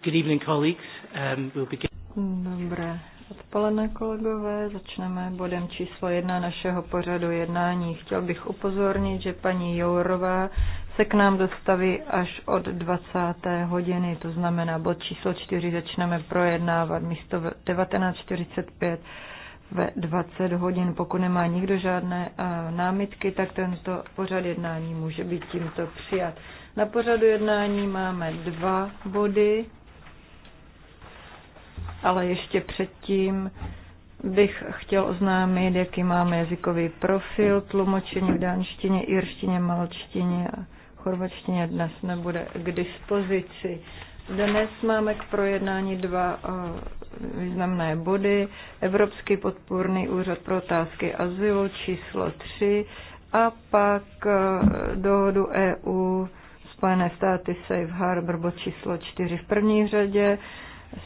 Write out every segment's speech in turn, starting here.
Good evening, colleagues. Um, we'll begin. Dobré odpoledne, kolegové. Začneme bodem číslo jedna našeho pořadu jednání. Chtěl bych upozornit, že paní Jourová se k nám dostaví až od 20. hodiny, to znamená bod číslo 4 začneme projednávat místo 19.45 ve 20 hodin. Pokud nemá nikdo žádné eh, námitky, tak tento pořad jednání může být tímto přijat. Na pořadu jednání máme dva body ale ještě předtím bych chtěl oznámit, jaký máme jazykový profil tlumočení v dánštině, irštině, malčtině a chorvačtině dnes nebude k dispozici. Dnes máme k projednání dva eh, významné body. Evropský podpůrný úřad pro otázky azylu číslo 3 a pak eh, dohodu EU Spojené státy Safe Harbor bod číslo 4 v první řadě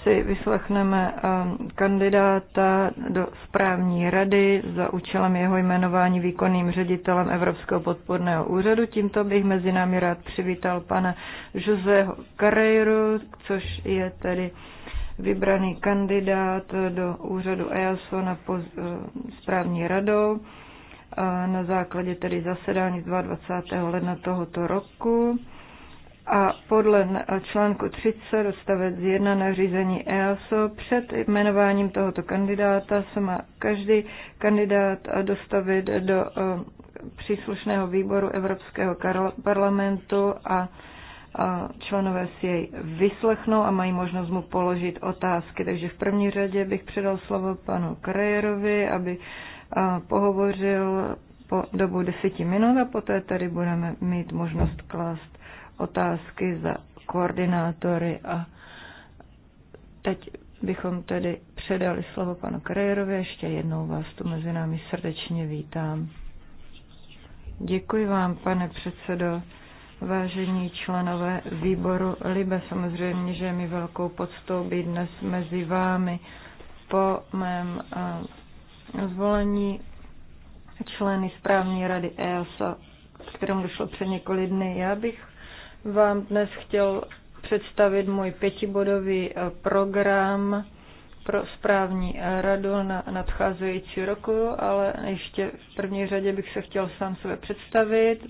si vyslechneme ehm, kandidáta do správní rady za účelem jeho jmenování výkonným ředitelem Evropského podporného úřadu. Tímto bych mezi námi rád přivítal pana Joseho Carreiro, což je tedy vybraný kandidát do úřadu EASO na poz, eh, správní radou eh, na základě tedy zasedání 22. ledna tohoto roku a podle článku 30 odstavec 1 nařízení EASO před jmenováním tohoto kandidáta se má každý kandidát dostavit do e, příslušného výboru Evropského parlamentu a členové si jej vyslechnou a mají možnost mu položit otázky. Takže v první řadě bych předal slovo panu Krajerovi, aby pohovořil po dobu deseti minut a poté tady budeme mít možnost klást otázky za koordinátory a teď bychom tedy předali slovo panu Krajerovi. Ještě jednou vás tu mezi námi srdečně vítám. Děkuji vám, pane předsedo. Vážení členové výboru Libe, samozřejmě, že je mi velkou podstou být dnes mezi vámi. Po mém zvolení členy správní rady EASA, kterému došlo před několik dny, já bych vám dnes chtěl představit můj pětibodový eh, program pro správní eh, radu na nadcházející roku, ale ještě v první řadě bych se chtěl sám sebe představit.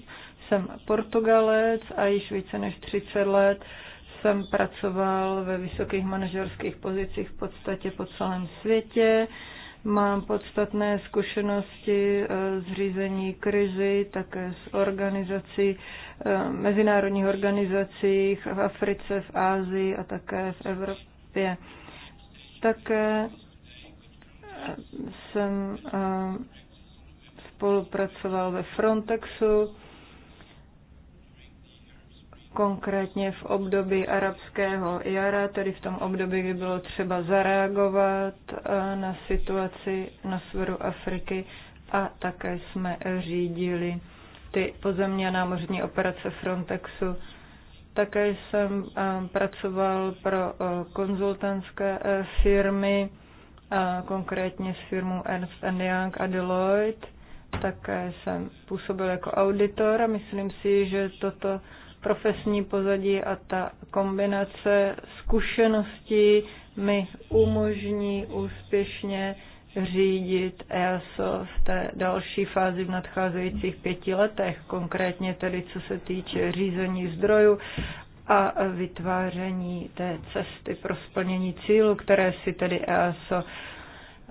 Jsem Portugalec a již více než 30 let jsem pracoval ve vysokých manažerských pozicích v podstatě po celém světě. Mám podstatné zkušenosti eh, z řízení krizi, také z organizací, eh, mezinárodních organizací v Africe, v Ázii a také v Evropě. Také eh, jsem spolupracoval ve Frontexu, konkrétně v období arabského jara, tedy v tom období, kdy bylo třeba zareagovat eh, na situaci na severu Afriky a také jsme řídili ty pozemní a námořní operace Frontexu. Také jsem eh, pracoval pro eh, konzultantské firmy, konkrétně s firmou Ernst Young a Deloitte. Také jsem působil jako auditor a myslím si, že toto profesní pozadí a ta kombinace zkušeností mi umožní úspěšně řídit EASO v té další fázi v nadcházejících pěti letech, konkrétně tedy co se týče řízení zdrojů a vytváření té cesty pro splnění cílu, které si tedy EASO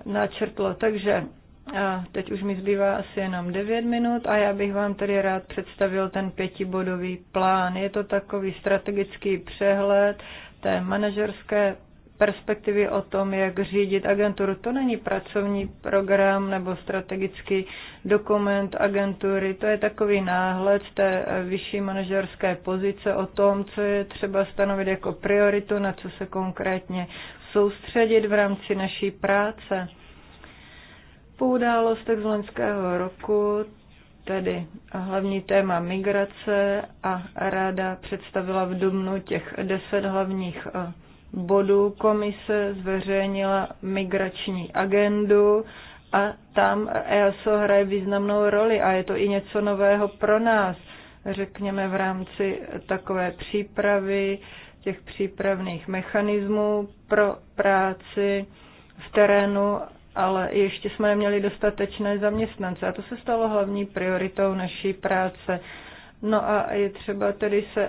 načrtlo. Takže a teď už mi zbývá asi jenom 9 minut a já bych vám tedy rád představil ten pětibodový plán. Je to takový strategický přehled té manažerské perspektivy o tom, jak řídit agenturu. To není pracovní program nebo strategický dokument agentury, to je takový náhled té vyšší manažerské pozice o tom, co je třeba stanovit jako prioritu, na co se konkrétně soustředit v rámci naší práce. Po událostech z loňského roku tedy hlavní téma migrace a ráda představila v dubnu těch deset hlavních eh, bodů. Komise zveřejnila migrační agendu a tam EASO hraje významnou roli a je to i něco nového pro nás, řekněme v rámci takové přípravy, těch přípravných mechanismů pro práci v terénu ale ještě jsme neměli dostatečné zaměstnance a to se stalo hlavní prioritou naší práce. No a je třeba tedy se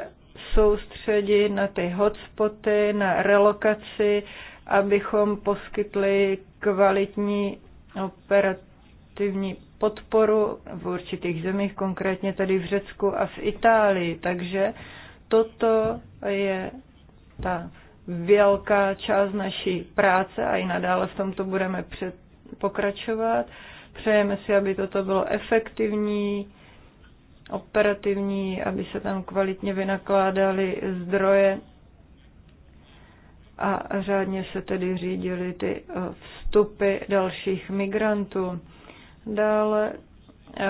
soustředit na ty hotspoty, na relokaci, abychom poskytli kvalitní operativní podporu v určitých zemích, konkrétně tady v Řecku a v Itálii. Takže toto je ta velká část naší práce a i nadále v tomto budeme před, pokračovat. Přejeme si, aby toto bylo efektivní, operativní, aby se tam kvalitně vynakládaly zdroje a řádně se tedy řídily ty eh, vstupy dalších migrantů. Dále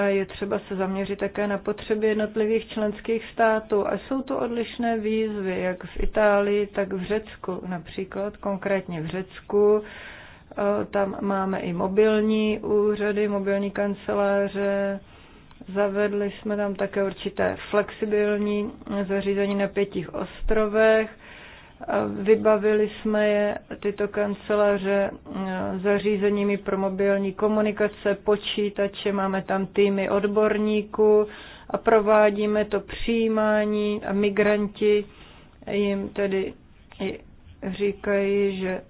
je třeba se zaměřit také na potřeby jednotlivých členských států. A jsou to odlišné výzvy, jak v Itálii, tak v Řecku. Například konkrétně v Řecku e, tam máme i mobilní úřady, mobilní kanceláře, Zavedli jsme tam také určité flexibilní zařízení na pětích ostrovech. Vybavili jsme je, tyto kanceláře, e, zařízeními pro mobilní komunikace, počítače, máme tam týmy odborníků a provádíme to přijímání a migranti jim tedy říkají, že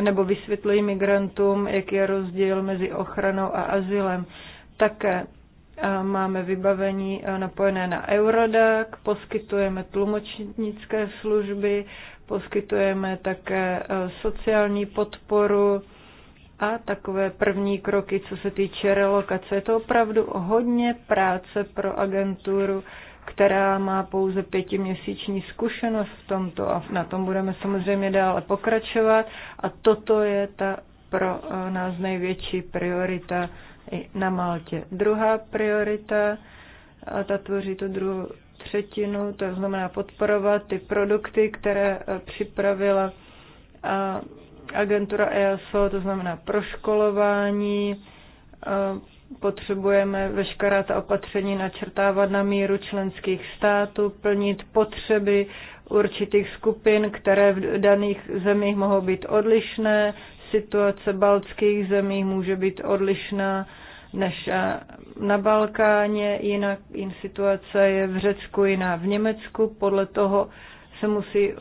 nebo vysvětlují migrantům, jaký je rozdíl mezi ochranou a azylem. Také e, máme vybavení e, napojené na Eurodac, poskytujeme tlumočnické služby, Poskytujeme také eh, sociální podporu a takové první kroky, co se týče relokace. Je to opravdu hodně práce pro agenturu, která má pouze pětiměsíční zkušenost v tomto a na tom budeme samozřejmě dále pokračovat. A toto je ta pro eh, nás největší priorita i na Maltě. Druhá priorita, a ta tvoří to druhou třetinu, to znamená podporovat ty produkty, které eh, připravila agentura EASO, to znamená proškolování, eh, potřebujeme veškerá ta opatření načrtávat na míru členských států, plnit potřeby určitých skupin, které v daných zemích mohou být odlišné, situace baltských zemí může být odlišná než eh, na Balkáně, jinak jin situace je v Řecku, jiná v Německu, podle toho se musí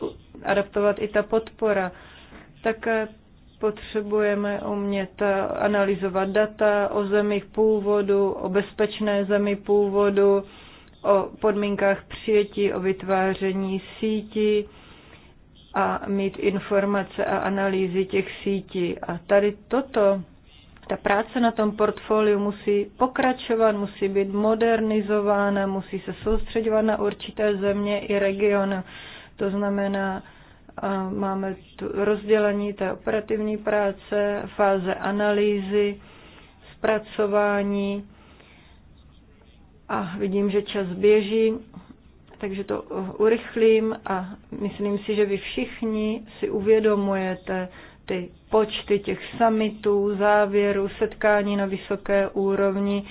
adaptovat i ta podpora. Také eh, potřebujeme umět eh, analyzovat data o zemích původu, o bezpečné zemi původu, o podmínkách přijetí, o vytváření sítí a mít informace a analýzy těch sítí. A tady toto ta práce na tom portfoliu musí pokračovat, musí být modernizována, musí se soustředovat na určité země i regiony. To znamená, máme tu rozdělení té operativní práce, fáze analýzy, zpracování a vidím, že čas běží, takže to urychlím a myslím si, že vy všichni si uvědomujete, ty počty těch samitů, závěrů, setkání na vysoké úrovni,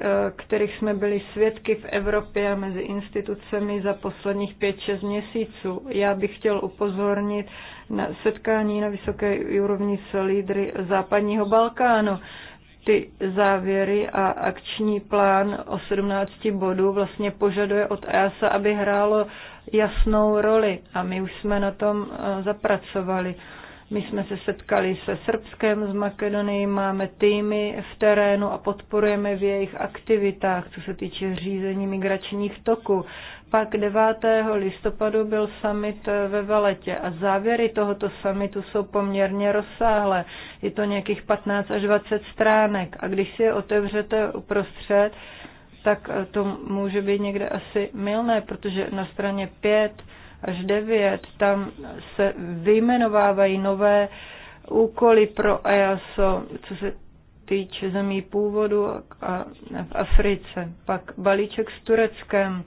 eh, kterých jsme byli svědky v Evropě a mezi institucemi za posledních 5-6 měsíců. Já bych chtěl upozornit na setkání na vysoké úrovni s lídry západního Balkánu. Ty závěry a akční plán o 17 bodů vlastně požaduje od EASA, aby hrálo jasnou roli a my už jsme na tom eh, zapracovali. My jsme se setkali se Srbskem, z Makedonii, máme týmy v terénu a podporujeme v jejich aktivitách, co se týče řízení migračních toků. Pak 9. listopadu byl summit ve Valetě a závěry tohoto summitu jsou poměrně rozsáhlé. Je to nějakých 15 až 20 stránek a když si je otevřete uprostřed, tak to může být někde asi milné, protože na straně 5 až 9. Tam se vyjmenovávají nové úkoly pro EASO, co se týče zemí původu a v Africe. Pak balíček s Tureckem.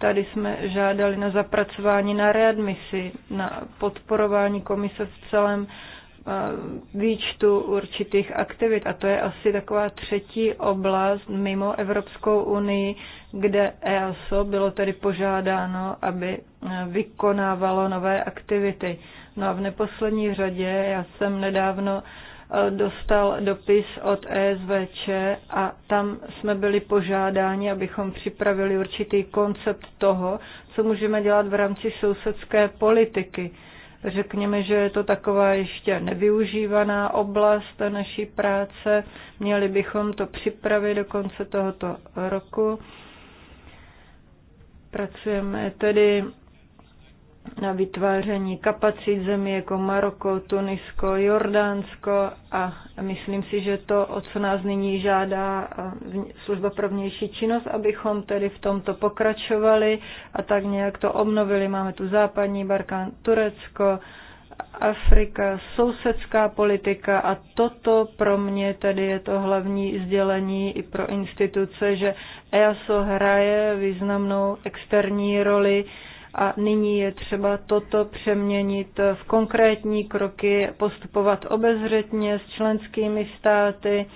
Tady jsme žádali na zapracování na readmisi, na podporování komise v celém Eh, výčtu určitých aktivit. A to je asi taková třetí oblast mimo Evropskou unii, kde EASO bylo tedy požádáno, aby eh, vykonávalo nové aktivity. No a v neposlední řadě já jsem nedávno eh, dostal dopis od ESVČ a tam jsme byli požádáni, abychom připravili určitý koncept toho, co můžeme dělat v rámci sousedské politiky. Řekněme, že je to taková ještě nevyužívaná oblast naší práce. Měli bychom to připravit do konce tohoto roku. Pracujeme tedy na vytváření kapacit zemí jako Maroko, Tunisko, Jordánsko a myslím si, že to, o co nás nyní žádá služba pro vnější činnost, abychom tedy v tomto pokračovali a tak nějak to obnovili. Máme tu západní Barkán, Turecko, Afrika, sousedská politika a toto pro mě tedy je to hlavní sdělení i pro instituce, že EASO hraje významnou externí roli a nyní je třeba toto přeměnit v konkrétní kroky, postupovat obezřetně s členskými státy,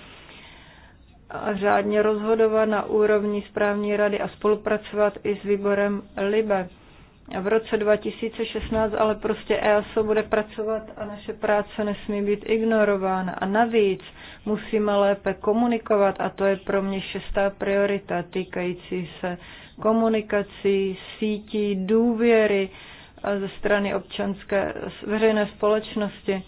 a řádně rozhodovat na úrovni správní rady a spolupracovat i s výborem LIBE. v roce 2016 ale prostě EASO bude pracovat a naše práce nesmí být ignorována. A navíc musíme lépe komunikovat a to je pro mě šestá priorita týkající se komunikací, sítí, důvěry eh, ze strany občanské veřejné společnosti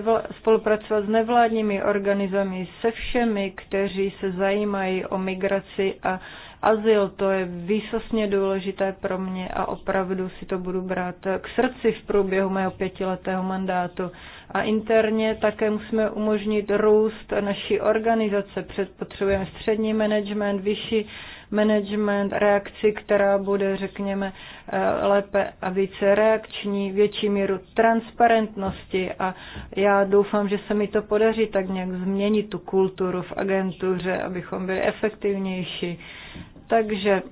eh, spolupracovat s nevládními organizami, se všemi, kteří se zajímají o migraci a azyl. To je výsostně důležité pro mě a opravdu si to budu brát eh, k srdci v průběhu mého pětiletého mandátu. A interně také musíme umožnit růst naší organizace. Potřebujeme střední management, vyšší management, reakci, která bude, řekněme, eh, lépe a více reakční, větší míru transparentnosti a já doufám, že se mi to podaří tak nějak změnit tu kulturu v agentuře, abychom byli efektivnější. Takže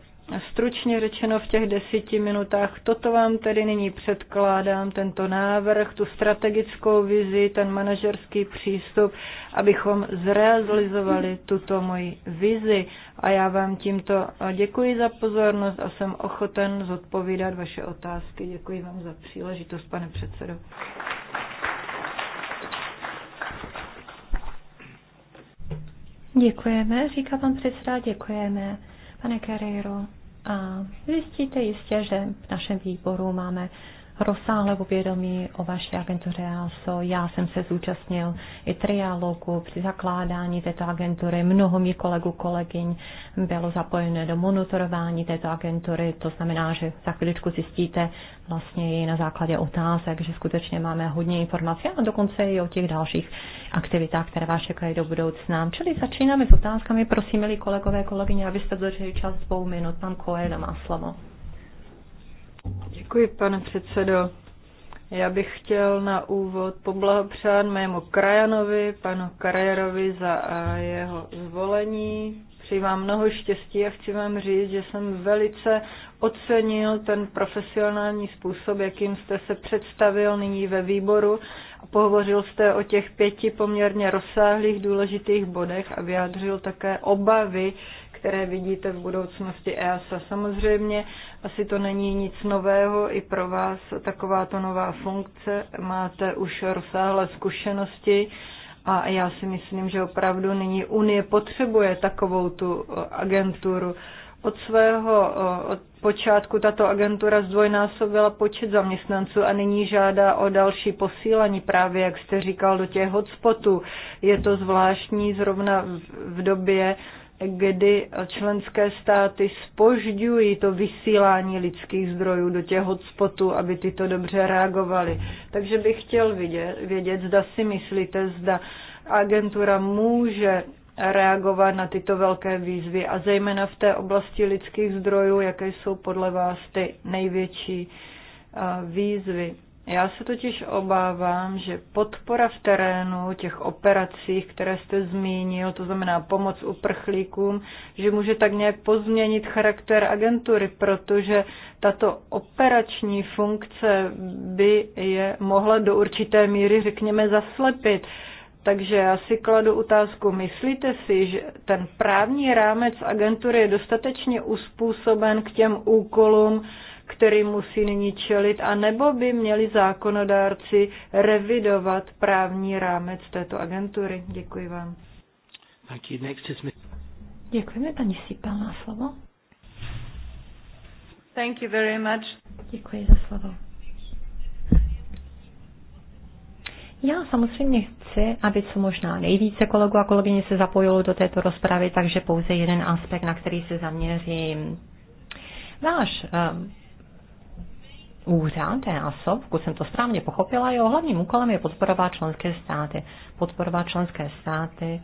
Stručně řečeno v těch desíti minutách, toto vám tedy nyní předkládám, tento návrh, tu strategickou vizi, ten manažerský přístup, abychom zrealizovali tuto moji vizi. A já vám tímto děkuji za pozornost a jsem ochoten zodpovídat vaše otázky. Děkuji vám za příležitost, pane předsedo. Děkujeme, říká pan předseda, děkujeme. Pane Carreiro a zjistíte jistě, že v našem výboru máme rozsáhle povědomí o vaší agentuře ASO. Já jsem se zúčastnil i triálogu při zakládání této agentury. Mnoho mých kolegů, kolegyň bylo zapojeno do monitorování této agentury. To znamená, že za chviličku zjistíte vlastně i na základě otázek, že skutečně máme hodně informací a dokonce i o těch dalších aktivitách, které vás čekají do budoucna. Čili začínáme s otázkami. Prosím, milí kolegové, kolegyně, abyste dodrželi čas dvou minut. Pan Koel má slovo. Děkuji, pane předsedo. Já bych chtěl na úvod poblahopřát mému krajanovi, panu Karajerovi, za eh, jeho zvolení. Přeji vám mnoho štěstí a chci vám říct, že jsem velice ocenil ten profesionální způsob, jakým jste se představil nyní ve výboru a pohovořil jste o těch pěti poměrně rozsáhlých důležitých bodech a vyjádřil také obavy které vidíte v budoucnosti EASA. Samozřejmě asi to není nic nového i pro vás. Takováto nová funkce máte už rozsáhlé zkušenosti a já si myslím, že opravdu nyní Unie potřebuje takovou tu agenturu. Od svého od počátku tato agentura zdvojnásobila počet zaměstnanců a nyní žádá o další posílení právě, jak jste říkal, do těch hotspotů. Je to zvláštní zrovna v době, kdy členské státy spožďují to vysílání lidských zdrojů do těch hotspotů, aby tyto dobře reagovaly. Takže bych chtěl vidět, vědět, zda si myslíte, zda agentura může reagovat na tyto velké výzvy a zejména v té oblasti lidských zdrojů, jaké jsou podle vás ty největší eh, výzvy. Já se totiž obávám, že podpora v terénu těch operacích, které jste zmínil, to znamená pomoc uprchlíkům, že může tak nějak pozměnit charakter agentury, protože tato operační funkce by je mohla do určité míry, řekněme, zaslepit. Takže já si kladu otázku, myslíte si, že ten právní rámec agentury je dostatečně uspůsoben k těm úkolům, který musí nyní čelit, anebo by měli zákonodárci revidovat právní rámec této agentury. Děkuji vám. Děkujeme, paní Sipel, na slovo. Thank you very much. Děkuji za slovo. Já samozřejmě chci, aby co možná nejvíce kolegů a kolegyně se zapojilo do této rozpravy, takže pouze jeden aspekt, na který se zaměřím. Váš um, úřad EASO, pokud jsem to správně pochopila, jeho hlavním úkolem je podporovat členské státy. Podporovat členské státy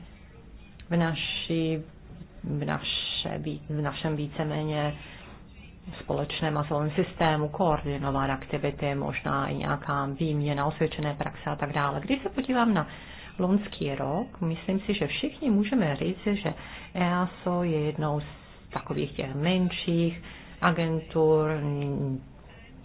v, naší, v, naše, v našem víceméně společném azylovém systému, koordinovat aktivity, možná i nějaká výměna, osvědčené praxe a tak dále. Když se podívám na loňský rok, myslím si, že všichni můžeme říct, že EASO je jednou z takových těch menších agentur,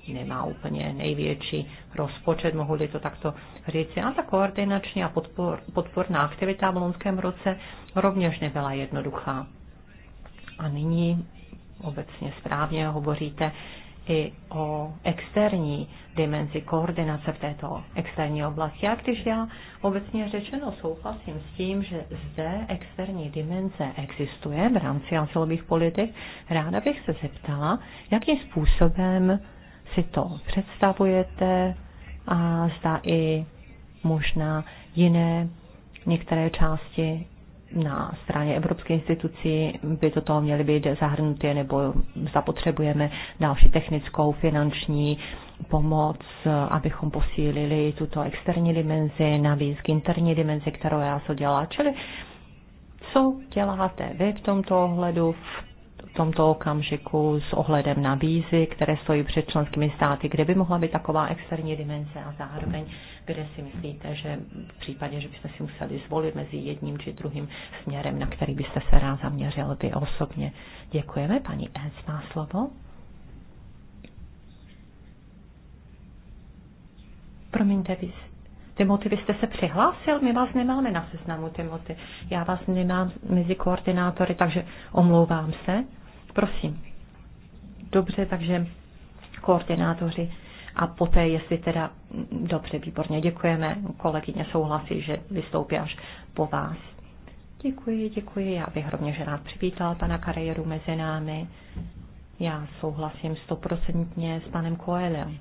nemá úplně největší rozpočet, mohu to takto říci. A ta koordinační a podpor, podporná aktivita v loňském roce rovněž nebyla jednoduchá. A nyní obecně správně hovoříte i o externí dimenzi koordinace v této externí oblasti. A když já obecně řečeno souhlasím s tím, že zde externí dimenze existuje v rámci asilových politik, ráda bych se zeptala, jakým způsobem si to představujete a zda i možná jiné některé části na straně Evropské institucí by do toho měly být zahrnuty, nebo zapotřebujeme další technickou, finanční pomoc, abychom posílili tuto externí dimenzi, navíc k interní dimenzi, kterou já se dělá. Čili co děláte vy v tomto ohledu v tomto okamžiku s ohledem na vízy, které stojí před členskými státy, kde by mohla být taková externí dimenze a zároveň, kde si myslíte, že v případě, že byste si museli zvolit mezi jedním či druhým směrem, na který byste se rád zaměřil vy osobně. Děkujeme. Paní Ec má slovo. Promiňte, vy Timothy, vy jste se přihlásil? My vás nemáme na seznamu, Timothy. Já vás nemám mezi koordinátory, takže omlouvám se. Prosím. Dobře, takže koordinátoři a poté, jestli teda, dobře, výborně, děkujeme, kolegyně souhlasí, že vystoupí až po vás. Děkuji, děkuji, já bych rovněž rád přivítal pana Kariéru mezi námi. Já souhlasím stoprocentně s panem Koelem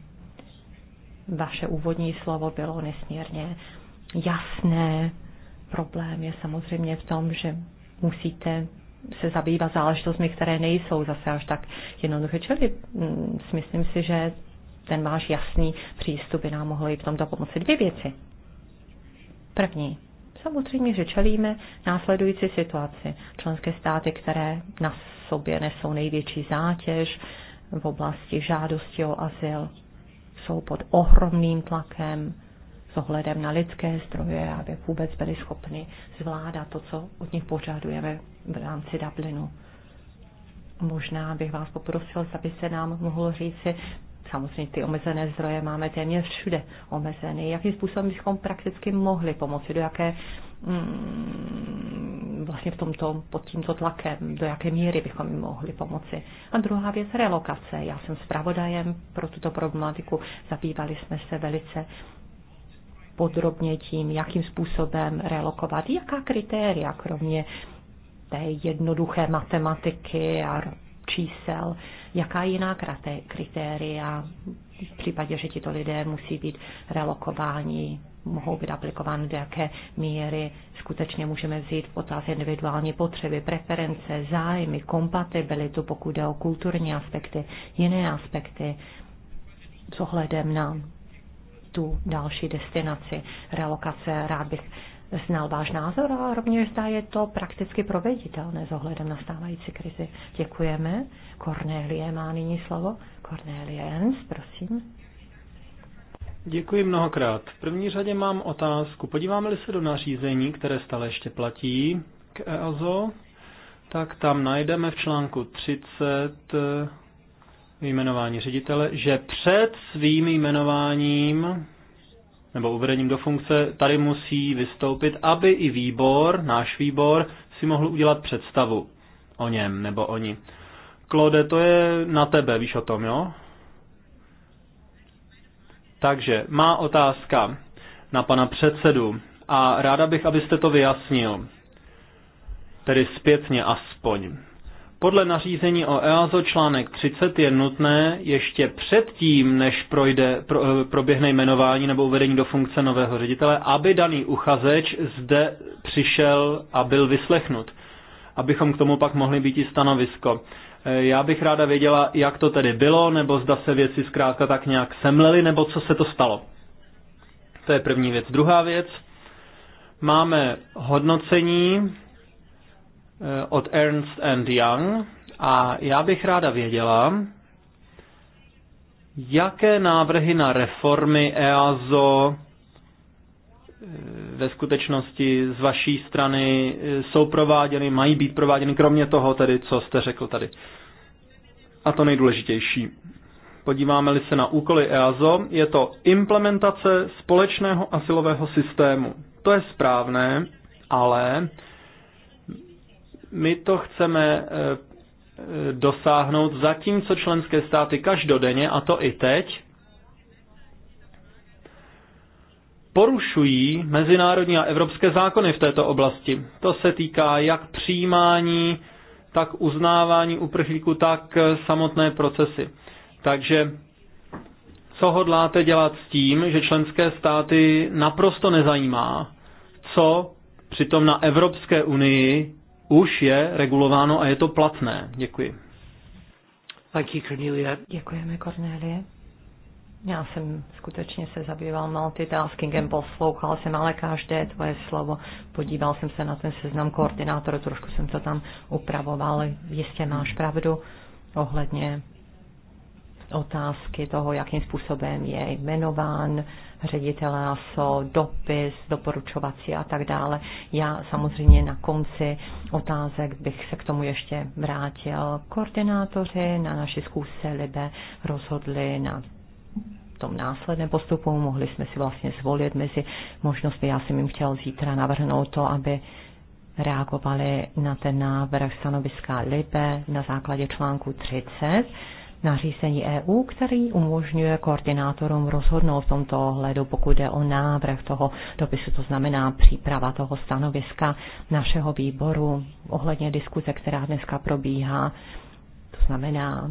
vaše úvodní slovo bylo nesmírně jasné. Problém je samozřejmě v tom, že musíte se zabývat záležitostmi, které nejsou zase až tak jednoduché. Čili mm, myslím si, že ten váš jasný přístup by nám mohl i v tomto pomoci dvě věci. První. Samozřejmě, že čelíme následující situaci. Členské státy, které na sobě nesou největší zátěž v oblasti žádosti o azyl, jsou pod ohromným tlakem s ohledem na lidské zdroje, aby vůbec byli schopni zvládat to, co od nich požadujeme v rámci Dublinu. Možná bych vás poprosil, aby se nám mohlo říci, samozřejmě ty omezené zdroje máme téměř všude omezené, jakým způsobem bychom prakticky mohli pomoci, do jaké Mm, vlastně v tomto, pod tímto tlakem, do jaké míry bychom jim mohli pomoci. A druhá věc, relokace. Já jsem zpravodajem pro tuto problematiku. Zabývali jsme se velice podrobně tím, jakým způsobem relokovat, jaká kritéria, kromě té jednoduché matematiky a čísel, jaká jiná kritéria v případě, že tito lidé musí být relokováni mohou být aplikovány, do jaké míry skutečně můžeme vzít v potaz individuální potřeby, preference, zájmy, kompatibilitu, pokud jde o kulturní aspekty, jiné aspekty s ohledem na tu další destinaci relokace. Rád bych znal váš názor a rovněž zda je to prakticky proveditelné s ohledem na stávající krizi. Děkujeme. Cornélie má nyní slovo. Cornélie Jens, prosím. Děkuji mnohokrát. V první řadě mám otázku. Podíváme-li se do nařízení, které stále ještě platí k EASO, tak tam najdeme v článku 30 eh, jmenování ředitele, že před svým jmenováním nebo uvedením do funkce tady musí vystoupit, aby i výbor, náš výbor, si mohl udělat představu o něm nebo o ní. Klode, to je na tebe, víš o tom, jo? Takže má otázka na pana předsedu a ráda bych, abyste to vyjasnil, tedy zpětně aspoň. Podle nařízení o EASO článek 30 je nutné ještě předtím, než projde, pro, proběhne jmenování nebo uvedení do funkce nového ředitele, aby daný uchazeč zde přišel a byl vyslechnut, abychom k tomu pak mohli být i stanovisko. Eh, já bych ráda věděla, jak to tedy bylo, nebo zda se věci zkrátka tak nějak semlely, nebo co se to stalo. To je první věc. Druhá věc, máme hodnocení eh, od Ernst and Young a já bych ráda věděla, jaké návrhy na reformy EASO ve skutečnosti z vaší strany jsou prováděny, mají být prováděny, kromě toho tedy, co jste řekl tady. A to nejdůležitější. Podíváme-li se na úkoly EASO, je to implementace společného asilového systému. To je správné, ale my to chceme e, e, dosáhnout zatímco členské státy každodenně, a to i teď, porušují mezinárodní a evropské zákony v této oblasti. To se týká jak přijímání, tak uznávání uprchlíků, tak samotné procesy. Takže co hodláte dělat s tím, že členské státy naprosto nezajímá, co přitom na Evropské unii už je regulováno a je to platné? Děkuji. Děkuji, Cornelia. Děkujeme, Cornelie. Já jsem skutečně se zabýval multitaskingem, poslouchal jsem ale každé tvoje slovo, podíval jsem se na ten seznam koordinátorů, trošku jsem to tam upravoval, jistě máš pravdu ohledně otázky toho, jakým způsobem je jmenován ředitel ASO, dopis, doporučovací a tak dále. Já samozřejmě na konci otázek bych se k tomu ještě vrátil. Koordinátoři na naši zkoušce Libe rozhodli na tom následném postupu. Mohli jsme si vlastně zvolit mezi možnostmi. Já jsem jim chtěl zítra navrhnout to, aby reagovali na ten návrh stanoviska LIBE na základě článku 30 nařízení EU, který umožňuje koordinátorům rozhodnout v tomto ohledu, pokud jde o návrh toho dopisu, to znamená příprava toho stanoviska našeho výboru ohledně diskuze, která dneska probíhá, to znamená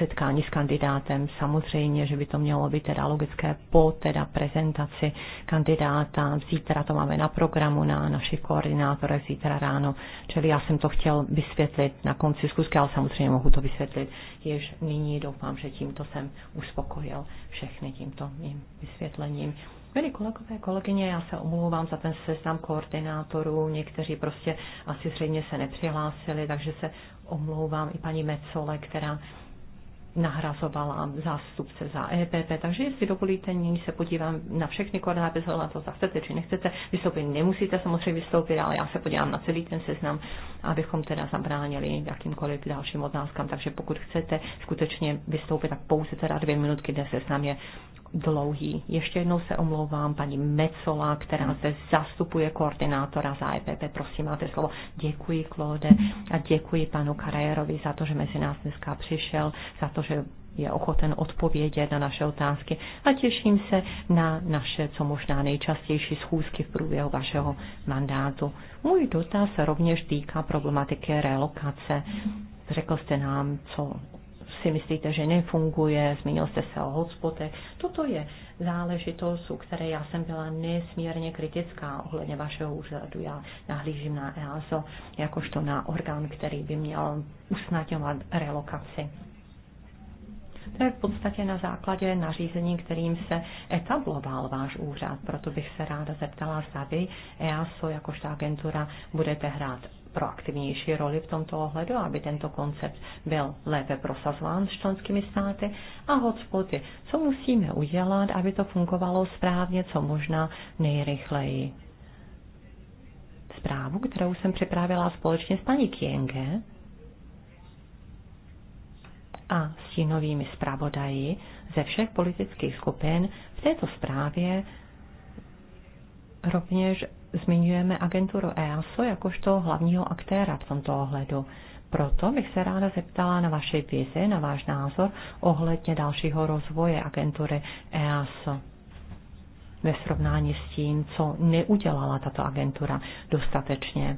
setkání s kandidátem. Samozřejmě, že by to mělo být teda logické po teda prezentaci kandidáta. Zítra to máme na programu na našich koordinátorech zítra ráno. Čili já jsem to chtěl vysvětlit na konci zkusky, ale samozřejmě mohu to vysvětlit jež nyní. Doufám, že tímto jsem uspokojil všechny tímto mým vysvětlením. Milí kolegové, kolegyně, já se omlouvám za ten seznam koordinátorů. Někteří prostě asi zřejmě se nepřihlásili, takže se omlouvám i paní Mecole, která nahrazovala zástupce za EPP. Takže jestli dovolíte, nyní se podívám na všechny koordináty, bez na to, za chcete či nechcete vystoupit. Nemusíte samozřejmě vystoupit, ale já se podívám na celý ten seznam, abychom teda zabránili jakýmkoliv dalším otázkám. Takže pokud chcete skutečně vystoupit, tak pouze teda dvě minutky, kde seznam je dlouhý. Ještě jednou se omlouvám paní Mecola, která zde zastupuje koordinátora za EPP. Prosím, máte slovo. Děkuji, Klode, a děkuji panu Karajerovi za to, že mezi nás dneska přišel, za to, že je ochoten odpovědět na naše otázky a těším se na naše co možná nejčastější schůzky v průběhu vašeho mandátu. Můj dotaz se rovněž týká problematiky relokace. Řekl jste nám, co si myslíte, že nefunguje, zmínil jste se o hotspote. Toto je záležitost, u které já jsem byla nesmírně kritická ohledně vašeho úřadu. Já nahlížím na EASO jakožto na orgán, který by měl usnadňovat relokaci to je v podstatě na základě nařízení, kterým se etabloval váš úřad. Proto bych se ráda zeptala, zda vy, EASO, jakožto agentura, budete hrát proaktivnější roli v tomto ohledu, aby tento koncept byl lépe prosazován s členskými státy a hotspoty. Co musíme udělat, aby to fungovalo správně, co možná nejrychleji? Zprávu, kterou jsem připravila společně s paní Kienge, a stínovými zpravodaji ze všech politických skupin v této zprávě rovněž zmiňujeme agenturu EASO jakožto hlavního aktéra v tomto ohledu. Proto bych se ráda zeptala na vaše vizi, na váš názor ohledně dalšího rozvoje agentury EASO ve srovnání s tím, co neudělala tato agentura dostatečně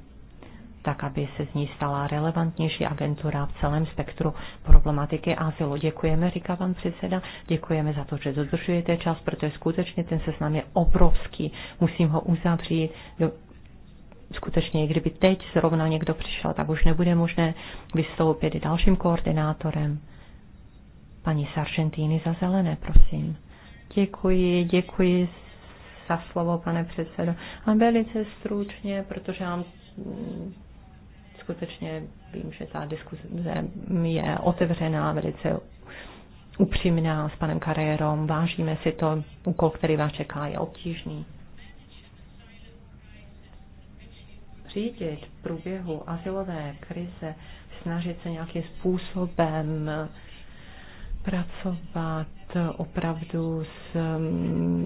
tak aby se z ní stala relevantnější agentura v celém spektru problematiky azylu. Děkujeme, říká pan předseda, děkujeme za to, že dodržujete čas, protože skutečně ten seznam je obrovský. Musím ho uzavřít. Skutečně, kdyby teď zrovna někdo přišel, tak už nebude možné vystoupit i dalším koordinátorem. Paní Sargentini za zelené, prosím. Děkuji, děkuji za slovo, pane předsedo. A velice stručně, protože mám skutečně vím, že ta diskuze je otevřená, velice upřímná s panem Kariérom. Vážíme si to, úkol, který vás čeká, je obtížný. Řídit v průběhu asilové krize, snažit se nějakým způsobem pracovat opravdu s,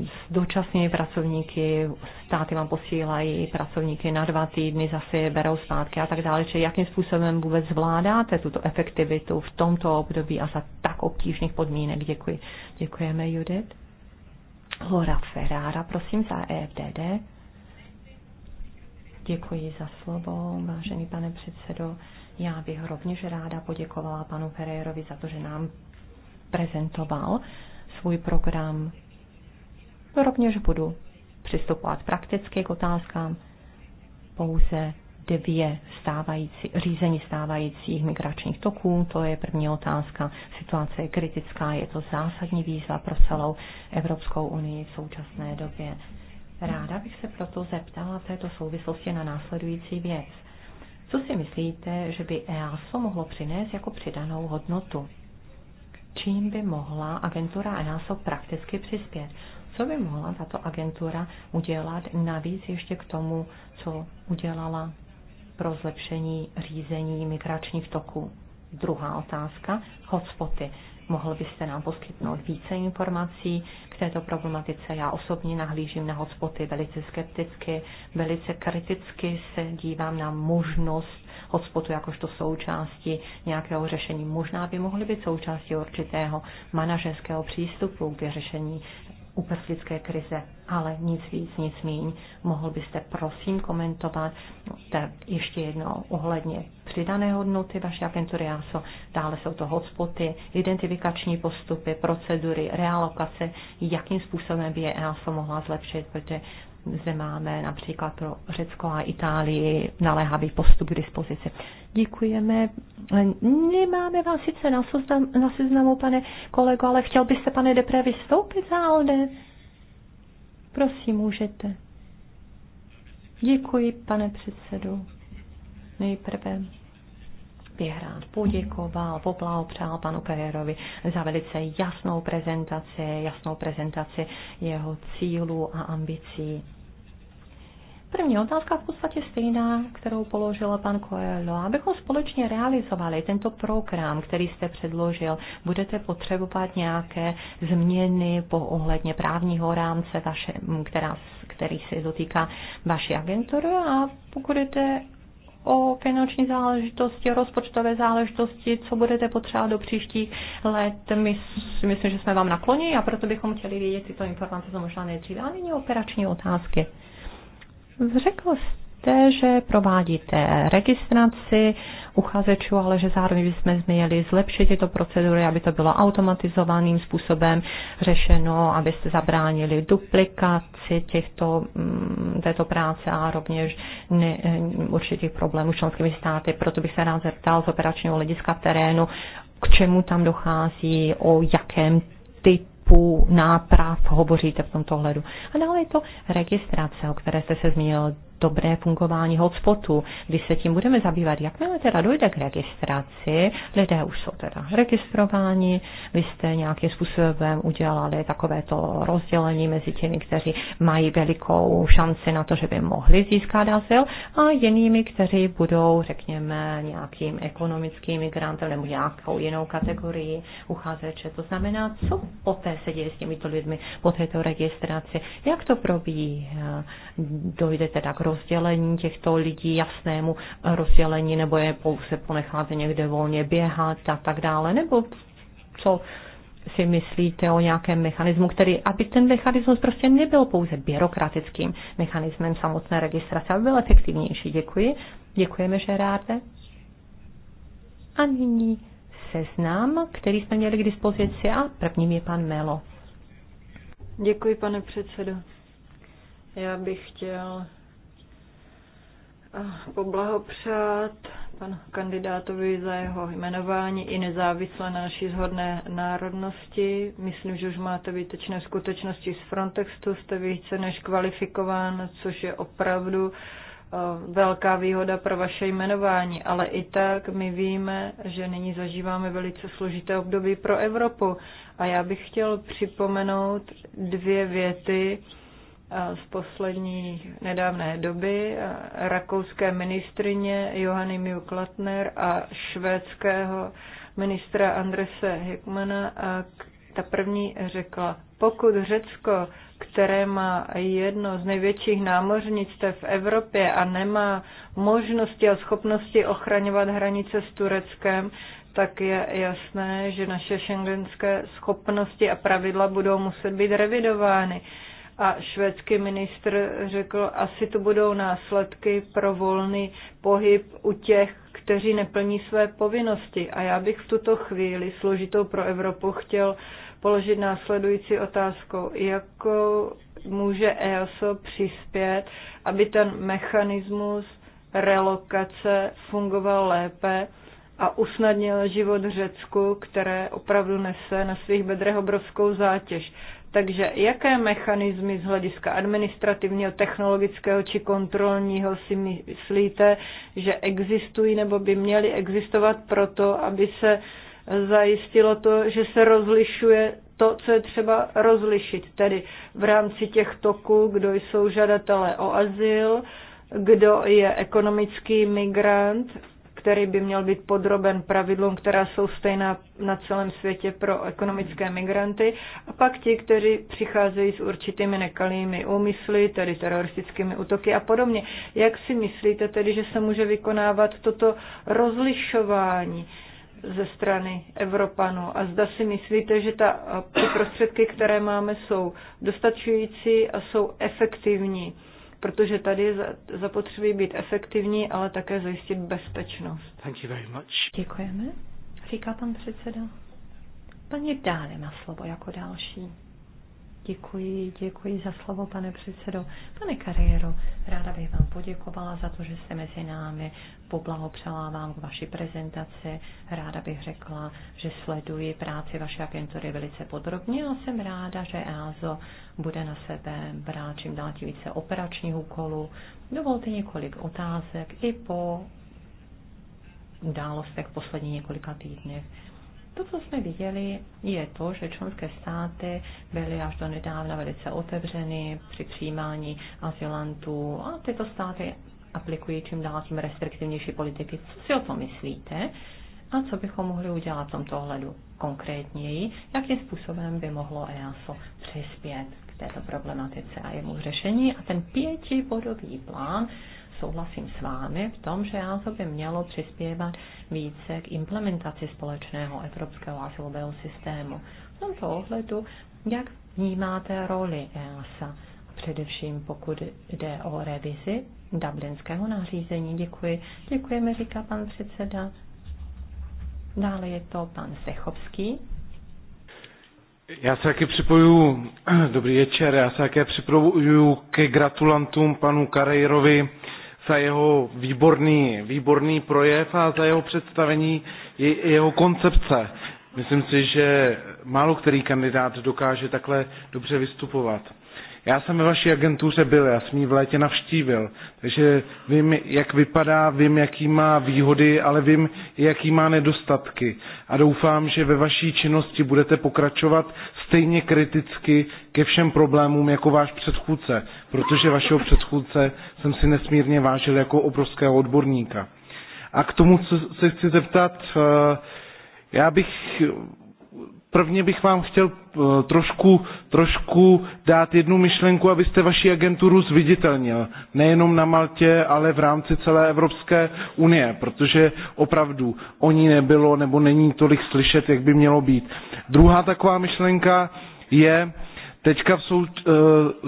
s dočasnými pracovníky, státy vám posílají pracovníky na dva týdny, zase je berou zpátky a tak dále. Čili jakým způsobem vůbec zvládáte tuto efektivitu v tomto období a za tak obtížných podmínek? Děkuji. Děkujeme, Judith. Hora Ferrara, prosím, za EFDD. Děkuji za slovo, vážený pane předsedo. Já bych rovněž ráda poděkovala panu Ferrerovi za to, že nám prezentoval svůj program. Rovněž budu přistupovat prakticky k otázkám. Pouze dvě stávající, řízení stávajících migračních toků. To je první otázka. Situace je kritická, je to zásadní výzva pro celou Evropskou unii v současné době. Ráda bych se proto zeptala v této souvislosti na následující věc. Co si myslíte, že by EASO mohlo přinést jako přidanou hodnotu? čím by mohla agentura EASO prakticky přispět. Co by mohla tato agentura udělat navíc ještě k tomu, co udělala pro zlepšení řízení migračních toků? Druhá otázka, hotspoty. Mohl byste nám poskytnout více informací k této problematice? Já osobně nahlížím na hotspoty velice skepticky, velice kriticky se dívám na možnost hotspotu jakožto součástí nějakého řešení. Možná by mohly být součástí určitého manažerského přístupu k řešení uprchlické krize, ale nic víc, nic míň. Mohl byste prosím komentovat tak ještě jednou ohledně přidané hodnoty vaší agentury ASO. dále jsou to hotspoty, identifikační postupy, procedury, realokace, jakým způsobem by je ASO mohla zlepšit, protože zde máme například pro Řecko a Itálii naléhavý postup k dispozici. Děkujeme. Nemáme vás sice na, soznam, na seznamu, pane kolego, ale chtěl byste, pane Depré, vystoupit za Alde? Prosím, můžete. Děkuji, pane předsedu. Nejprve bych rád poděkoval, poblahopřál panu Pererovi za velice jasnou prezentaci, jasnou prezentaci jeho cílů a ambicí. První otázka v podstatě stejná, kterou položila pan Coelho. Abychom společně realizovali tento program, který jste předložil, budete potřebovat nějaké změny po ohledně právního rámce, vaše, která, který se dotýká vaší agentury a pokud jde o finanční záležitosti, rozpočtové záležitosti, co budete potřebovat do příštích let. My, myslím, že jsme vám nakloněni a proto bychom chtěli vědět tyto informace, co možná nejdříve. A nyní operační otázky. Řekl jste, že provádíte registraci uchazečů, ale že zároveň bychom změnili, zlepšit tyto procedury, aby to bylo automatizovaným způsobem řešeno, abyste zabránili duplikaci těchto, mm, této práce a rovněž ne, mm, určitých problémů s členskými státy. Proto bych se rád zeptal z operačního hlediska v terénu, k čemu tam dochází, o jakém typu typu náprav hovoříte v tomto hledu. A dále je to registrace, o které jste se zmínil dobré fungování hotspotu, když se tím budeme zabývat, jakmile teda dojde k registraci, lidé už jsou teda registrováni, vy jste nějakým způsobem udělali takovéto rozdělení mezi těmi, kteří mají velikou šanci na to, že by mohli získat azyl a jinými, kteří budou, řekněme, nějakým ekonomickým migrantem nebo nějakou jinou kategorii uchazeče. To znamená, co poté se děje s těmito lidmi po této registraci, jak to probíhá, dojde teda k rozdělení těchto lidí, jasnému rozdělení, nebo je pouze ponecháte někde volně běhat a tak dále, nebo co si myslíte o nějakém mechanismu, který, aby ten mechanismus prostě nebyl pouze byrokratickým mechanismem samotné registrace, aby byl efektivnější. Děkuji. Děkujeme, ráte. A nyní seznam, který jsme měli k dispozici a prvním je pan Melo. Děkuji, pane předsedo. Já bych chtěl Ah, poblahopřát panu kandidátovi za jeho jmenování i nezávisle na naší zhodné národnosti. Myslím, že už máte výtečné skutečnosti z Frontextu, jste více než kvalifikován, což je opravdu eh, velká výhoda pro vaše jmenování, ale i tak my víme, že nyní zažíváme velice složité období pro Evropu. A já bych chtěl připomenout dvě věty, z poslední nedávné doby rakouské ministrině Johany Mjuklatner a švédského ministra Andrese Hickmana. A ta první řekla, pokud Řecko, které má jedno z největších námořnictv v Evropě a nemá možnosti a schopnosti ochraňovat hranice s Tureckem, tak je jasné, že naše šengenské schopnosti a pravidla budou muset být revidovány a švédský ministr řekl, asi to budou následky pro volný pohyb u těch, kteří neplní své povinnosti. A já bych v tuto chvíli složitou pro Evropu chtěl položit následující otázkou. Jak může EASO přispět, aby ten mechanismus relokace fungoval lépe a usnadnil život Řecku, které opravdu nese na svých bedrech obrovskou zátěž. Takže jaké mechanismy z hlediska administrativního, technologického či kontrolního si myslíte, že existují nebo by měly existovat proto, aby se zajistilo to, že se rozlišuje to, co je třeba rozlišit, tedy v rámci těch toků, kdo jsou žadatelé o azyl, kdo je ekonomický migrant který by měl být podroben pravidlům, která jsou stejná na celém světě pro ekonomické migranty, a pak ti, kteří přicházejí s určitými nekalými úmysly, tedy teroristickými útoky a podobně. Jak si myslíte tedy, že se může vykonávat toto rozlišování? ze strany Evropanů. A zda si myslíte, že ta, ty prostředky, které máme, jsou dostačující a jsou efektivní protože tady je zapotřebí být efektivní, ale také zajistit bezpečnost. Thank you very much. Děkujeme, říká pan předseda. Paní dále má slovo jako další. Děkuji, děkuji za slovo, pane předsedo. Pane Kariéro, ráda bych vám poděkovala za to, že jste mezi námi. Poblahopřála vám k vaší prezentaci. Ráda bych řekla, že sleduji práci vaší agentury velice podrobně a jsem ráda, že EASO bude na sebe brát čím dál tím více operačních úkolů. Dovolte několik otázek i po událostech v poslední několika týdnech. To, co jsme viděli, je to, že členské státy byly až do nedávna velice otevřeny při přijímání azylantů a tyto státy aplikují čím dál tím restriktivnější politiky. Co si o tom myslíte? A co bychom mohli udělat v tomto ohledu konkrétněji? Jakým způsobem by mohlo EASO přispět k této problematice a jemu řešení? A ten pětibodový plán, souhlasím s vámi v tom, že to by mělo přispívat více k implementaci společného evropského asilového systému. V tomto ohledu, jak vnímáte roli EASA, především pokud jde o revizi dublinského nařízení. Děkuji. Děkujeme, říká pan předseda. Dále je to pan Sechovský. Já se také připoju, dobrý večer, já se také připojuju ke gratulantům panu Karejrovi za jeho výborný, výborný projev a za jeho představení je, jeho koncepce. Myslím si, že málo který kandidát dokáže takhle dobře vystupovat. Já jsem ve vaší agentuře byl, já jsem ji v létě navštívil, takže vím, jak vypadá, vím, jaký má výhody, ale vím, jaký má nedostatky. A doufám, že ve vaší činnosti budete pokračovat stejně kriticky ke všem problémům jako váš předchůdce, protože vašeho předchůdce jsem si nesmírně vážil jako obrovského odborníka. A k tomu, co se chci zeptat, eh, já bych Prvně bych vám chtěl eh, trošku, trošku dát jednu myšlenku, abyste vaši agenturu zviditelnil. Nejenom na Maltě, ale v rámci celé Evropské unie, protože opravdu o ní nebylo nebo není tolik slyšet, jak by mělo být. Druhá taková myšlenka je, teďka v sou, eh,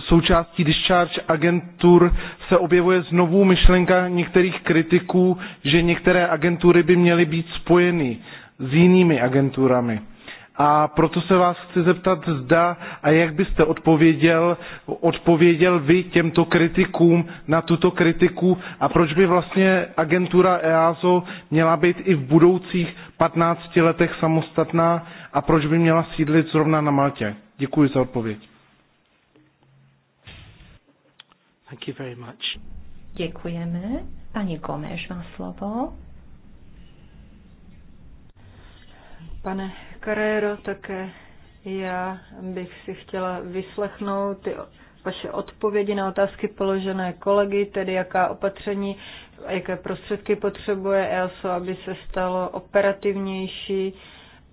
součástí discharge agentur se objevuje znovu myšlenka některých kritiků, že některé agentury by měly být spojeny s jinými agenturami a proto se vás chci zeptat, zda a jak byste odpověděl, odpověděl vy těmto kritikům na tuto kritiku a proč by vlastně agentura EASO měla být i v budoucích 15 letech samostatná a proč by měla sídlit zrovna na Maltě. Děkuji za odpověď. Thank you very much. Děkujeme. Pani Gomeš má slovo. Pane Carrero, také já bych si chtěla vyslechnout ty vaše odpovědi na otázky položené kolegy, tedy jaká opatření, jaké prostředky potřebuje ELSO, aby se stalo operativnější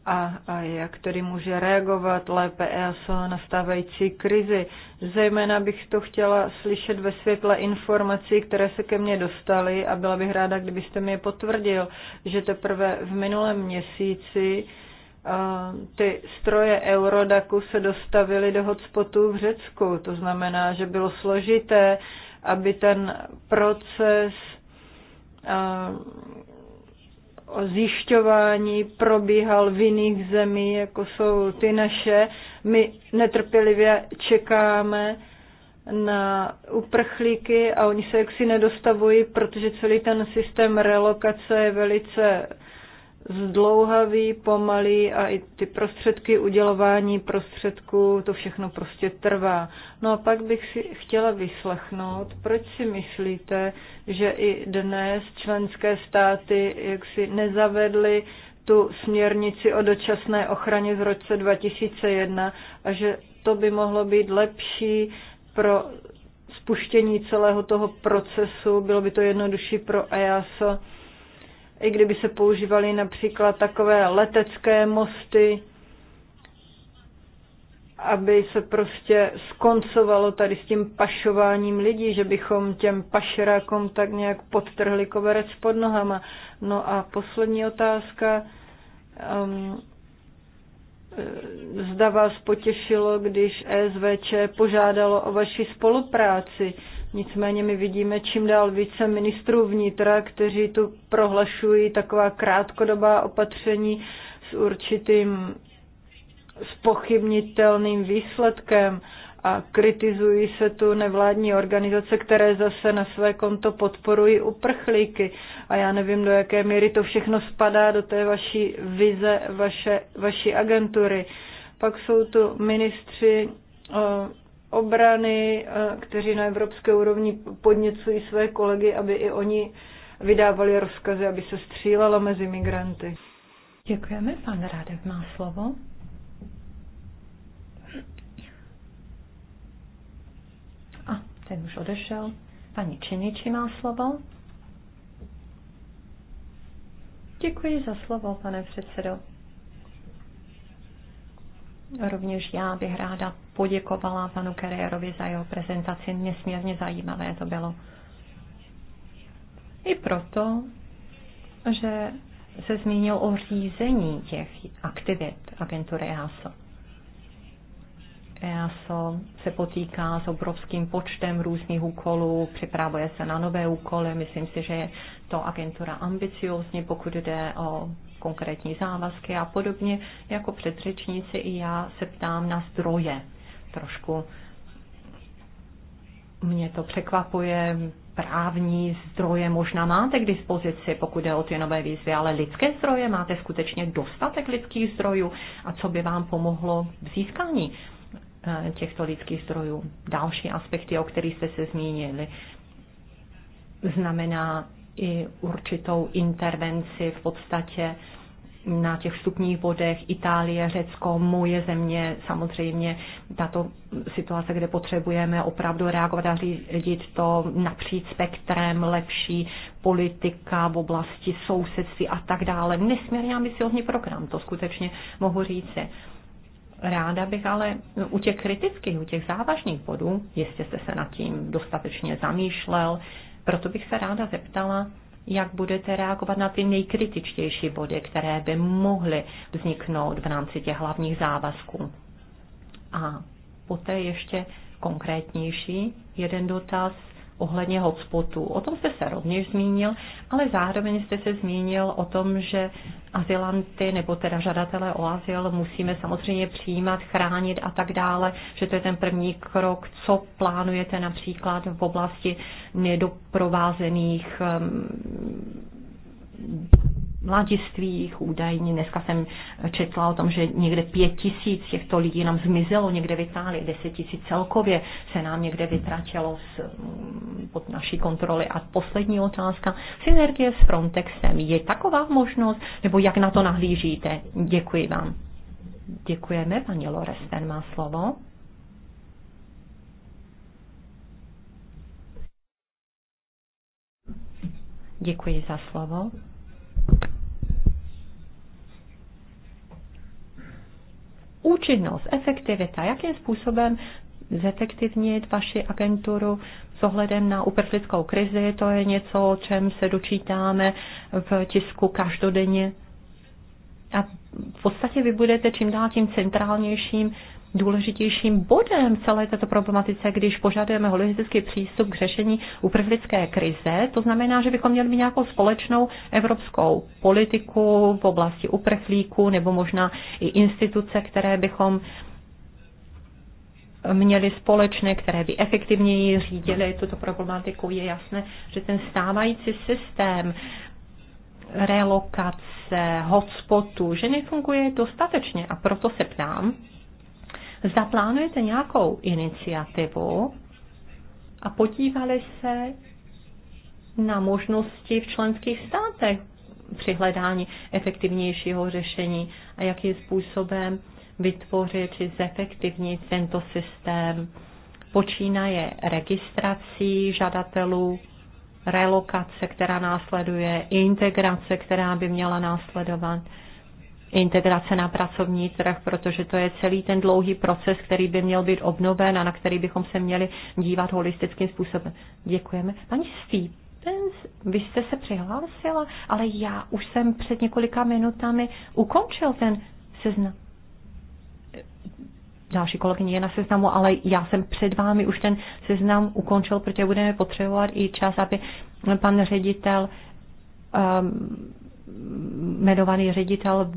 a, a jak tedy může reagovat lépe EASO na stávající krizi. Zejména bych to chtěla slyšet ve světle informací, které se ke mně dostaly a byla bych ráda, kdybyste mi je potvrdil, že teprve v minulém měsíci Eh, ty stroje Eurodaku se dostavily do hotspotů v Řecku. To znamená, že bylo složité, aby ten proces eh, o zjišťování probíhal v jiných zemích, jako jsou ty naše. My netrpělivě čekáme na uprchlíky a oni se jaksi nedostavují, protože celý ten systém relokace je velice zdlouhavý, pomalý a i ty prostředky, udělování prostředků, to všechno prostě trvá. No a pak bych si chtěla vyslechnout, proč si myslíte, že i dnes členské státy jaksi nezavedly tu směrnici o dočasné ochraně z roce 2001 a že to by mohlo být lepší pro spuštění celého toho procesu, bylo by to jednodušší pro EASO i kdyby se používaly například takové letecké mosty, aby se prostě skoncovalo tady s tím pašováním lidí, že bychom těm pašerákům tak nějak podtrhli koverec pod nohama. No a poslední otázka. Um, eh, zda vás potěšilo, když ESVČ požádalo o vaši spolupráci. Nicméně my vidíme čím dál více ministrů vnitra, kteří tu prohlašují taková krátkodobá opatření s určitým spochybnitelným výsledkem a kritizují se tu nevládní organizace, které zase na své konto podporují uprchlíky. A já nevím, do jaké míry to všechno spadá do té vaší vize, vaše, vaší agentury. Pak jsou tu ministři eh, obrany, eh, kteří na evropské úrovni podněcují své kolegy, aby i oni vydávali rozkazy, aby se střílelo mezi migranty. Děkujeme. Pan Rádek má slovo. A ten už odešel. Paní Činiči má slovo. Děkuji za slovo, pane předsedo. Rovněž já bych ráda poděkovala panu Kerérovi za jeho prezentaci. Nesmírně zajímavé to bylo. I proto, že se zmínil o řízení těch aktivit agentury EASO. EASO se potýká s obrovským počtem různých úkolů, připravuje se na nové úkoly. Myslím si, že je to agentura ambiciózně pokud jde o konkrétní závazky a podobně. Jako předřečníci i já se ptám na zdroje trošku mě to překvapuje, právní zdroje možná máte k dispozici, pokud jde o ty nové výzvy, ale lidské zdroje máte skutečně dostatek lidských zdrojů a co by vám pomohlo v získání eh, těchto lidských zdrojů. Další aspekty, o kterých jste se zmínili, znamená i určitou intervenci v podstatě na těch vstupních bodech Itálie, Řecko, moje země, samozřejmě tato situace, kde potřebujeme opravdu reagovat a řídit to napříč spektrem, lepší politika v oblasti sousedství a tak dále. Nesmírně ambiciozní program, to skutečně mohu říci. Ráda bych ale u těch kritických, u těch závažných bodů, jestli jste se nad tím dostatečně zamýšlel, proto bych se ráda zeptala, jak budete reagovat na ty nejkritičtější body, které by mohly vzniknout v rámci těch hlavních závazků. A poté ještě konkrétnější jeden dotaz ohledně hotspotů. O tom jste se rovněž zmínil, ale zároveň jste se zmínil o tom, že azylanty nebo teda žadatele o azyl musíme samozřejmě přijímat, chránit a tak dále, že to je ten první krok, co plánujete například v oblasti nedoprovázených mladistvých údajně. Dneska jsem četla o tom, že někde pět tisíc těchto lidí nám zmizelo někde v Itálii, deset tisíc celkově se nám někde vytratilo z, mm, pod naší kontroly. A poslední otázka, synergie s Frontexem, je taková možnost, nebo jak na to nahlížíte? Děkuji vám. Děkujeme, paní ten má slovo. Děkuji za slovo. účinnost, efektivita, jakým způsobem zefektivnit vaši agenturu s ohledem na uprchlickou krizi. To je něco, o čem se dočítáme v tisku každodenně. A v podstatě vy budete čím dál tím centrálnějším důležitějším bodem celé této problematice, když požadujeme holistický přístup k řešení uprchlické krize. To znamená, že bychom měli mít nějakou společnou evropskou politiku v oblasti uprchlíků nebo možná i instituce, které bychom měli společné, které by efektivněji řídily tuto problematiku. Je jasné, že ten stávající systém relokace, hotspotu, že nefunguje dostatečně. A proto se ptám, Zda plánujete nějakou iniciativu a podívali se na možnosti v členských státech při hledání efektivnějšího řešení a jakým způsobem vytvořit či zefektivnit tento systém. Počínaje registrací žadatelů, relokace, která následuje, integrace, která by měla následovat integrace na pracovní trh, protože to je celý ten dlouhý proces, který by měl být obnoven a na který bychom se měli dívat holistickým způsobem. Děkujeme. Paní Steve, vy jste se přihlásila, ale já už jsem před několika minutami ukončil ten seznam. Další kolegyně je na seznamu, ale já jsem před vámi už ten seznam ukončil, protože budeme potřebovat i čas, aby pan ředitel um, jmenovaný ředitel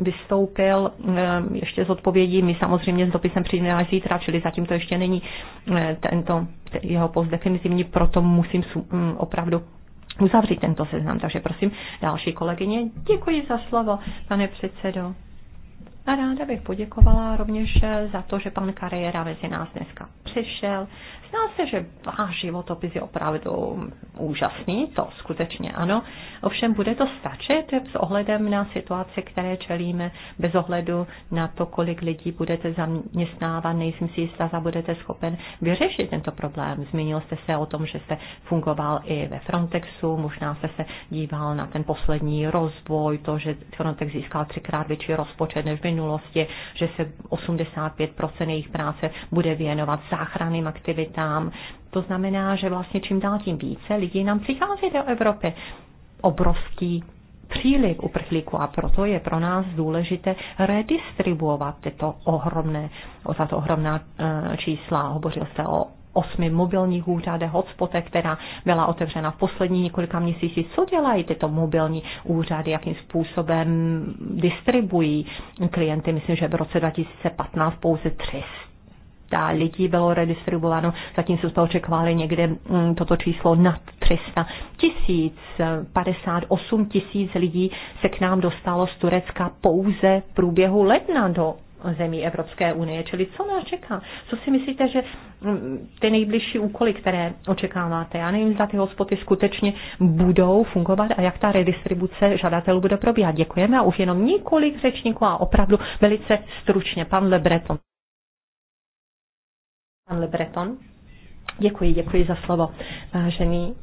vystoupil eh, ještě z odpovědí. My samozřejmě s dopisem přijdeme až zítra, čili zatím to ještě není eh, tento jeho post definitivní, proto musím hm, opravdu uzavřít tento seznam. Takže prosím, další kolegyně, děkuji za slovo, pane předsedo. A ráda bych poděkovala rovněž za to, že pan Kariéra mezi nás dneska přišel, já si, že váš životopis je opravdu úžasný, to skutečně ano. Ovšem bude to stačit s ohledem na situaci, které čelíme, bez ohledu na to, kolik lidí budete zaměstnávat, nejsem si jistá, zda budete schopen vyřešit tento problém. Zmínil jste se o tom, že jste fungoval i ve Frontexu, možná jste se díval na ten poslední rozvoj, to, že Frontex získal třikrát větší rozpočet než v minulosti, že se 85% jejich práce bude věnovat záchranným aktivitám tam. To znamená, že vlastně čím dál tím více lidí nám přichází do Evropy. Obrovský příliv uprchlíků a proto je pro nás důležité redistribuovat tyto ohromné, za to ohromná e, čísla. Hovořil se o osmi mobilních úřadech, hotspote, která byla otevřena v poslední několika měsících. Co dělají tyto mobilní úřady, jakým způsobem distribují klienty? Myslím, že v roce 2015 pouze 300 300 lidí bylo redistribuováno, zatímco jsme očekávali někde mm, toto číslo nad 300 tisíc, 58 tisíc lidí se k nám dostalo z Turecka pouze v průběhu ledna do zemí Evropské unie. Čili co nás čeká? Co si myslíte, že mm, ty nejbližší úkoly, které očekáváte, já nevím, zda ty hospody skutečně budou fungovat a jak ta redistribuce žadatelů bude probíhat. Děkujeme a už jenom několik řečníků a opravdu velice stručně. Pan Lebreton. Pan Lebreton. Děkuji, děkuji za slovo. Vážený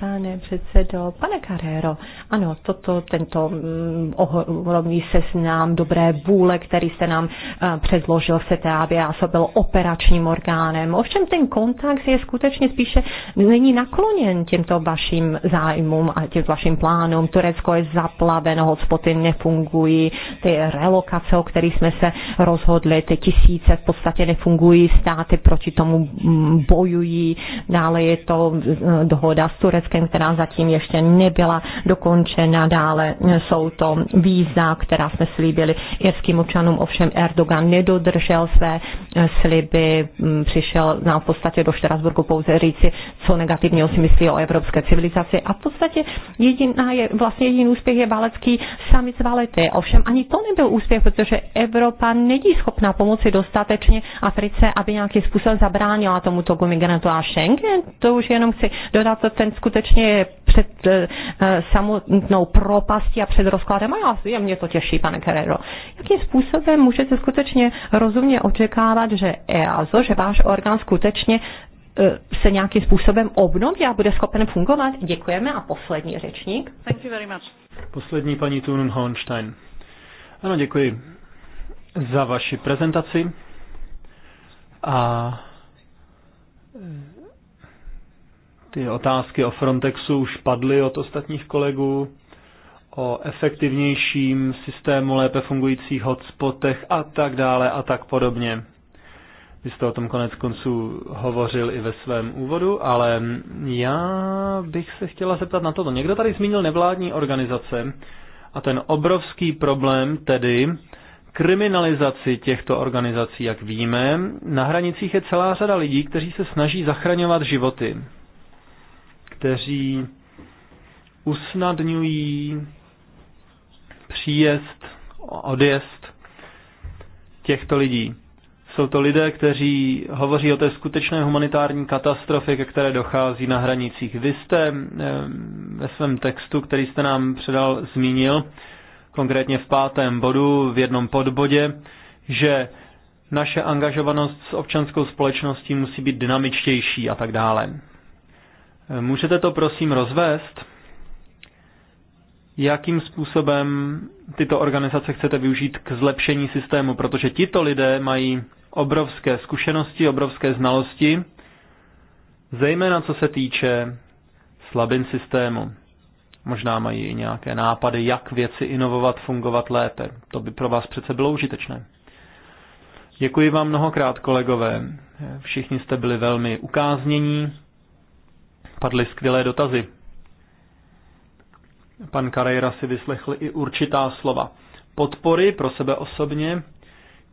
pane předsedo. Pane Carrero, ano, toto, tento mm, ohromný seznám dobré vůle, který se nám eh, předložil, se té, aby já byl operačním orgánem. Ovšem ten kontakt je skutečně spíše, není nakloněn těmto vašim zájmům a těm vašim plánům. Turecko je zaplaveno, hotspoty nefungují, ty relokace, o kterých jsme se rozhodli, ty tisíce v podstatě nefungují, státy proti tomu mm, bojují, dále je to eh, dohoda s Tureckem Tureckem, která zatím ještě nebyla dokončena. Dále jsou to víza, která jsme slíbili irským občanům, ovšem Erdogan nedodržel své sliby, mm, přišel nám v podstatě do Štrasburku pouze říci, co negativního si myslí o evropské civilizaci. A v podstatě jediná je, vlastně jediný úspěch je Sami samic Valety. Ovšem ani to nebyl úspěch, protože Evropa není schopná pomoci dostatečně Africe, aby nějakým způsobem zabránila tomuto migrantu a Schengen. To už jenom chci dodat, co ten skutečný skutečně před před eh, samotnou propastí a před rozkladem. A já, je mě to těší, pane Guerrero. Jakým způsobem můžete skutečně rozumně očekávat, že EASO, že váš orgán skutečně eh, se nějakým způsobem obnoví a bude schopen fungovat. Děkujeme a poslední řečník. Thank you very much. Poslední paní Tunen Hohenstein. Ano, děkuji za vaši prezentaci a ty otázky o Frontexu už padly od ostatních kolegů, o efektivnějším systému lépe fungujících hotspotech a tak dále a tak podobně. Vy jste o tom konec konců hovořil i ve svém úvodu, ale já bych se chtěla zeptat na toto. Někdo tady zmínil nevládní organizace a ten obrovský problém tedy kriminalizaci těchto organizací, jak víme. Na hranicích je celá řada lidí, kteří se snaží zachraňovat životy kteří usnadňují příjezd, odjezd těchto lidí. Jsou to lidé, kteří hovoří o té skutečné humanitární katastrofě, ke které dochází na hranicích. Vy jste ve svém textu, který jste nám předal, zmínil, konkrétně v pátém bodu, v jednom podbodě, že naše angažovanost s občanskou společností musí být dynamičtější a tak dále. Můžete to prosím rozvést? Jakým způsobem tyto organizace chcete využít k zlepšení systému? Protože tito lidé mají obrovské zkušenosti, obrovské znalosti, zejména co se týče slabin systému. Možná mají i nějaké nápady, jak věci inovovat, fungovat lépe. To by pro vás přece bylo užitečné. Děkuji vám mnohokrát, kolegové. Všichni jste byli velmi ukáznění Padly skvělé dotazy. Pan Carreira si vyslechl i určitá slova. Podpory pro sebe osobně,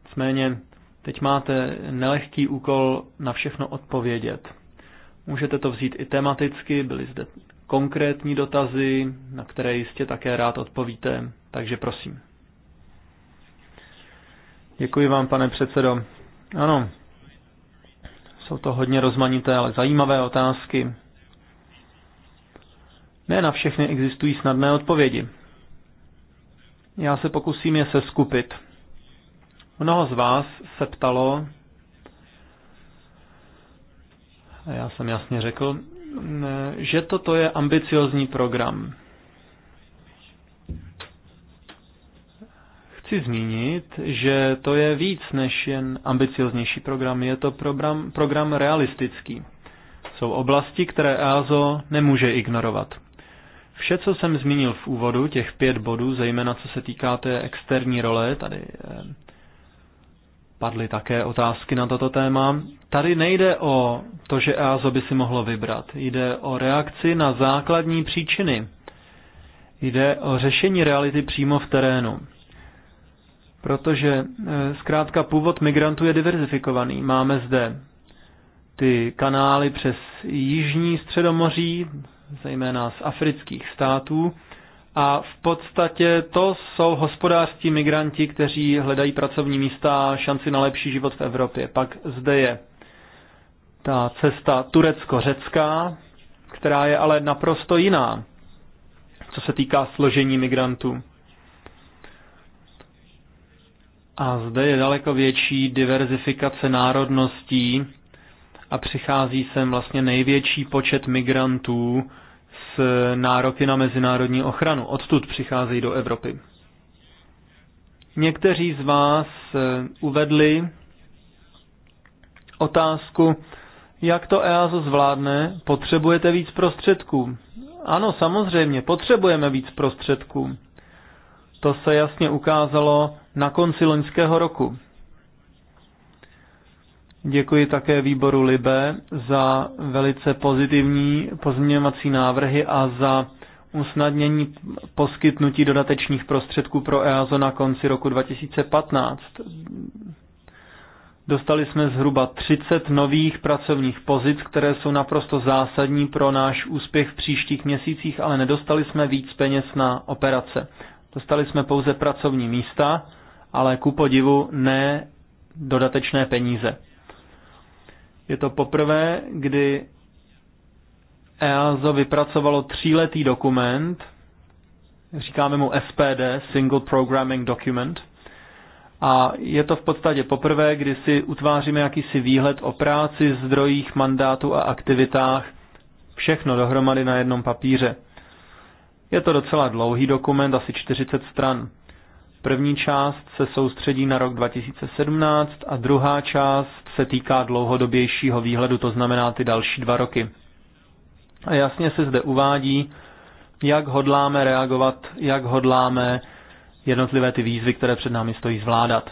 nicméně teď máte nelehký úkol na všechno odpovědět. Můžete to vzít i tematicky, byly zde konkrétní dotazy, na které jistě také rád odpovíte, takže prosím. Děkuji vám, pane předsedo. Ano, jsou to hodně rozmanité, ale zajímavé otázky. Ne na všechny existují snadné odpovědi. Já se pokusím je seskupit. Mnoho z vás se ptalo, a já jsem jasně řekl, že toto je ambiciozní program. Chci zmínit, že to je víc než jen ambicioznější program. Je to program, program realistický. Jsou oblasti, které EASO nemůže ignorovat. Vše, co jsem zmínil v úvodu, těch pět bodů, zejména co se týká té externí role, tady eh, padly také otázky na toto téma. Tady nejde o to, že EASO by si mohlo vybrat. Jde o reakci na základní příčiny. Jde o řešení reality přímo v terénu. Protože eh, zkrátka původ migrantů je diverzifikovaný. Máme zde ty kanály přes jižní středomoří, zejména z afrických států. A v podstatě to jsou hospodářští migranti, kteří hledají pracovní místa a šanci na lepší život v Evropě. Pak zde je ta cesta turecko-řecká, která je ale naprosto jiná, co se týká složení migrantů. A zde je daleko větší diverzifikace národností a přichází sem vlastně největší počet migrantů nároky na mezinárodní ochranu. Odtud přicházejí do Evropy. Někteří z vás eh, uvedli otázku, jak to EASO zvládne, potřebujete víc prostředků. Ano, samozřejmě, potřebujeme víc prostředků. To se jasně ukázalo na konci loňského roku. Děkuji také výboru Libe za velice pozitivní pozměňovací návrhy a za usnadnění poskytnutí dodatečných prostředků pro EASO na konci roku 2015. Dostali jsme zhruba 30 nových pracovních pozic, které jsou naprosto zásadní pro náš úspěch v příštích měsících, ale nedostali jsme víc peněz na operace. Dostali jsme pouze pracovní místa, ale ku podivu ne dodatečné peníze. Je to poprvé, kdy EASO vypracovalo tříletý dokument, říkáme mu SPD, Single Programming Document, a je to v podstatě poprvé, kdy si utváříme jakýsi výhled o práci, zdrojích, mandátu a aktivitách, všechno dohromady na jednom papíře. Je to docela dlouhý dokument, asi 40 stran. První část se soustředí na rok 2017 a druhá část se týká dlouhodobějšího výhledu, to znamená ty další dva roky. A jasně se zde uvádí, jak hodláme reagovat, jak hodláme jednotlivé ty výzvy, které před námi stojí, zvládat.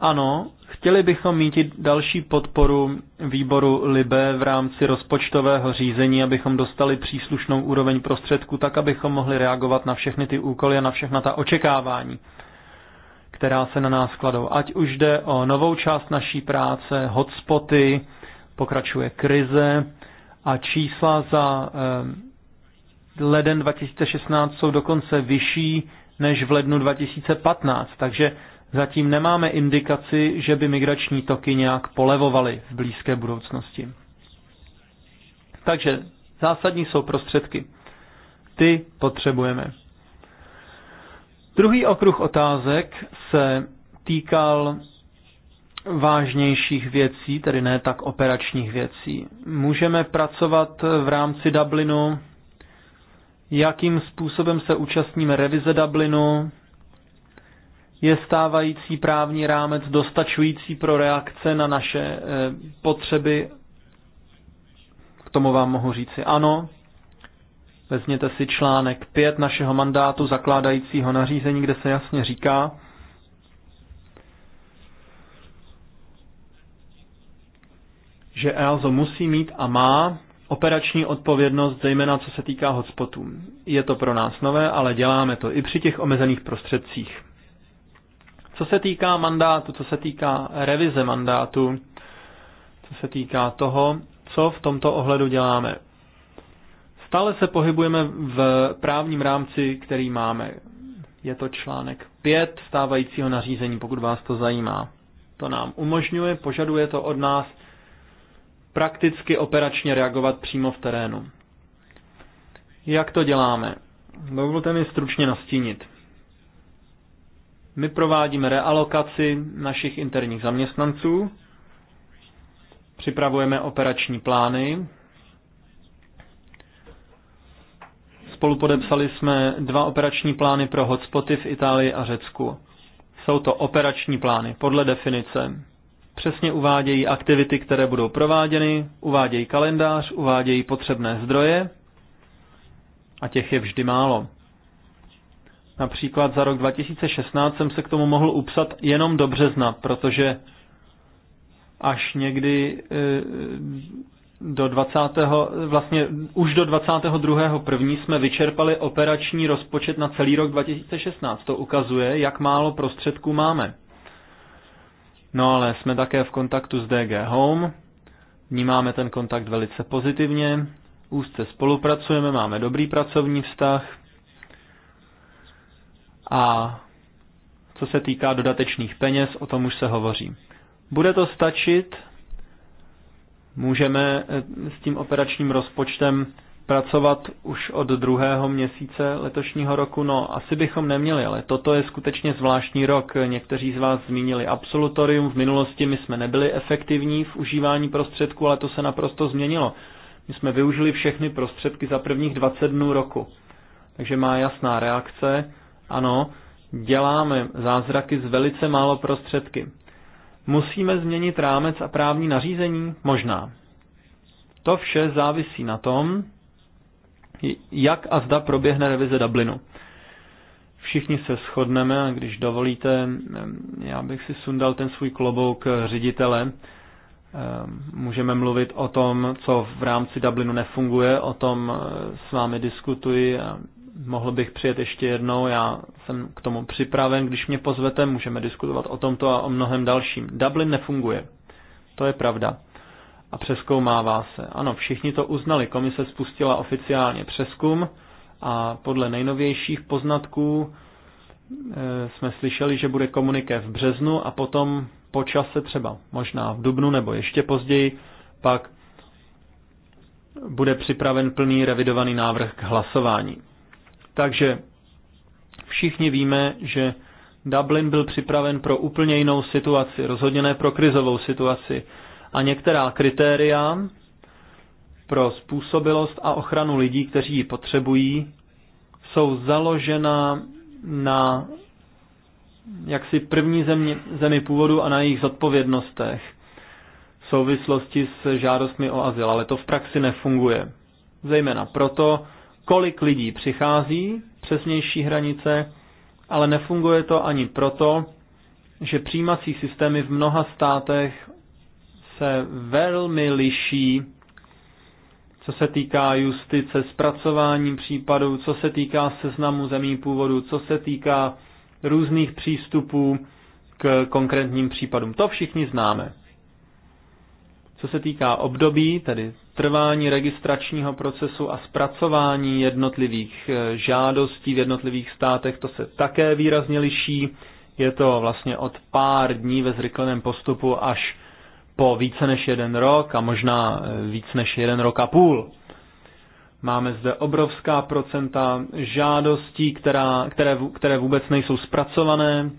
Ano, chtěli bychom mít i další podporu výboru LIBE v rámci rozpočtového řízení, abychom dostali příslušnou úroveň prostředku, tak abychom mohli reagovat na všechny ty úkoly a na všechna ta očekávání která se na nás kladou. Ať už jde o novou část naší práce, hotspoty, pokračuje krize a čísla za eh, leden 2016 jsou dokonce vyšší než v lednu 2015, takže zatím nemáme indikaci, že by migrační toky nějak polevovaly v blízké budoucnosti. Takže zásadní jsou prostředky. Ty potřebujeme. Druhý okruh otázek se týkal vážnějších věcí, tedy ne tak operačních věcí. Můžeme pracovat v rámci Dublinu, jakým způsobem se účastníme revize Dublinu, je stávající právní rámec dostačující pro reakce na naše eh, potřeby, k tomu vám mohu říci ano, Vezměte si článek 5 našeho mandátu zakládajícího nařízení, kde se jasně říká, že EASO musí mít a má operační odpovědnost, zejména co se týká hotspotů. Je to pro nás nové, ale děláme to i při těch omezených prostředcích. Co se týká mandátu, co se týká revize mandátu, co se týká toho, co v tomto ohledu děláme. Stále se pohybujeme v právním rámci, který máme. Je to článek 5 stávajícího nařízení, pokud vás to zajímá. To nám umožňuje, požaduje to od nás prakticky operačně reagovat přímo v terénu. Jak to děláme? Dovolte mi stručně nastínit. My provádíme realokaci našich interních zaměstnanců, připravujeme operační plány, spolupodepsali jsme dva operační plány pro hotspoty v Itálii a Řecku. Jsou to operační plány podle definice. Přesně uvádějí aktivity, které budou prováděny, uvádějí kalendář, uvádějí potřebné zdroje a těch je vždy málo. Například za rok 2016 jsem se k tomu mohl upsat jenom do března, protože až někdy eh, do 20. vlastně už do první jsme vyčerpali operační rozpočet na celý rok 2016. To ukazuje, jak málo prostředků máme. No ale jsme také v kontaktu s DG Home, vnímáme ten kontakt velice pozitivně, úzce spolupracujeme, máme dobrý pracovní vztah a co se týká dodatečných peněz, o tom už se hovoří. Bude to stačit Můžeme eh, s tím operačním rozpočtem pracovat už od druhého měsíce letošního roku? No, asi bychom neměli, ale toto je skutečně zvláštní rok. Někteří z vás zmínili absolutorium. V minulosti my jsme nebyli efektivní v užívání prostředků, ale to se naprosto změnilo. My jsme využili všechny prostředky za prvních 20 dnů roku. Takže má jasná reakce. Ano, děláme zázraky z velice málo prostředky. Musíme změnit rámec a právní nařízení? Možná. To vše závisí na tom, jak a zda proběhne revize Dublinu. Všichni se shodneme a když dovolíte, já bych si sundal ten svůj klobouk ředitele. Můžeme mluvit o tom, co v rámci Dublinu nefunguje, o tom s vámi diskutuji mohl bych přijet ještě jednou, já jsem k tomu připraven, když mě pozvete, můžeme diskutovat o tomto a o mnohem dalším. Dublin nefunguje, to je pravda. A přeskoumává se. Ano, všichni to uznali, komise spustila oficiálně přeskum a podle nejnovějších poznatků eh, jsme slyšeli, že bude komuniké v březnu a potom po čase třeba, možná v dubnu nebo ještě později, pak bude připraven plný revidovaný návrh k hlasování. Takže všichni víme, že Dublin byl připraven pro úplně jinou situaci, rozhodně ne pro krizovou situaci. A některá kritéria pro způsobilost a ochranu lidí, kteří ji potřebují, jsou založena na jaksi první zemi, zemi původu a na jejich zodpovědnostech v souvislosti s žádostmi o azyl, ale to v praxi nefunguje. Zejména proto, kolik lidí přichází přes hranice, ale nefunguje to ani proto, že přijímací systémy v mnoha státech se velmi liší, co se týká justice, zpracování případů, co se týká seznamu zemí původu, co se týká různých přístupů k konkrétním případům. To všichni známe. Co se týká období, tedy trvání registračního procesu a zpracování jednotlivých eh, žádostí v jednotlivých státech, to se také výrazně liší. Je to vlastně od pár dní ve zrychleném postupu až po více než jeden rok a možná eh, víc než jeden rok a půl. Máme zde obrovská procenta žádostí, která, které, které vůbec nejsou zpracované,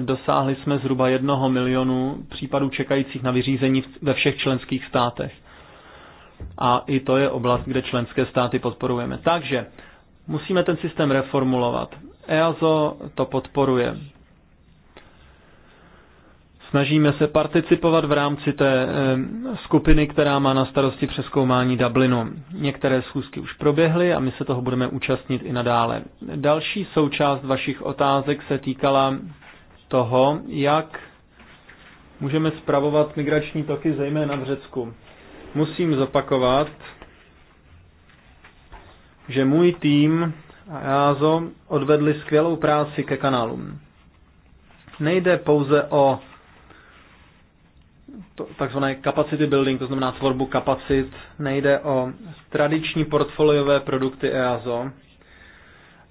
Dosáhli jsme zhruba jednoho milionu případů čekajících na vyřízení ve všech členských státech. A i to je oblast, kde členské státy podporujeme. Takže musíme ten systém reformulovat. EASO to podporuje. Snažíme se participovat v rámci té eh, skupiny, která má na starosti přeskoumání Dublinu. Některé schůzky už proběhly a my se toho budeme účastnit i nadále. Další součást vašich otázek se týkala toho, jak můžeme spravovat migrační toky, zejména v Řecku. Musím zopakovat, že můj tým a Jázo odvedli skvělou práci ke kanálům. Nejde pouze o takzvané capacity building, to znamená tvorbu kapacit, nejde o tradiční portfoliové produkty EASO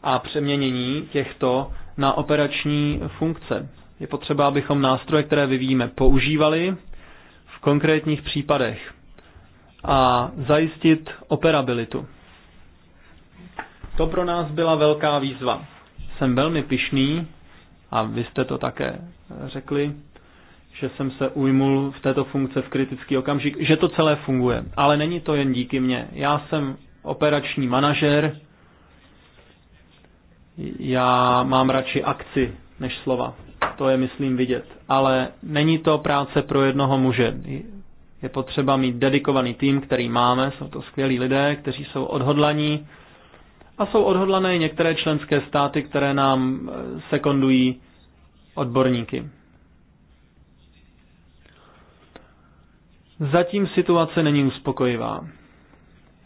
a přeměnění těchto na operační funkce. Je potřeba, abychom nástroje, které vyvíjíme, používali v konkrétních případech a zajistit operabilitu. To pro nás byla velká výzva. Jsem velmi pišný, a vy jste to také řekli, že jsem se ujmul v této funkce v kritický okamžik, že to celé funguje. Ale není to jen díky mně. Já jsem operační manažer já mám radši akci než slova. To je, myslím, vidět. Ale není to práce pro jednoho muže. Je potřeba mít dedikovaný tým, který máme. Jsou to skvělí lidé, kteří jsou odhodlaní. A jsou odhodlané některé členské státy, které nám eh, sekundují odborníky. Zatím situace není uspokojivá.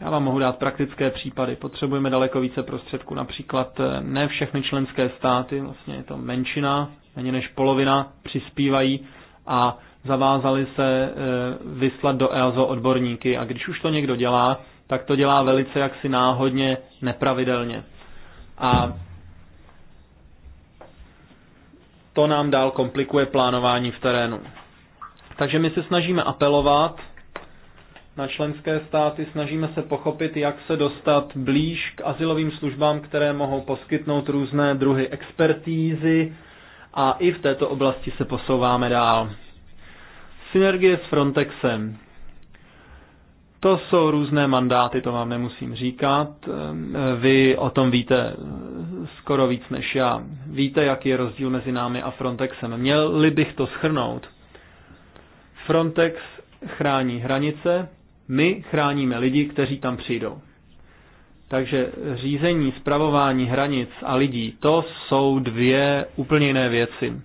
Já vám mohu dát praktické případy. Potřebujeme daleko více prostředků. Například eh, ne všechny členské státy, vlastně je to menšina, méně než polovina, přispívají a zavázali se eh, vyslat do EASO odborníky. A když už to někdo dělá, tak to dělá velice jaksi náhodně, nepravidelně. A to nám dál komplikuje plánování v terénu. Takže my se snažíme apelovat na členské státy, snažíme se pochopit, jak se dostat blíž k asilovým službám, které mohou poskytnout různé druhy expertízy a i v této oblasti se posouváme dál. Synergie s Frontexem. To jsou různé mandáty, to vám nemusím říkat. Ehm, vy o tom víte ehm, skoro víc než já. Víte, jaký je rozdíl mezi námi a Frontexem. Měl-li bych to schrnout. Frontex chrání hranice, my chráníme lidi, kteří tam přijdou. Takže řízení, zpravování hranic a lidí, to jsou dvě úplně jiné věci.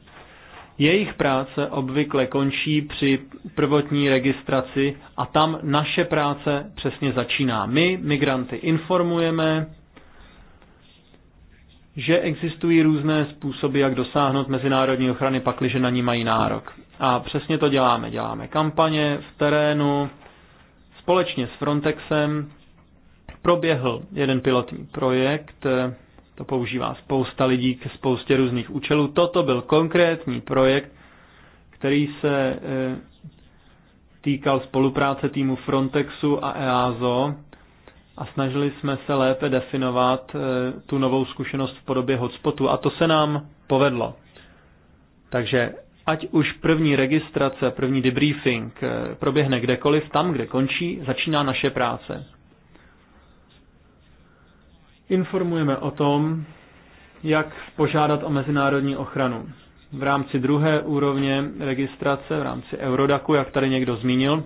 Jejich práce obvykle končí při prvotní registraci a tam naše práce přesně začíná. My, migranty, informujeme, že existují různé způsoby, jak dosáhnout mezinárodní ochrany, pakliže na ní mají nárok. A přesně to děláme. Děláme kampaně v terénu, Společně s Frontexem proběhl jeden pilotní projekt, to používá spousta lidí k spoustě různých účelů. Toto byl konkrétní projekt, který se eh, týkal spolupráce týmu Frontexu a EASO a snažili jsme se lépe definovat eh, tu novou zkušenost v podobě hotspotu a to se nám povedlo. Takže ať už první registrace, první debriefing eh, proběhne kdekoliv, tam, kde končí, začíná naše práce. Informujeme o tom, jak požádat o mezinárodní ochranu. V rámci druhé úrovně registrace, v rámci Eurodaku, jak tady někdo zmínil,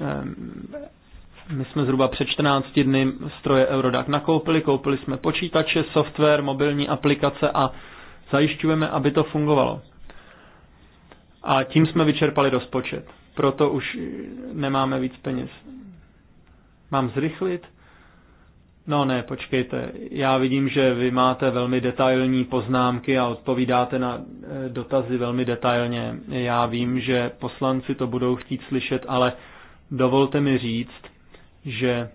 ehm, my jsme zhruba před 14 dny stroje Eurodac nakoupili, koupili jsme počítače, software, mobilní aplikace a zajišťujeme, aby to fungovalo. A tím jsme vyčerpali rozpočet. Proto už nemáme víc peněz. Mám zrychlit? No ne, počkejte. Já vidím, že vy máte velmi detailní poznámky a odpovídáte na eh, dotazy velmi detailně. Já vím, že poslanci to budou chtít slyšet, ale dovolte mi říct, že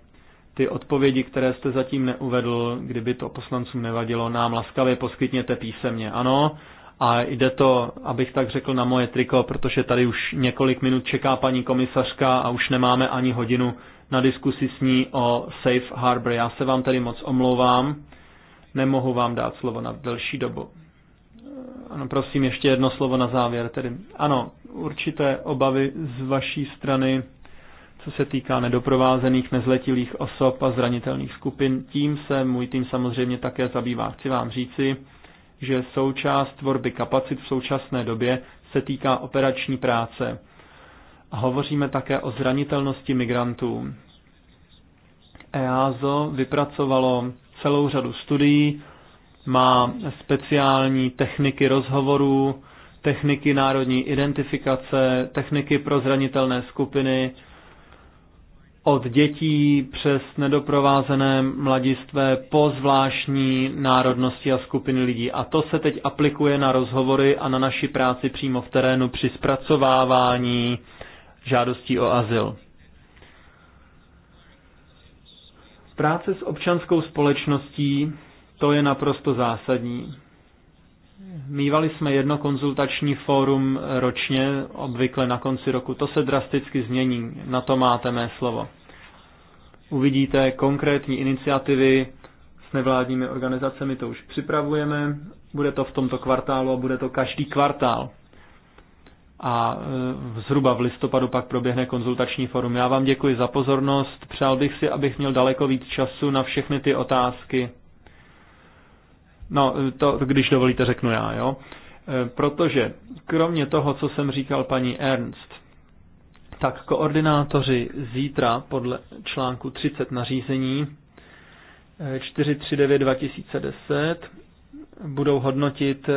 ty odpovědi, které jste zatím neuvedl, kdyby to poslancům nevadilo, nám laskavě poskytněte písemně. Ano, a jde to, abych tak řekl, na moje triko, protože tady už několik minut čeká paní komisařka a už nemáme ani hodinu na diskusi s ní o Safe Harbor. Já se vám tady moc omlouvám, nemohu vám dát slovo na delší dobu. Ano, prosím, ještě jedno slovo na závěr. Tedy. Ano, určité obavy z vaší strany, co se týká nedoprovázených, nezletilých osob a zranitelných skupin. Tím se můj tým samozřejmě také zabývá. Chci vám říci, že součást tvorby kapacit v současné době se týká operační práce. A hovoříme také o zranitelnosti migrantů. EASO vypracovalo celou řadu studií, má speciální techniky rozhovorů, techniky národní identifikace, techniky pro zranitelné skupiny, od dětí přes nedoprovázené mladistvé po zvláštní národnosti a skupiny lidí. A to se teď aplikuje na rozhovory a na naši práci přímo v terénu při zpracovávání žádostí o azyl. Práce s občanskou společností, to je naprosto zásadní. Mývali jsme jedno konzultační fórum ročně, obvykle na konci roku. To se drasticky změní, na to máte mé slovo. Uvidíte konkrétní iniciativy s nevládními organizacemi, to už připravujeme. Bude to v tomto kvartálu a bude to každý kvartál. A e, zhruba v listopadu pak proběhne konzultační forum. Já vám děkuji za pozornost. Přál bych si, abych měl daleko víc času na všechny ty otázky No, to, když dovolíte, řeknu já, jo. E, protože kromě toho, co jsem říkal paní Ernst, tak koordinátoři zítra podle článku 30 nařízení 439 e, 2010 budou hodnotit e,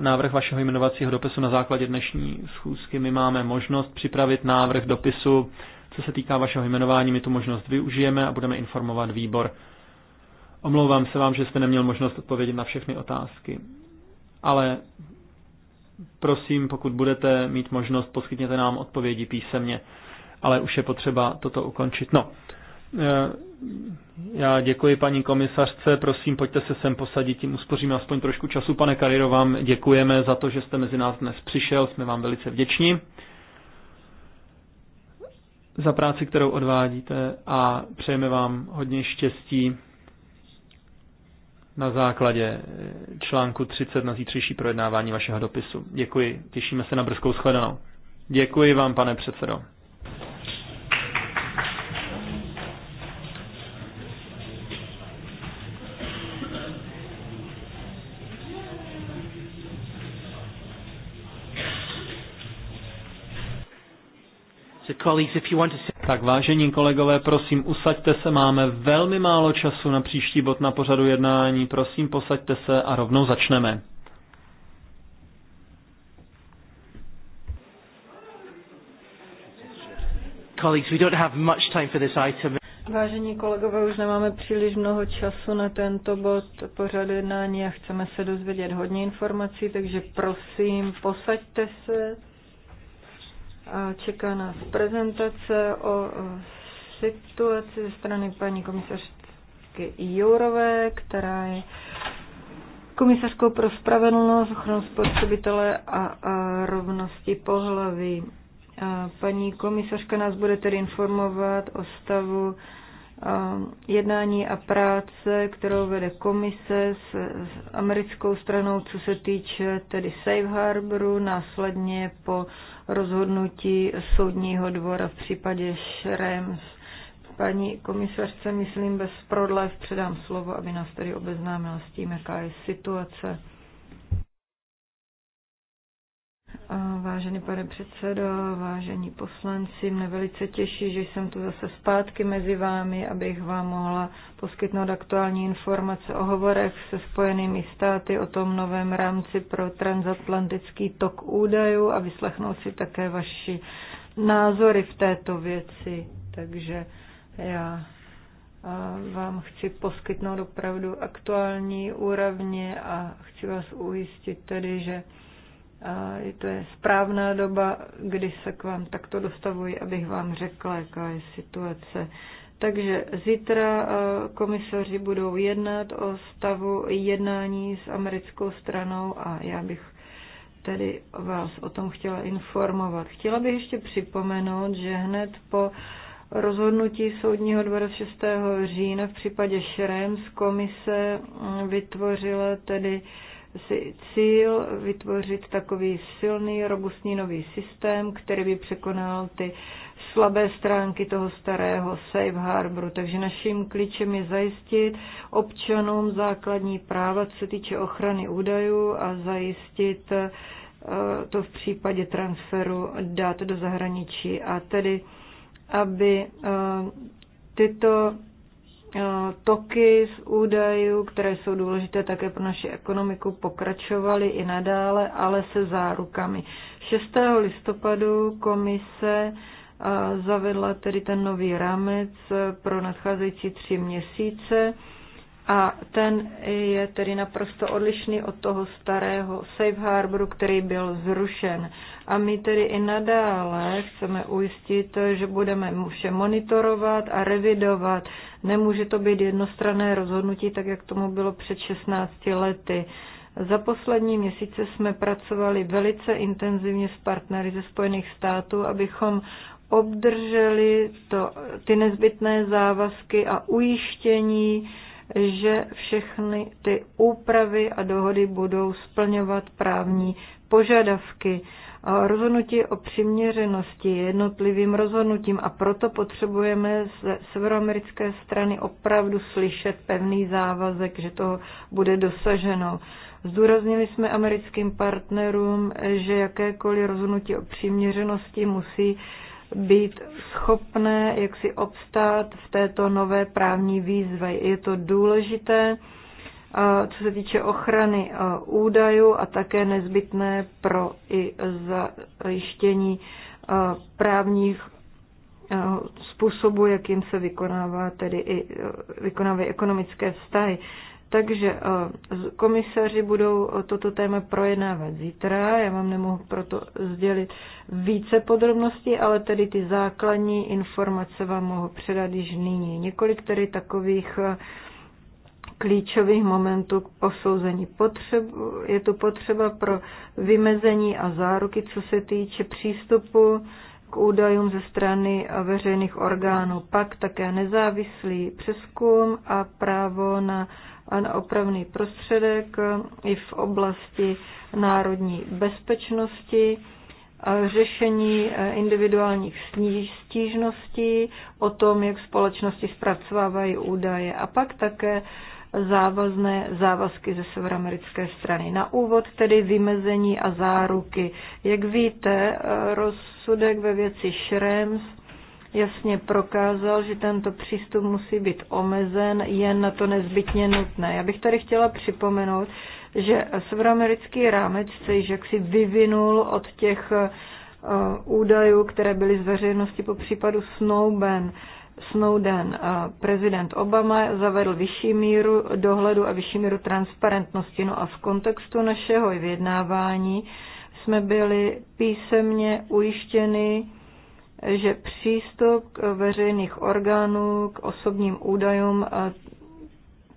návrh vašeho jmenovacího dopisu na základě dnešní schůzky. My máme možnost připravit návrh dopisu, co se týká vašeho jmenování, my tu možnost využijeme a budeme informovat výbor Omlouvám se vám, že jste neměl možnost odpovědět na všechny otázky. Ale prosím, pokud budete mít možnost, poskytněte nám odpovědi písemně, ale už je potřeba toto ukončit. No, eh, já děkuji paní komisařce, prosím, pojďte se sem posadit, tím uspoříme aspoň trošku času. Pane Kariro, vám děkujeme za to, že jste mezi nás dnes přišel, jsme vám velice vděční za práci, kterou odvádíte a přejeme vám hodně štěstí na základě eh, článku 30 na zítřejší projednávání vašeho dopisu. Děkuji, těšíme se na brzkou shledanou. Děkuji vám, pane předsedo. So colleagues, if you want to tak vážení kolegové, prosím, usaďte se, máme velmi málo času na příští bod na pořadu jednání. Prosím, posaďte se a rovnou začneme. Colleagues, we don't have much time for this item. Vážení kolegové, už nemáme příliš mnoho času na tento bod pořadu jednání a chceme se dozvědět hodně informací, takže prosím, posaďte se. A čeká nás prezentace o e, situaci ze strany paní komisařky Jourové, která je komisařkou pro spravedlnost, ochranu spotřebitele a, a rovnosti pohlaví. A paní komisařka nás bude tedy informovat o stavu jednání a práce, kterou vede komise s, s americkou stranou, co se týče tedy Safe Harboru, následně po rozhodnutí soudního dvora v případě Schrems. Paní komisařce, myslím, bez prodlev předám slovo, aby nás tedy obeznámila s tím, jaká je situace. Vážený pane předsedo, vážení poslanci, mě velice těší, že jsem tu zase zpátky mezi vámi, abych vám mohla poskytnout aktuální informace o hovorech se Spojenými státy, o tom novém rámci pro transatlantický tok údajů a vyslechnout si také vaši názory v této věci. Takže já vám chci poskytnout opravdu aktuální úrovně a chci vás ujistit tedy, že a to je správná doba, kdy se k vám takto dostavuji, abych vám řekla, jaká je situace. Takže zítra eh, komisaři budou jednat o stavu jednání s americkou stranou a já bych tedy vás o tom chtěla informovat. Chtěla bych ještě připomenout, že hned po rozhodnutí soudního dvora 6. října v případě Šrems komise mm, vytvořila tedy uh, si cíl vytvořit takový silný, robustní nový systém, který by překonal ty slabé stránky toho starého safe harboru. Takže naším klíčem je zajistit občanům základní práva, co se týče ochrany údajů a zajistit eh, to v případě transferu dat do zahraničí a tedy, aby eh, tyto Eh, toky z údajů, které jsou důležité také pro naši ekonomiku, pokračovaly i nadále, ale se zárukami. 6. listopadu komise eh, zavedla tedy ten nový rámec eh, pro nadcházející tři měsíce a ten je tedy naprosto odlišný od toho starého safe harboru, který byl zrušen. A my tedy i nadále chceme ujistit, že budeme vše monitorovat a revidovat Nemůže to být jednostranné rozhodnutí, tak jak tomu bylo před 16 lety. Za poslední měsíce jsme pracovali velice intenzivně s partnery ze Spojených států, abychom obdrželi to, ty nezbytné závazky a ujištění, že všechny ty úpravy a dohody budou splňovat právní požadavky rozhodnutí o přiměřenosti jednotlivým rozhodnutím a proto potřebujeme z severoamerické strany opravdu slyšet pevný závazek, že to bude dosaženo. Zdůraznili jsme americkým partnerům, že jakékoliv rozhodnutí o přiměřenosti musí být schopné, jaksi obstát v této nové právní výzvě. Je to důležité, co se týče ochrany údajů a také nezbytné pro i zajištění právních způsobů, jakým se vykonává tedy i vykonávají ekonomické vztahy. Takže komisaři budou toto téma projednávat zítra. Já vám nemohu proto sdělit více podrobností, ale tedy ty základní informace vám mohu předat již nyní. Několik tedy takových uh, klíčových momentů k posouzení. Potřebu, je tu potřeba pro vymezení a záruky, co se týče přístupu k údajům ze strany veřejných orgánů. Pak také nezávislý přeskum a právo na, na opravný prostředek i v oblasti národní bezpečnosti řešení e, individuálních stížností o tom, jak společnosti zpracovávají údaje a pak také závazné závazky ze severoamerické strany. Na úvod tedy vymezení a záruky. Jak víte, rozsudek ve věci Schrems jasně prokázal, že tento přístup musí být omezen jen na to nezbytně nutné. Já bych tady chtěla připomenout, že severoamerický rámec se již jaksi vyvinul od těch eh, údajů, které byly z veřejnosti po případu Snowben. Snowden. Eh, prezident Obama zavedl vyšší míru dohledu a vyšší míru transparentnosti. No a v kontextu našeho vyjednávání jsme byli písemně ujištěni, že přístup k veřejných orgánů k osobním údajům eh,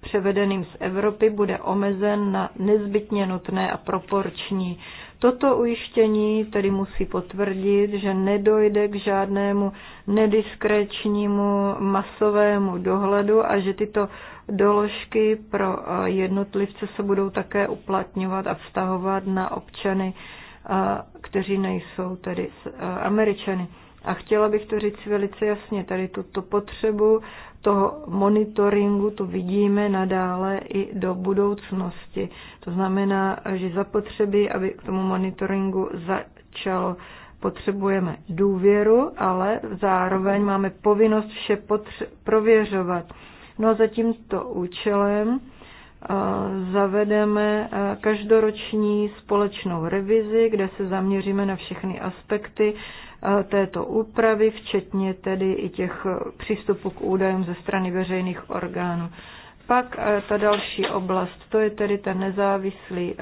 převedeným z Evropy bude omezen na nezbytně nutné a proporční Toto ujištění tedy musí potvrdit, že nedojde k žádnému nediskrečnímu masovému dohledu a že tyto doložky pro eh, jednotlivce se budou také uplatňovat a vztahovat na občany, eh, kteří nejsou tedy eh, Američany. A chtěla bych to říct velice jasně, tady tuto potřebu toho monitoringu to vidíme nadále i do budoucnosti. To znamená, že zapotřebí, aby k tomu monitoringu začalo potřebujeme důvěru, ale zároveň máme povinnost vše prověřovat. No a za tímto účelem eh, zavedeme eh, každoroční společnou revizi, kde se zaměříme na všechny aspekty této úpravy, včetně tedy i těch přístupů k údajům ze strany veřejných orgánů. Pak ta další oblast, to je tedy ten nezávislý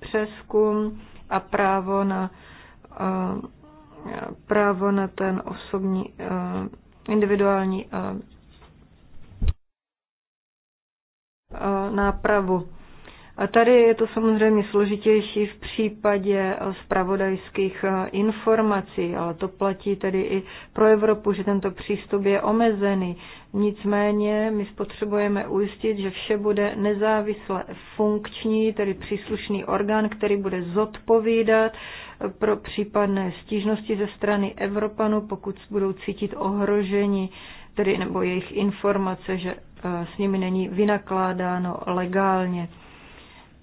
přeskum a právo na, právo na ten osobní individuální nápravu. A tady je to samozřejmě složitější v případě spravodajských eh, eh, informací, ale to platí tedy i pro Evropu, že tento přístup je omezený. Nicméně my potřebujeme ujistit, že vše bude nezávisle funkční, tedy příslušný orgán, který bude zodpovídat eh, pro případné stížnosti ze strany Evropanů, pokud budou cítit ohrožení tedy nebo jejich informace, že s nimi není vynakládáno legálně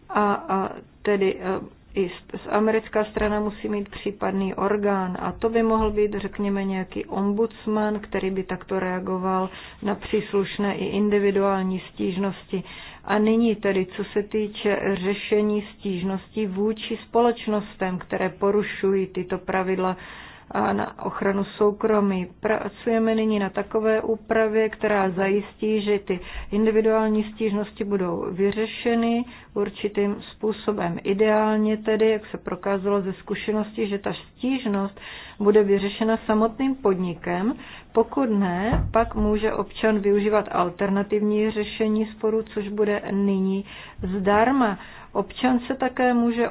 a, a tedy e, i z, z americká strana musí mít případný orgán a to by mohl být, řekněme, nějaký ombudsman, který by takto reagoval na příslušné i individuální stížnosti. A nyní tedy, co se týče řešení stížností vůči společnostem, které porušují tyto pravidla a na ochranu soukromí. Pracujeme nyní na takové úpravě, která zajistí, že ty individuální stížnosti budou vyřešeny určitým způsobem. Ideálně tedy, jak se prokázalo ze zkušenosti, že ta stížnost bude vyřešena samotným podnikem. Pokud ne, pak může občan využívat alternativní řešení sporu, což bude nyní zdarma. Občan se také může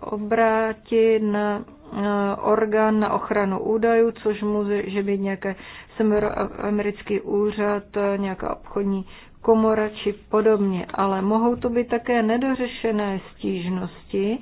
obrátit na eh, orgán na ochranu údajů, což může být nějaký americký úřad, eh, nějaká obchodní komora či podobně. Ale mohou to být také nedořešené stížnosti,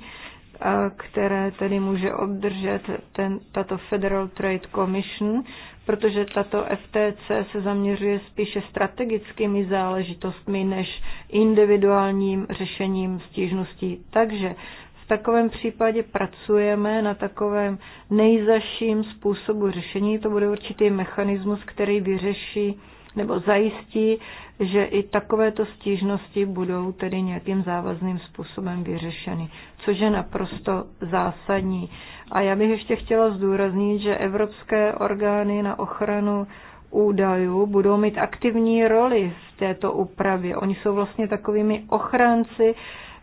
eh, které tedy může obdržet ten, tato Federal Trade Commission protože tato FTC se zaměřuje spíše strategickými záležitostmi než individuálním řešením stížností. Takže v takovém případě pracujeme na takovém nejzaším způsobu řešení. To bude určitý mechanismus, který vyřeší nebo zajistí, že i takovéto stížnosti budou tedy nějakým závazným způsobem vyřešeny, což je naprosto zásadní. A já bych ještě chtěla zdůraznit, že evropské orgány na ochranu údajů budou mít aktivní roli v této úpravě. Oni jsou vlastně takovými ochránci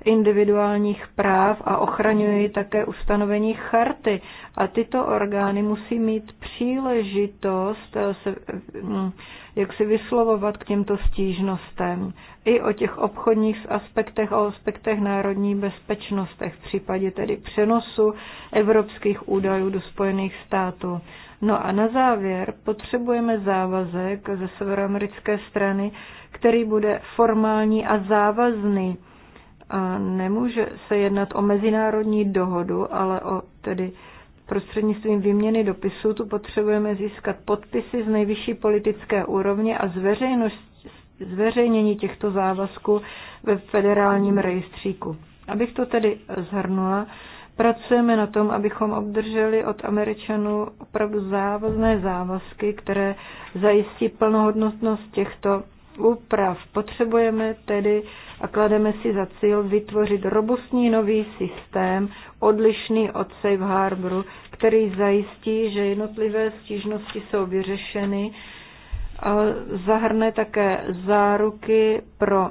individuálních práv a ochraňují také ustanovení charty. A tyto orgány musí mít příležitost se, mm, jak si vyslovovat k těmto stížnostem. I o těch obchodních aspektech a aspektech národní bezpečnostech v případě tedy přenosu evropských údajů do Spojených států. No a na závěr potřebujeme závazek ze severoamerické strany, který bude formální a závazný nemůže se jednat o mezinárodní dohodu, ale o tedy prostřednictvím výměny dopisů tu potřebujeme získat podpisy z nejvyšší politické úrovně a zveřejnění těchto závazků ve federálním rejstříku. Abych to tedy zhrnula, pracujeme na tom, abychom obdrželi od Američanů opravdu závazné závazky, které zajistí plnohodnotnost těchto úprav. Potřebujeme tedy uh, a klademe si za cíl vytvořit robustní nový systém, odlišný od Safe Harboru, který zajistí, že jednotlivé stížnosti jsou vyřešeny. Zahrne také záruky pro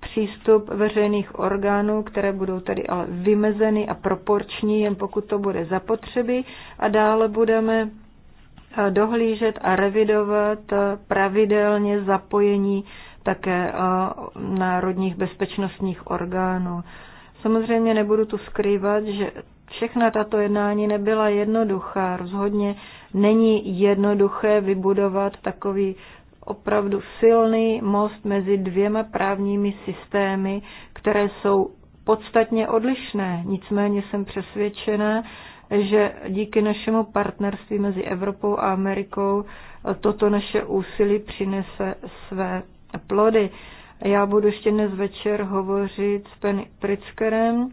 přístup veřejných orgánů, které budou tedy ale vymezeny a proporční, jen pokud to bude zapotřebí. A dále budeme eh, dohlížet a revidovat eh, pravidelně zapojení také eh, národních bezpečnostních orgánů. Samozřejmě nebudu tu skrývat, že všechna tato jednání nebyla jednoduchá. Rozhodně není jednoduché vybudovat takový opravdu silný most mezi dvěma právními systémy, které jsou podstatně odlišné. Nicméně jsem přesvědčena, že díky našemu partnerství mezi Evropou a Amerikou eh, toto naše úsilí přinese své plody. Já budu ještě dnes večer hovořit s Penny Pritzkerem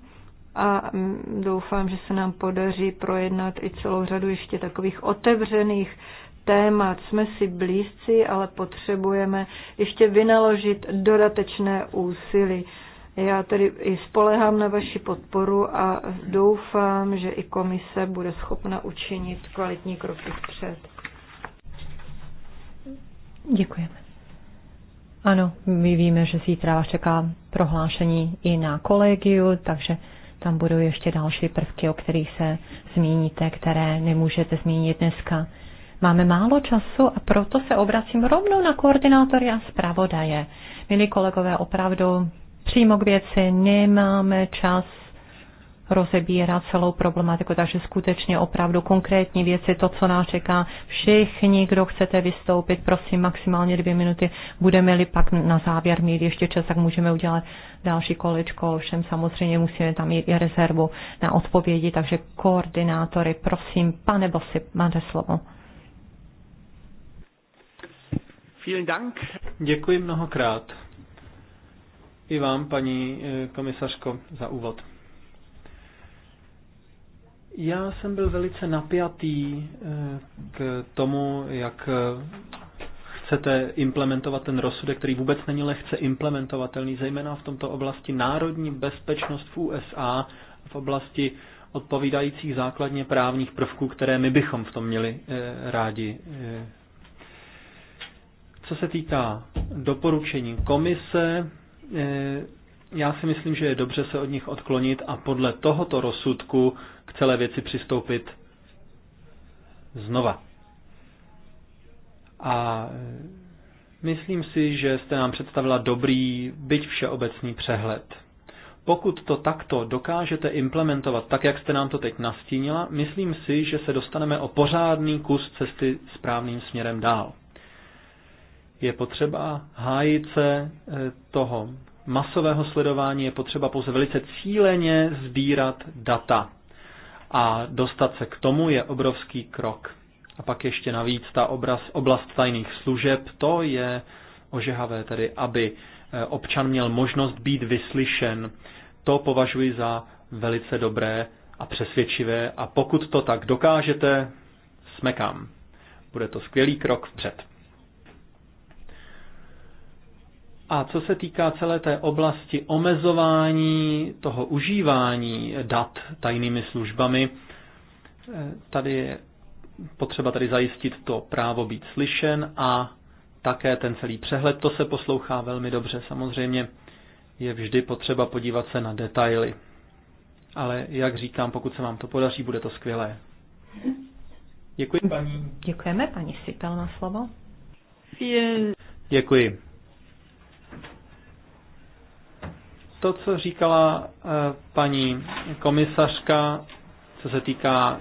a mm, doufám, že se nám podaří projednat i celou řadu ještě takových otevřených témat. Jsme si blízci, ale potřebujeme ještě vynaložit dodatečné úsilí. Já tedy i spolehám na vaši podporu a doufám, že i komise bude schopna učinit kvalitní kroky vpřed. Děkujeme. Ano, my víme, že zítra vás čeká prohlášení i na kolegiu, takže tam budou ještě další prvky, o kterých se zmíníte, které nemůžete zmínit dneska. Máme málo času a proto se obracím rovnou na koordinátory a zpravodaje. Milí kolegové, opravdu přímo k věci nemáme čas rozebírat celou problematiku, takže skutečně opravdu konkrétní věci, to, co nás čeká. Všichni, kdo chcete vystoupit, prosím maximálně dvě minuty, budeme-li pak na závěr mít ještě čas, tak můžeme udělat další kolečko, Všem samozřejmě musíme tam mít i rezervu na odpovědi, takže koordinátory, prosím, pane Bosy, máte slovo. Vielen Dank. Děkuji mnohokrát. I vám, paní eh, komisařko, za úvod. Já jsem byl velice napjatý eh, k tomu, jak eh, chcete implementovat ten rozsudek, který vůbec není lehce implementovatelný, zejména v tomto oblasti národní bezpečnost v USA, v oblasti odpovídajících základně právních prvků, které my bychom v tom měli eh, rádi. Co se týká doporučení komise, já si myslím, že je dobře se od nich odklonit a podle tohoto rozsudku k celé věci přistoupit znova. A myslím si, že jste nám představila dobrý, byť všeobecný přehled. Pokud to takto dokážete implementovat tak, jak jste nám to teď nastínila, myslím si, že se dostaneme o pořádný kus cesty správným směrem dál. Je potřeba hájit se e, toho masového sledování, je potřeba pouze velice cíleně sbírat data a dostat se k tomu je obrovský krok. A pak ještě navíc ta obraz, oblast tajných služeb, to je ožehavé tedy, aby e, občan měl možnost být vyslyšen. To považuji za velice dobré a přesvědčivé a pokud to tak dokážete, smekám. Bude to skvělý krok vpřed. A co se týká celé té oblasti omezování toho užívání dat tajnými službami, eh, tady je potřeba tady zajistit to právo být slyšen a také ten celý přehled, to se poslouchá velmi dobře. Samozřejmě je vždy potřeba podívat se na detaily. Ale jak říkám, pokud se vám to podaří, bude to skvělé. Děkuji paní. Děkujeme paní Sipel na slovo. Děkuji. To, co říkala eh, paní komisařka, co se týká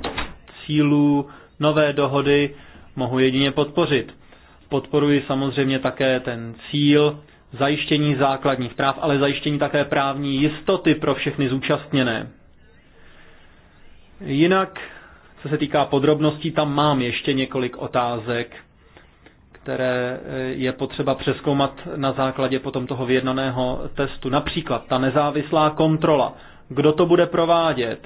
cílů nové dohody, mohu jedině podpořit. Podporuji samozřejmě také ten cíl zajištění základních práv, ale zajištění také právní jistoty pro všechny zúčastněné. Jinak, co se týká podrobností, tam mám ještě několik otázek které eh, je potřeba přeskoumat na základě potom toho vyjednaného testu. Například ta nezávislá kontrola. Kdo to bude provádět?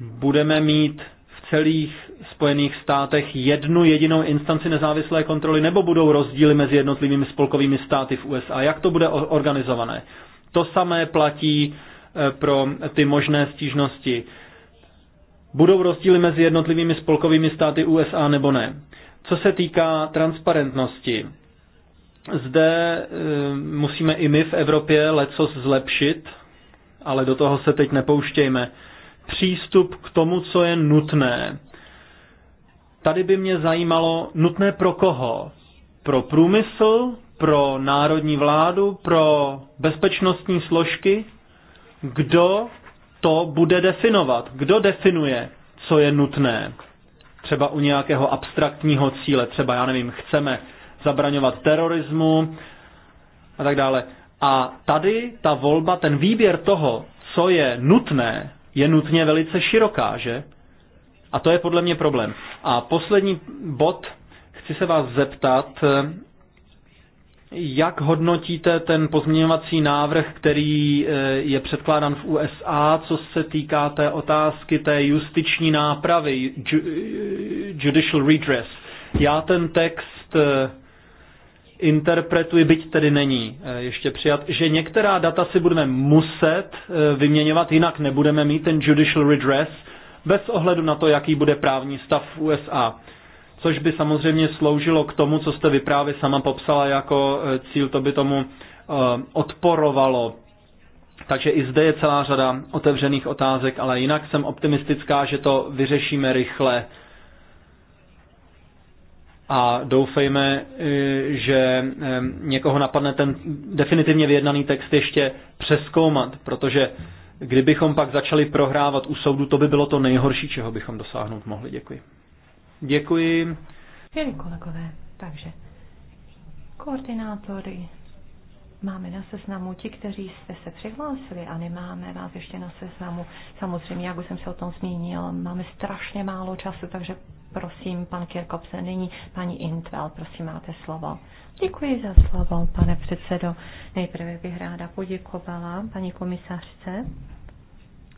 Budeme mít v celých Spojených státech jednu jedinou instanci nezávislé kontroly, nebo budou rozdíly mezi jednotlivými spolkovými státy v USA? Jak to bude organizované? To samé platí eh, pro ty možné stížnosti. Budou rozdíly mezi jednotlivými spolkovými státy USA nebo ne? Co se týká transparentnosti, zde eh, musíme i my v Evropě leco zlepšit, ale do toho se teď nepouštějme. Přístup k tomu, co je nutné. Tady by mě zajímalo, nutné pro koho? Pro průmysl, pro národní vládu, pro bezpečnostní složky? Kdo to bude definovat? Kdo definuje, co je nutné? třeba u nějakého abstraktního cíle, třeba já nevím, chceme zabraňovat terorismu a tak dále. A tady ta volba, ten výběr toho, co je nutné, je nutně velice široká, že? A to je podle mě problém. A poslední bod, chci se vás zeptat jak hodnotíte ten pozměňovací návrh, který eh, je předkládán v USA, co se týká té otázky té justiční nápravy, eh, judicial redress? Já ten text eh, interpretuji, byť tedy není ještě přijat, že některá data si budeme muset vyměňovat, jinak nebudeme mít ten judicial redress, bez ohledu na to, jaký bude právní stav v USA což by samozřejmě sloužilo k tomu, co jste vy právě sama popsala jako e, cíl, to by tomu e, odporovalo. Takže i zde je celá řada otevřených otázek, ale jinak jsem optimistická, že to vyřešíme rychle. A doufejme, e, že někoho napadne ten definitivně vyjednaný text ještě přeskoumat, protože kdybychom pak začali prohrávat u soudu, to by bylo to nejhorší, čeho bychom dosáhnout mohli. Děkuji. Děkuji. Měli kolegové, takže koordinátory máme na seznamu ti, kteří jste se přihlásili a nemáme vás ještě na seznamu. Samozřejmě, jak už jsem se o tom zmínil, máme strašně málo času, takže prosím, pan Kirkopse, nyní paní Intval, prosím, máte slovo. Děkuji za slovo, pane předsedo. Nejprve bych ráda poděkovala paní komisařce.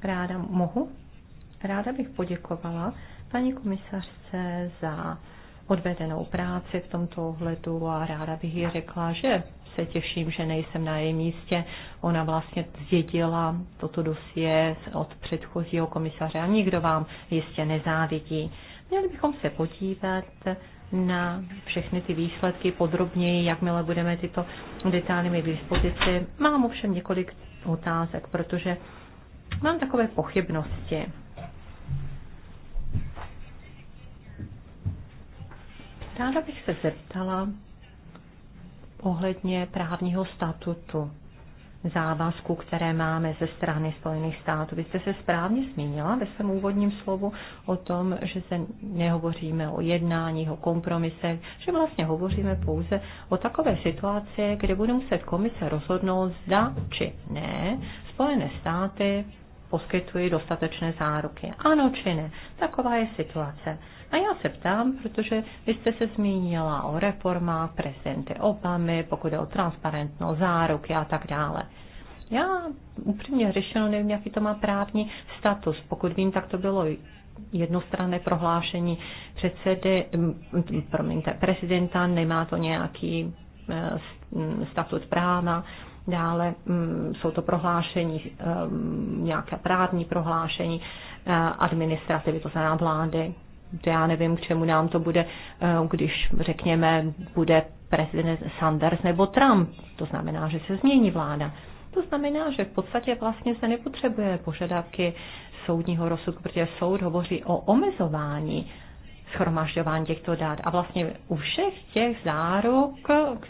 Ráda mohu? Ráda bych poděkovala paní komisařce za odvedenou práci v tomto ohledu a ráda bych jí řekla, že se těším, že nejsem na jejím místě. Ona vlastně zjedila toto dosie od předchozího komisaře a nikdo vám jistě nezávidí. Měli bychom se podívat na všechny ty výsledky podrobněji, jakmile budeme tyto detaily mít v dispozici. Mám ovšem několik otázek, protože mám takové pochybnosti Ráda bych se zeptala ohledně právního statutu závazku, které máme ze strany Spojených států. Vy jste se správně zmínila ve svém úvodním slovu o tom, že se nehovoříme o jednání, o kompromisech, že vlastně hovoříme pouze o takové situaci, kde bude muset komise rozhodnout, zda či ne Spojené státy poskytují dostatečné záruky. Ano či ne. Taková je situace. A já se ptám, protože vy jste se zmínila o reformách prezidenty Obamy, pokud je o transparentnost, záruky a tak dále. Já upřímně řešeno nevím, jaký to má právní status. Pokud vím, tak to bylo jednostranné prohlášení předsedy, promiňte, prezidenta, nemá to nějaký eh, statut práva, dále jsou to prohlášení, eh, nějaké právní prohlášení eh, administrativy, to znamená vlády já nevím, k čemu nám to bude, eh, když řekněme, bude prezident Sanders nebo Trump. To znamená, že se změní vláda. To znamená, že v podstatě vlastně se nepotřebuje požadavky soudního rozsudku, protože soud hovoří o omezování schromažďování těchto dat. A vlastně u všech těch záruk,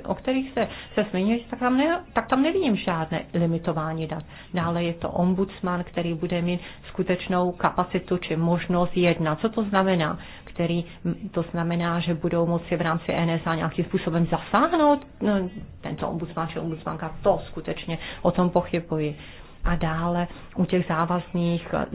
o kterých se, se zmiňuje, tak tam, ne, tak tam nevidím žádné limitování dat. Dále je to ombudsman, který bude mít skutečnou kapacitu či možnost jednat. Co to znamená? Který to znamená, že budou moci v rámci NSA nějakým způsobem zasáhnout? No, tento ombudsman či ombudsmanka, to skutečně o tom pochybuji a dále u těch závazných eh,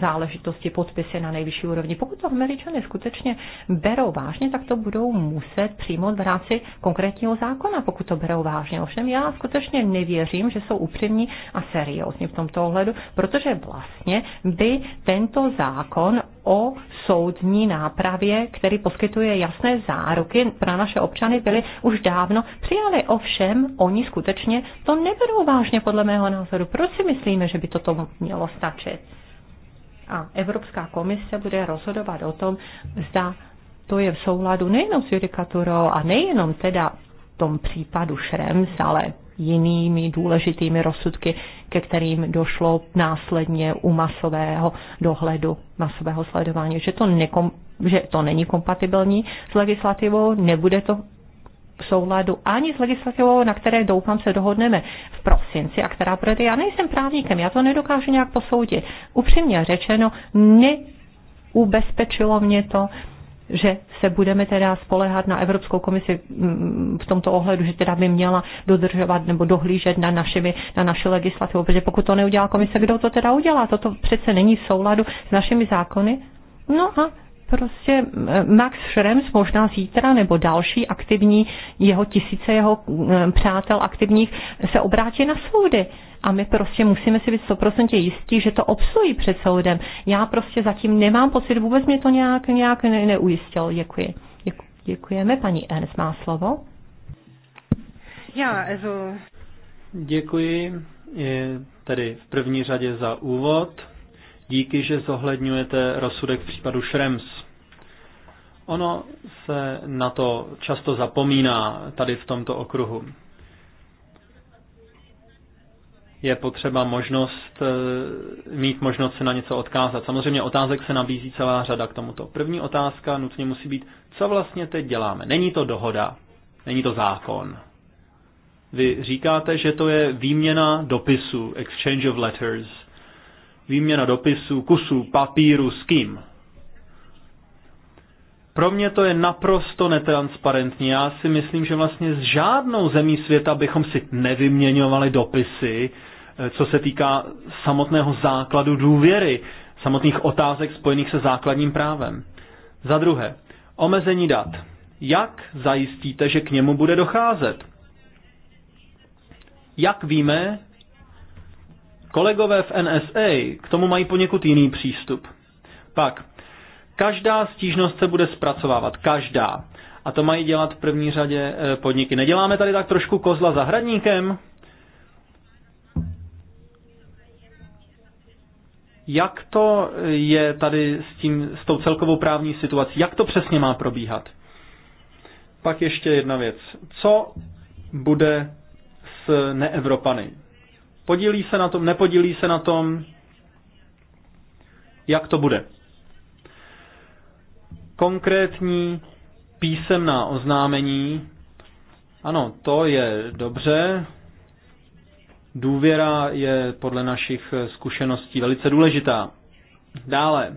záležitostí podpisy na nejvyšší úrovni. Pokud to američané skutečně berou vážně, tak to budou muset přijmout v rámci konkrétního zákona, pokud to berou vážně. Ovšem já skutečně nevěřím, že jsou upřímní a seriózní v tomto ohledu, protože vlastně by tento zákon o soudní nápravě, který poskytuje jasné záruky pro naše občany, byly už dávno přijali. Ovšem, oni skutečně to neberou vážně, podle mého názoru. Proč si myslíme, že by to tomu mělo stačit? A Evropská komise bude rozhodovat o tom, zda to je v souladu nejenom s judikaturou a nejenom teda v tom případu Šrems, ale jinými důležitými rozsudky, ke kterým došlo následně u masového dohledu, masového sledování. Že to, nekom, že to není kompatibilní s legislativou, nebude to v souladu ani s legislativou, na které doufám se dohodneme v prosinci a která bude, já nejsem právníkem, já to nedokážu nějak posoudit. Upřímně řečeno, neubezpečilo mě to, že se budeme teda spolehat na Evropskou komisi mm, v tomto ohledu, že teda by měla dodržovat nebo dohlížet na, našimi, na naši legislativu, protože pokud to neudělá komise, kdo to teda udělá? Toto přece není v souladu s našimi zákony. No a prostě eh, Max Schrems možná zítra nebo další aktivní, jeho tisíce jeho eh, přátel aktivních se obrátí na soudy. A my prostě musíme si být 100% jistí, že to obsojí před soudem. Já prostě zatím nemám pocit, vůbec mě to nějak, nějak ne, neujistil. Děkuji. děkujeme. Paní Ernst má slovo. Já, Ezo. Děkuji. Je tady v první řadě za úvod díky, že zohledňujete rozsudek v případu Šrems. Ono se na to často zapomíná tady v tomto okruhu. Je potřeba možnost, eh, mít možnost se na něco odkázat. Samozřejmě otázek se nabízí celá řada k tomuto. První otázka nutně musí být, co vlastně teď děláme. Není to dohoda, není to zákon. Vy říkáte, že to je výměna dopisů exchange of letters – výměna dopisů, kusů, papíru, s kým. Pro mě to je naprosto netransparentní. Já si myslím, že vlastně s žádnou zemí světa bychom si nevyměňovali dopisy, eh, co se týká samotného základu důvěry, samotných otázek spojených se základním právem. Za druhé, omezení dat. Jak zajistíte, že k němu bude docházet? Jak víme, Kolegové v NSA k tomu mají poněkud jiný přístup. Pak, každá stížnost se bude zpracovávat, každá. A to mají dělat v první řadě eh, podniky. Neděláme tady tak trošku kozla za hradníkem? Jak to eh, je tady s, tím, s tou celkovou právní situací? Jak to přesně má probíhat? Pak ještě jedna věc. Co bude s neevropany? Podílí se na tom, nepodílí se na tom, jak to bude. Konkrétní písemná oznámení, ano, to je dobře. Důvěra je podle našich zkušeností velice důležitá. Dále,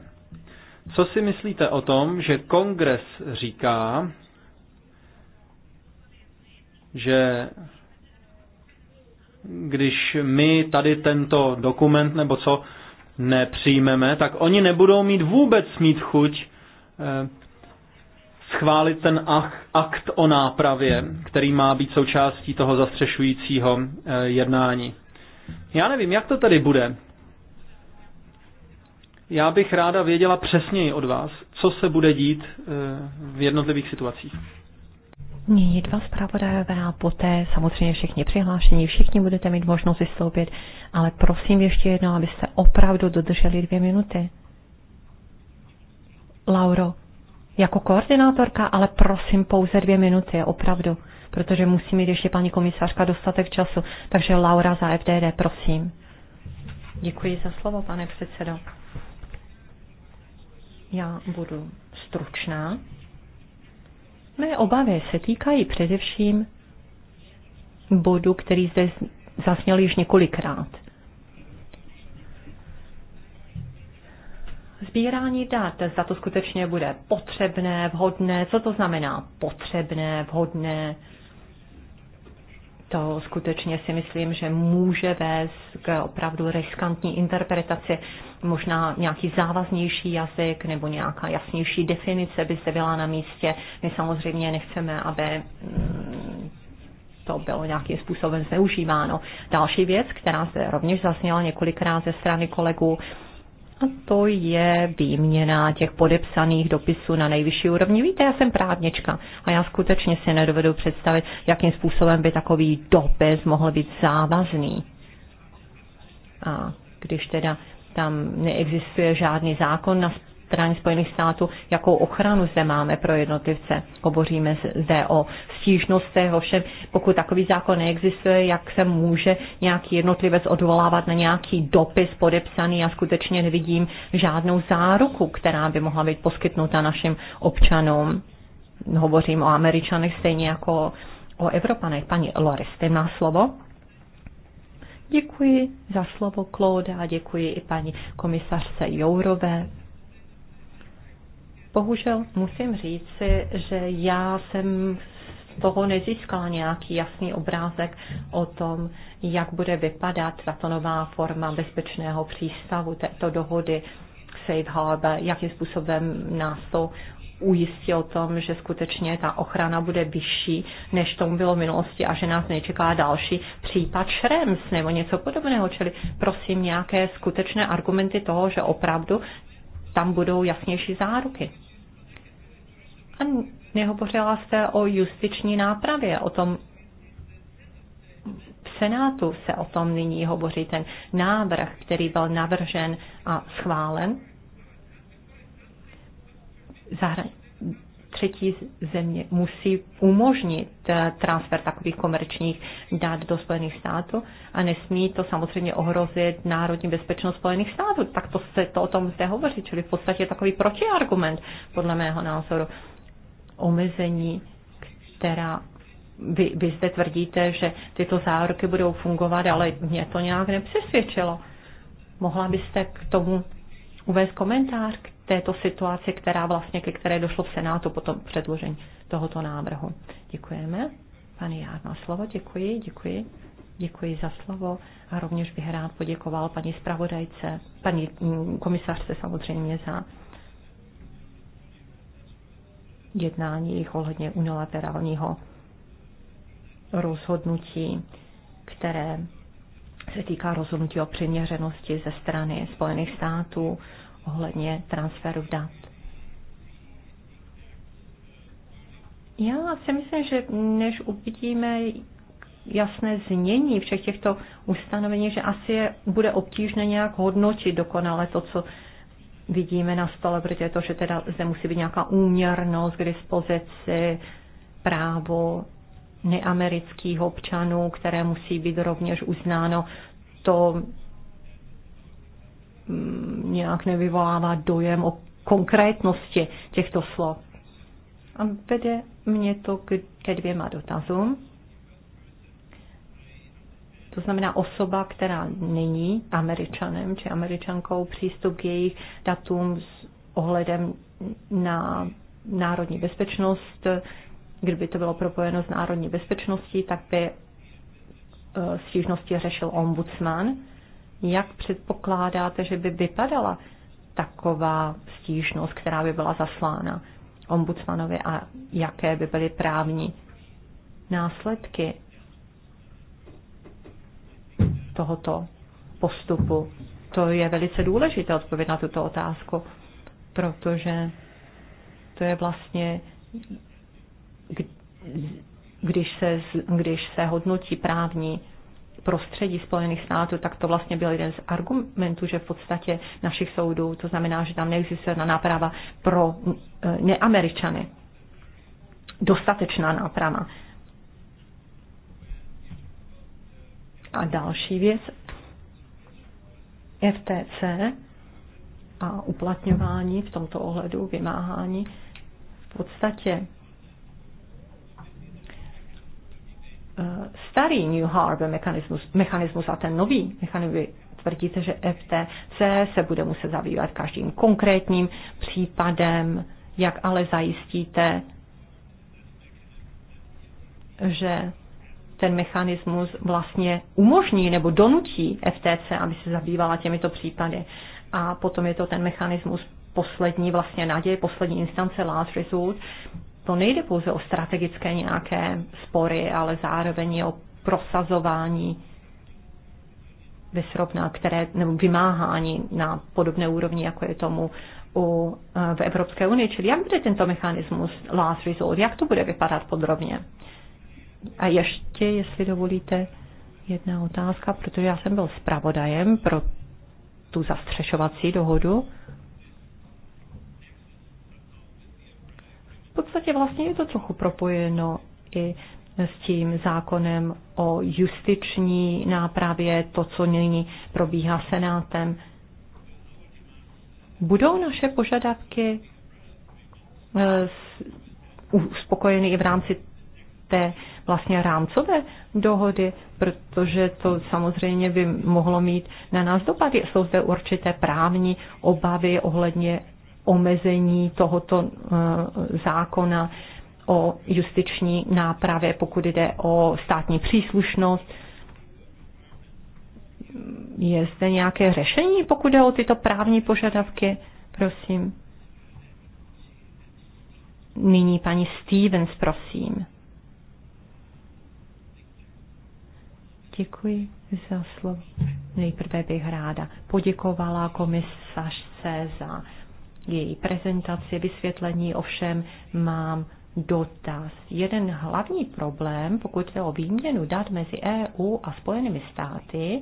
co si myslíte o tom, že kongres říká, že když my tady tento dokument nebo co nepřijmeme, tak oni nebudou mít vůbec mít chuť eh, schválit ten akt o nápravě, který má být součástí toho zastřešujícího eh, jednání. Já nevím, jak to tady bude. Já bych ráda věděla přesněji od vás, co se bude dít eh, v jednotlivých situacích. Nyní dva zpravodajové a poté samozřejmě všichni přihlášení, všichni budete mít možnost vystoupit, ale prosím ještě jednou, abyste opravdu dodrželi dvě minuty. Lauro, jako koordinátorka, ale prosím pouze dvě minuty, opravdu, protože musí mít ještě paní komisařka dostatek času. Takže Laura za FDD, prosím. Děkuji za slovo, pane předsedo. Já budu stručná. Mé obavy se týkají především bodu, který zde zasněl již několikrát. Sbírání dat, za to skutečně bude potřebné, vhodné. Co to znamená potřebné, vhodné? to skutečně si myslím, že může vést k opravdu riskantní interpretaci. Možná nějaký závaznější jazyk nebo nějaká jasnější definice by se byla na místě. My samozřejmě nechceme, aby mm, to bylo nějakým způsobem zneužíváno. Další věc, která se rovněž zazněla několikrát ze strany kolegů, a to je výměna těch podepsaných dopisů na nejvyšší úrovni. Víte, já jsem právnička a já skutečně si nedovedu představit, jakým způsobem by takový dopis mohl být závazný. A když teda tam neexistuje žádný zákon na strany Spojených států, jakou ochranu zde máme pro jednotlivce. Hovoříme zde o stížnostech, ovšem pokud takový zákon neexistuje, jak se může nějaký jednotlivec odvolávat na nějaký dopis podepsaný a skutečně nevidím žádnou záruku, která by mohla být poskytnuta našim občanům. Hovořím o Američanech stejně jako o Evropanech. Paní ty má slovo. Děkuji za slovo Claude a děkuji i paní komisařce Jourové. Bohužel musím říci, že já jsem z toho nezískala nějaký jasný obrázek o tom, jak bude vypadat tato nová forma bezpečného přístavu této dohody Safe Harbor, jakým způsobem nás to ujistí o tom, že skutečně ta ochrana bude vyšší, než tomu bylo v minulosti a že nás nečeká další případ Šrems nebo něco podobného. Čili prosím nějaké skutečné argumenty toho, že opravdu tam budou jasnější záruky. A nehovořila jste o justiční nápravě, o tom v Senátu se o tom nyní hovoří, ten návrh, který byl navržen a schválen. Zahra- třetí země musí umožnit eh, transfer takových komerčních dat do Spojených států a nesmí to samozřejmě ohrozit národní bezpečnost Spojených států. Tak to se to o tom zde hovoří, čili v podstatě takový protiargument podle mého názoru omezení, která vy, vy zde tvrdíte, že tyto záruky budou fungovat, ale mě to nějak nepřesvědčilo. Mohla byste k tomu uvést komentář k této situaci, která vlastně, ke které došlo v Senátu po tom předložení tohoto návrhu. Děkujeme. Pane Jár má slovo. Děkuji, děkuji. Děkuji za slovo a rovněž bych rád poděkoval paní zpravodajce, paní mm, komisařce samozřejmě za jednání jejich ohledně unilaterálního rozhodnutí, které se týká rozhodnutí o přiměřenosti ze strany Spojených států ohledně transferu dat. Já si myslím, že než uvidíme jasné znění všech těchto ustanovení, že asi je, bude obtížné nějak hodnotit dokonale to, co vidíme na stole, protože je to, že teda zde musí být nějaká úměrnost k dispozici právo neamerických občanů, které musí být rovněž uznáno. To mm, nějak nevyvolává dojem o konkrétnosti těchto slov. A vede mě to ke dvěma dotazům. To znamená osoba, která není američanem či američankou, přístup k jejich datům s ohledem na národní bezpečnost, kdyby to bylo propojeno s národní bezpečností, tak by e, stížnosti řešil ombudsman. Jak předpokládáte, že by vypadala taková stížnost, která by byla zaslána ombudsmanovi a jaké by byly právní následky tohoto postupu? To je velice důležité odpověď na tuto otázku, protože to je vlastně, když se, když se hodnotí právní prostředí Spojených států, tak to vlastně byl jeden z argumentů, že v podstatě našich soudů, to znamená, že tam neexistuje náprava pro e, neameričany. Dostatečná náprava. A další věc, FTC a uplatňování v tomto ohledu, vymáhání, v podstatě eh, starý New Harbor mechanismus, mechanismus a ten nový mechanismus, tvrdíte, že FTC se bude muset zabývat každým konkrétním případem, jak ale zajistíte, že ten mechanismus vlastně umožní nebo donutí FTC, aby se zabývala těmito případy. A potom je to ten mechanismus poslední vlastně naděje, poslední instance, last result. To nejde pouze o strategické nějaké spory, ale zároveň o prosazování ve které, nebo vymáhání na podobné úrovni, jako je tomu u, eh, v Evropské unii. Čili jak bude tento mechanismus last result, jak to bude vypadat podrobně? A ještě, jestli dovolíte, jedna otázka, protože já jsem byl zpravodajem pro tu zastřešovací dohodu. V podstatě vlastně je to trochu propojeno i s tím zákonem o justiční nápravě, to, co nyní probíhá senátem. Budou naše požadavky eh, uspokojeny i v rámci té vlastně rámcové dohody, protože to samozřejmě by mohlo mít na nás dopad. Jsou zde určité právní obavy ohledně omezení tohoto eh, zákona o justiční nápravě, pokud jde o státní příslušnost. Je zde nějaké řešení, pokud jde o tyto právní požadavky? Prosím. Nyní paní Stevens, prosím. Děkuji za slovo. Nejprve bych ráda poděkovala komisařce za její prezentaci, vysvětlení, ovšem mám dotaz. Jeden hlavní problém, pokud je o výměnu dat mezi EU a Spojenými státy,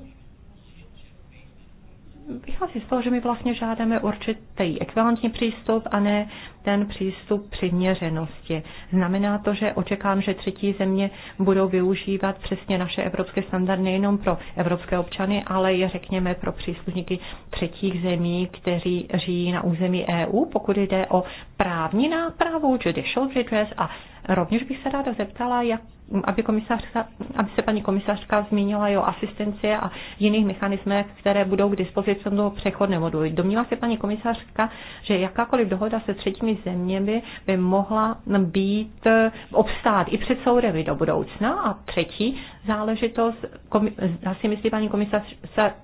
vychází z toho, že my vlastně žádáme určitý ekvivalentní přístup a ne ten přístup přiměřenosti. Znamená to, že očekám, že třetí země budou využívat přesně naše evropské standardy nejenom pro evropské občany, ale i řekněme pro příslušníky třetích zemí, kteří žijí na území EU, pokud jde o právní nápravu, judicial redress a Rovněž bych se ráda zeptala, jak aby, komisářka, aby se paní komisařka zmínila o asistenci a jiných mechanismech, které budou k dispozici do přechodné moduly. Domnívá se paní komisařka, že jakákoliv dohoda se třetími zeměmi by mohla být eh, obstát i před soudem do budoucna. A třetí záležitost, komi, si myslí paní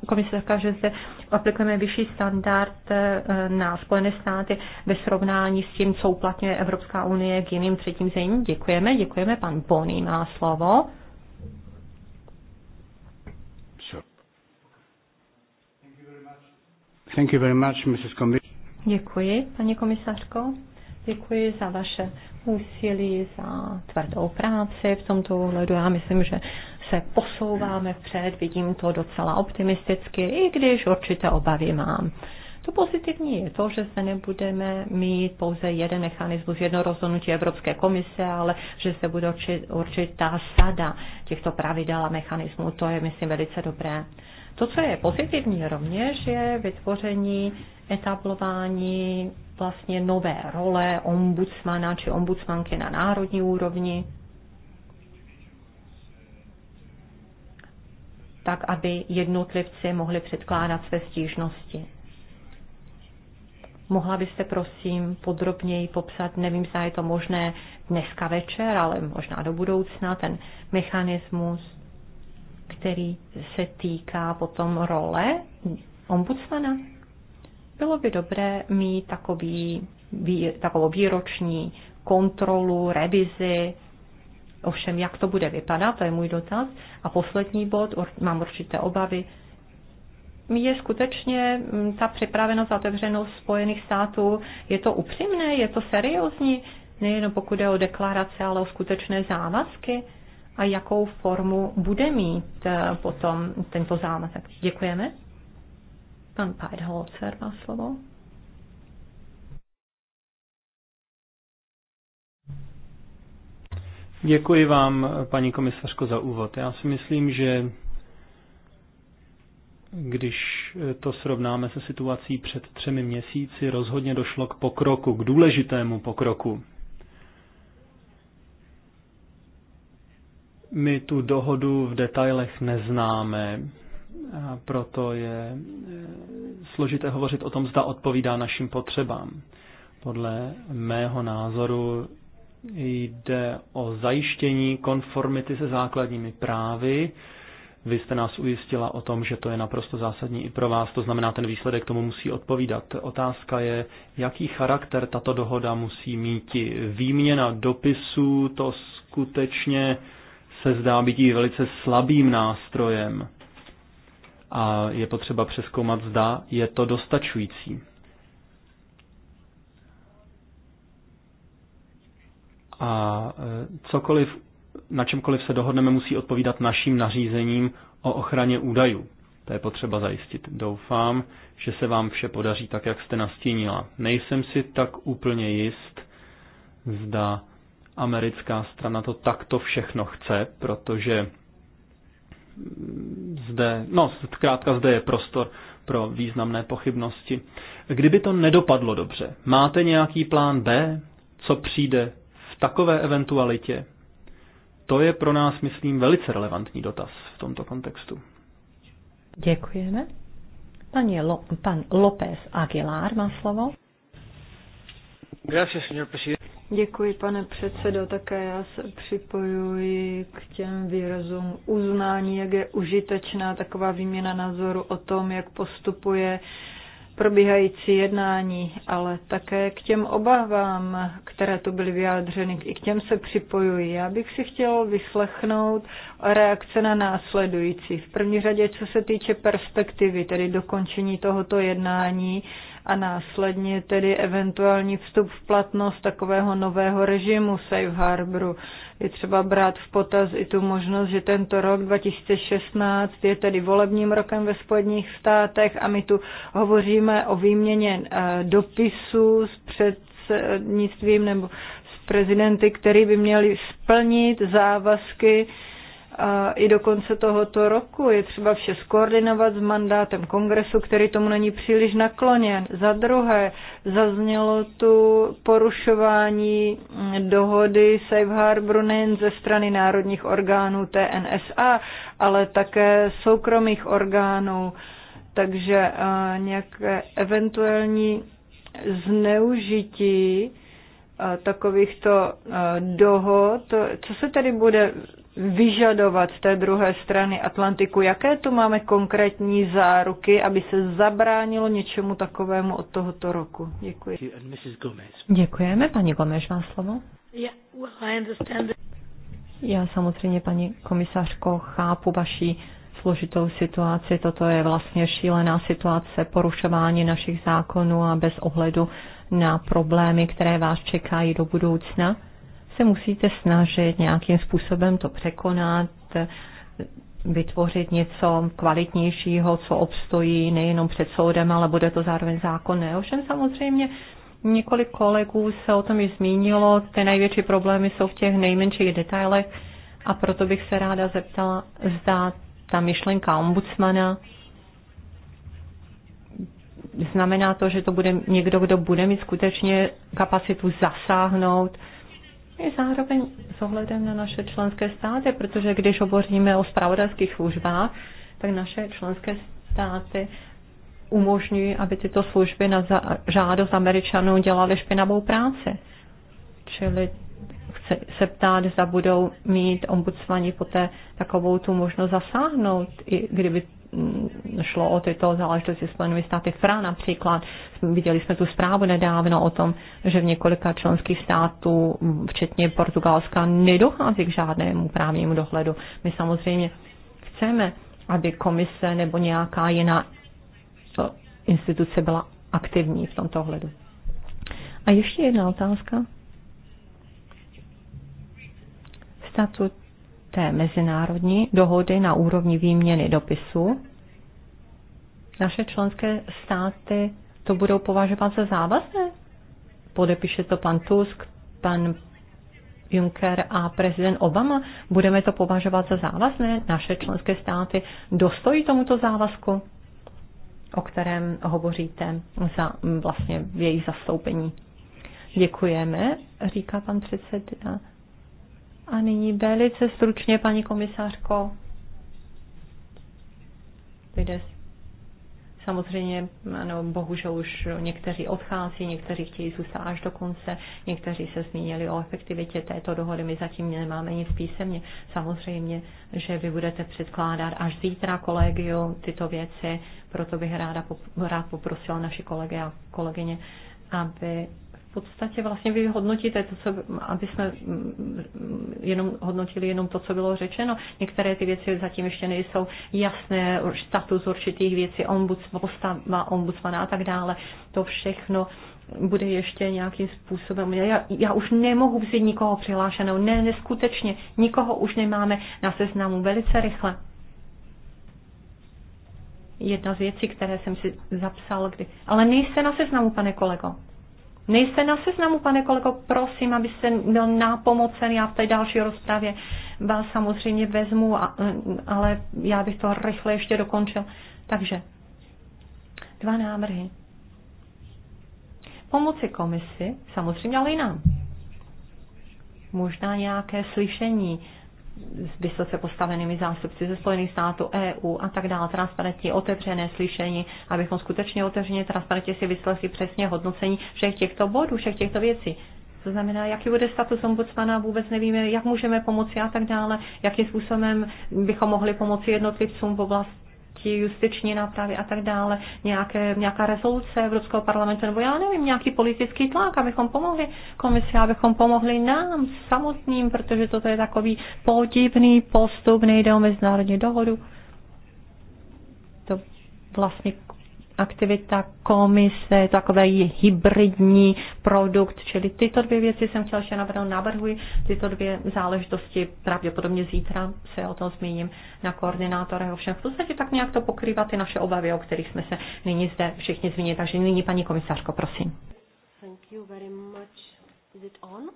komisařka, že se aplikujeme vyšší standard eh, na Spojené státy ve srovnání s tím, co uplatňuje Evropská unie k jiným třetím zemím. Děkujeme, děkujeme pan Bonny má slovo. Thank you very much, Mrs. Děkuji, paní komisařko. Děkuji za vaše úsilí, za tvrdou práci v tomto ohledu. Já myslím, že se posouváme vpřed, vidím to docela optimisticky, i když určité obavy mám. To pozitivní je to, že se nebudeme mít pouze jeden mechanismus, jedno rozhodnutí Evropské komise, ale že se bude určit, určitá sada těchto pravidel a mechanismů. To je, myslím, velice dobré. To, co je pozitivní rovněž, je vytvoření, etablování vlastně nové role ombudsmana či ombudsmanky na národní úrovni, tak aby jednotlivci mohli předkládat své stížnosti. Mohla byste prosím podrobněji popsat, nevím, zda je to možné dneska večer, ale možná do budoucna, ten mechanismus, který se týká potom role ombudsmana? Bylo by dobré mít takový, takovou výroční kontrolu, revizi, Ovšem, jak to bude vypadat, to je můj dotaz. A poslední bod, mám určité obavy je skutečně mm, ta připravenost a otevřenost Spojených států, je to upřímné, je to seriózní, nejen pokud je o deklarace, ale o skutečné závazky a jakou formu bude mít eh, potom tento závazek. Děkujeme. Pan Peidholzer má slovo. Děkuji vám, paní komisařko, za úvod. Já si myslím, že když eh, to srovnáme se situací před třemi měsíci, rozhodně došlo k pokroku, k důležitému pokroku. My tu dohodu v detailech neznáme, a proto je eh, složité hovořit o tom, zda odpovídá našim potřebám. Podle mého názoru jde o zajištění konformity se základními právy, vy jste nás ujistila o tom, že to je naprosto zásadní i pro vás, to znamená, ten výsledek tomu musí odpovídat. Otázka je, jaký charakter tato dohoda musí mít. Výměna dopisů to skutečně se zdá být i velice slabým nástrojem a je potřeba přeskoumat, zda je to dostačující. A e, cokoliv na čemkoliv se dohodneme, musí odpovídat našim nařízením o ochraně údajů. To je potřeba zajistit. Doufám, že se vám vše podaří tak, jak jste nastínila. Nejsem si tak úplně jist, zda americká strana to takto všechno chce, protože zde, no, zkrátka zde je prostor pro významné pochybnosti. Kdyby to nedopadlo dobře, máte nějaký plán B? Co přijde v takové eventualitě? To je pro nás, myslím, velice relevantní dotaz v tomto kontextu. Děkujeme. Pan, je Lo, pan López Aguilar má slovo. Gracias, señor presidente. Děkuji, pane předsedo. Také já se připojuji k těm výrazům uznání, jak je užitečná taková výměna názoru o tom, jak postupuje uh, probíhající jednání, ale také k těm obávám, které tu byly vyjádřeny, i k těm se připojuji. Já bych si chtěl vyslechnout reakce na následující. V první řadě, co se týče perspektivy, tedy dokončení tohoto jednání, a následně tedy eventuální vstup v platnost takového nového režimu Safe Harboru. Je třeba brát v potaz i tu možnost, že tento rok 2016 je tedy volebním rokem ve Spojených státech a my tu hovoříme o výměně eh, dopisů s předsednictvím nebo s prezidenty, který by měli splnit závazky, i do konce tohoto roku. Je třeba vše skoordinovat s mandátem kongresu, který tomu není příliš nakloněn. Za druhé, zaznělo tu porušování dohody Safe Harbor nejen ze strany národních orgánů TNSA, ale také soukromých orgánů. Takže nějaké eventuální zneužití takovýchto dohod. Co se tedy bude vyžadovat té druhé strany Atlantiku. Jaké tu máme konkrétní záruky, aby se zabránilo něčemu takovému od tohoto roku? Děkuji. Děkujeme. Paní Gomeš má slovo. Já samozřejmě, paní komisařko, chápu vaší složitou situaci. Toto je vlastně šílená situace porušování našich zákonů a bez ohledu na problémy, které vás čekají do budoucna se musíte snažit nějakým způsobem to překonat, vytvořit něco kvalitnějšího, co obstojí nejenom před soudem, ale bude to zároveň zákonné. Ovšem samozřejmě několik kolegů se o tom i zmínilo, ty největší problémy jsou v těch nejmenších detailech a proto bych se ráda zeptala, zda ta myšlenka ombudsmana znamená to, že to bude někdo, kdo bude mít skutečně kapacitu zasáhnout i zároveň s ohledem na naše členské státy, protože když hovoříme o spravodajských službách, tak naše členské státy umožňují, aby tyto služby na žádost Američanů dělaly špinavou práci. Čili chce se ptát, zda budou mít ombudsmani poté takovou tu možnost zasáhnout, i kdyby Mm, šlo o tyto záležitosti Spojenými státy FRA například. Viděli jsme tu zprávu nedávno o tom, že v několika členských států, včetně Portugalska, nedochází k žádnému právnímu dohledu. My samozřejmě chceme, aby komise nebo nějaká jiná eh, instituce byla aktivní v tomto ohledu. A ještě jedna otázka. Statut té mezinárodní dohody na úrovni výměny dopisu, naše členské státy to budou považovat za závazné. Podepíše to pan Tusk, pan Juncker a prezident Obama. Budeme to považovat za závazné? Naše členské státy dostojí tomuto závazku, o kterém hovoříte za vlastně v jejich zastoupení. Děkujeme, říká pan předseda. A nyní velice stručně, paní komisářko. Lidé samozřejmě, ano, bohužel už někteří odchází, někteří chtějí zůstat až do konce, někteří se zmínili o efektivitě této dohody, my zatím nemáme nic písemně. Samozřejmě, že vy budete předkládat až zítra kolegiu tyto věci, proto bych ráda, rád poprosila naši kolegy a kolegyně, aby v podstatě vlastně vy hodnotíte to, co, aby jsme mm, mm, jenom hodnotili jenom to, co bylo řečeno. Některé ty věci zatím ještě nejsou jasné, status určitých věcí, ombudsman, postava ombudsmana a tak dále. To všechno bude ještě nějakým způsobem. Já, já už nemohu vzít nikoho přihlášeného. Ne, neskutečně. Nikoho už nemáme na seznamu velice rychle. Jedna z věcí, které jsem si zapsal, kdy... Ale nejste na seznamu, pane kolego. Nejste na seznamu, pane kolego, prosím, abyste byl nápomocen, já v té další rozpravě vás samozřejmě vezmu, ale já bych to rychle ještě dokončil. Takže dva návrhy. Pomoci komisi, samozřejmě, ale i nám. Možná nějaké slyšení s vysoce postavenými zástupci ze Spojených států, EU a tak dále, transparentní, otevřené slyšení, abychom skutečně otevřeně, transparentně si vyslechli přesně hodnocení všech těchto bodů, všech těchto věcí. To znamená, jaký bude status ombudsmana, vůbec nevíme, jak můžeme pomoci a tak dále, jakým způsobem bychom mohli pomoci jednotlivcům v oblasti oblasti justiční nápravy a tak dále, nějaké, nějaká rezoluce Evropského parlamentu, nebo já nevím, nějaký politický tlak, abychom pomohli komisi, abychom pomohli nám samotným, protože toto je takový podivný postup, nejde o mezinárodní dohodu. To vlastně aktivita komise, takový hybridní produkt, čili tyto dvě věci jsem chtěla ještě navrhnout, navrhuji tyto dvě záležitosti, pravděpodobně zítra se o tom zmíním na koordinátorech, ovšem v podstatě tak nějak to pokrývá ty naše obavy, o kterých jsme se nyní zde všichni zmínili, takže nyní paní komisařko, prosím. Thank you very much. Is it on?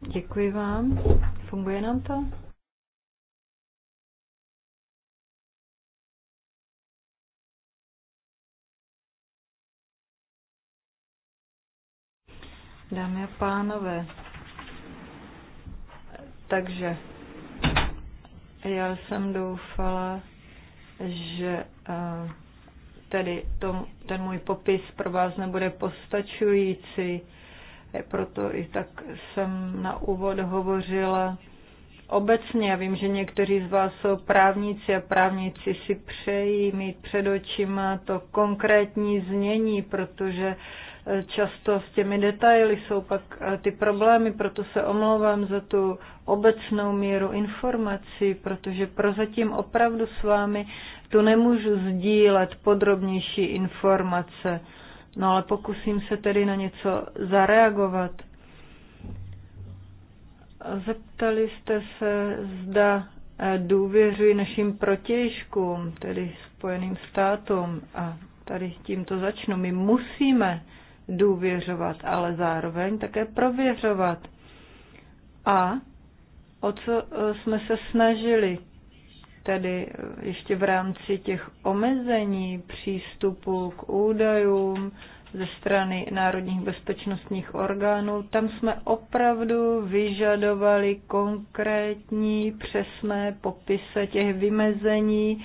Děkuji vám. Funguje nám to? Dámy a pánové, takže já jsem doufala, že eh, tedy to, ten můj popis pro vás nebude postačující, proto i tak jsem na úvod hovořila obecně. Já vím, že někteří z vás jsou právníci a právníci si přejí mít před očima to konkrétní znění, protože Často s těmi detaily jsou pak eh, ty problémy, proto se omlouvám za tu obecnou míru informací, protože prozatím opravdu s vámi tu nemůžu sdílet podrobnější informace. No ale pokusím se tedy na něco zareagovat. Zeptali jste se, zda eh, důvěřuji našim protějškům, tedy Spojeným státům. A tady tímto začnu. My musíme důvěřovat, ale zároveň také prověřovat. A o co e, jsme se snažili, tedy e, ještě v rámci těch omezení přístupu k údajům ze strany národních bezpečnostních orgánů, tam jsme opravdu vyžadovali konkrétní, přesné popise těch vymezení,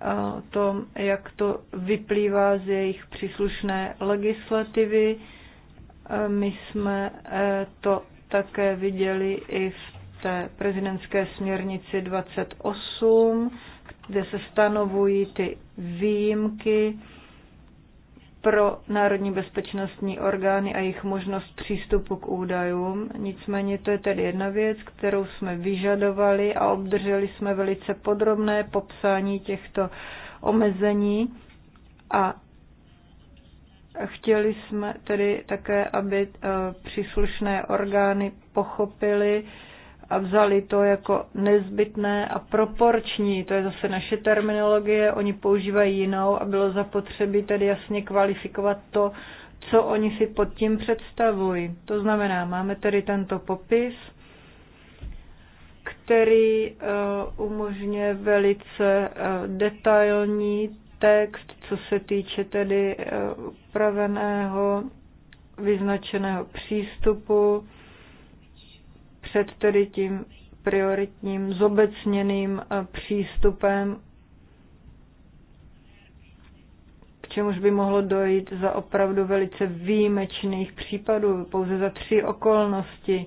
to, tom, jak to vyplývá z jejich příslušné legislativy. My jsme e, to také viděli i v té prezidentské směrnici 28, kde se stanovují ty výjimky pro národní bezpečnostní orgány a jejich možnost přístupu k údajům. Nicméně to je tedy jedna věc, kterou jsme vyžadovali a obdrželi jsme velice podrobné popsání těchto omezení a chtěli jsme tedy také, aby eh, příslušné orgány pochopili, a vzali to jako nezbytné a proporční. To je zase naše terminologie, oni používají jinou a bylo zapotřebí tedy jasně kvalifikovat to, co oni si pod tím představují. To znamená, máme tedy tento popis, který eh, umožňuje velice eh, detailní text, co se týče tedy eh, upraveného, vyznačeného přístupu, před tedy tím prioritním zobecněným eh, přístupem, k čemuž by mohlo dojít za opravdu velice výjimečných případů, pouze za tři okolnosti,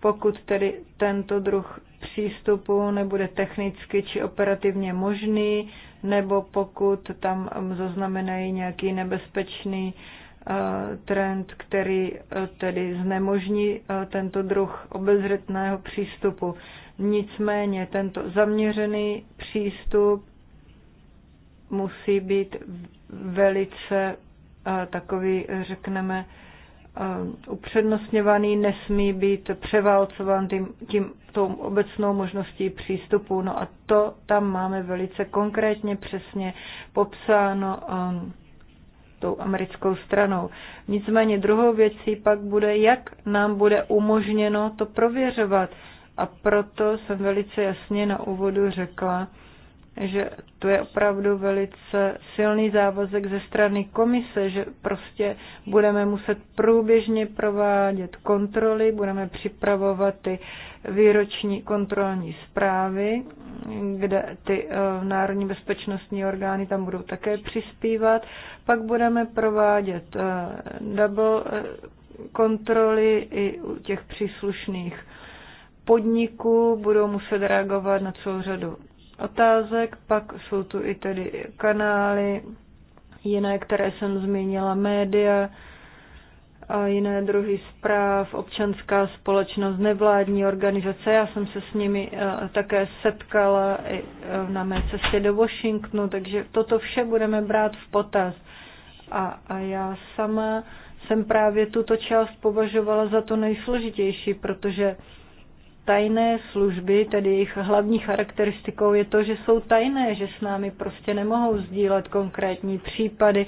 pokud tedy tento druh přístupu nebude technicky či operativně možný, nebo pokud tam mm, zaznamenají nějaký nebezpečný uh, Eh, trend, který eh, tedy znemožní eh, tento druh obezřetného přístupu. Nicméně tento zaměřený přístup musí být velice takový, řekneme, upřednostňovaný, nesmí být převálcován tím, tím tou obecnou možností přístupu. No a to tam máme velice konkrétně, přesně popsáno. Um, tou americkou stranou. Nicméně druhou věcí pak bude, jak nám bude umožněno to prověřovat. A proto jsem velice jasně na úvodu řekla, že to je opravdu velice silný závazek ze strany komise, že prostě budeme muset průběžně provádět kontroly, budeme připravovat ty výroční kontrolní zprávy, kde ty eh, národní bezpečnostní orgány tam budou také přispívat. Pak budeme provádět eh, double eh, kontroly i u těch příslušných podniků, budou muset reagovat na celou řadu otázek, pak jsou tu i tedy kanály, jiné, které jsem zmínila, média, a jiné druhy zpráv, občanská společnost, nevládní organizace. Já jsem se s nimi eh, také setkala i eh, na mé cestě do Washingtonu, takže toto vše budeme brát v potaz. A, a já sama jsem právě tuto část považovala za to nejsložitější, protože tajné služby, tedy jejich hlavní charakteristikou je to, že jsou tajné, že s námi prostě nemohou sdílet konkrétní případy,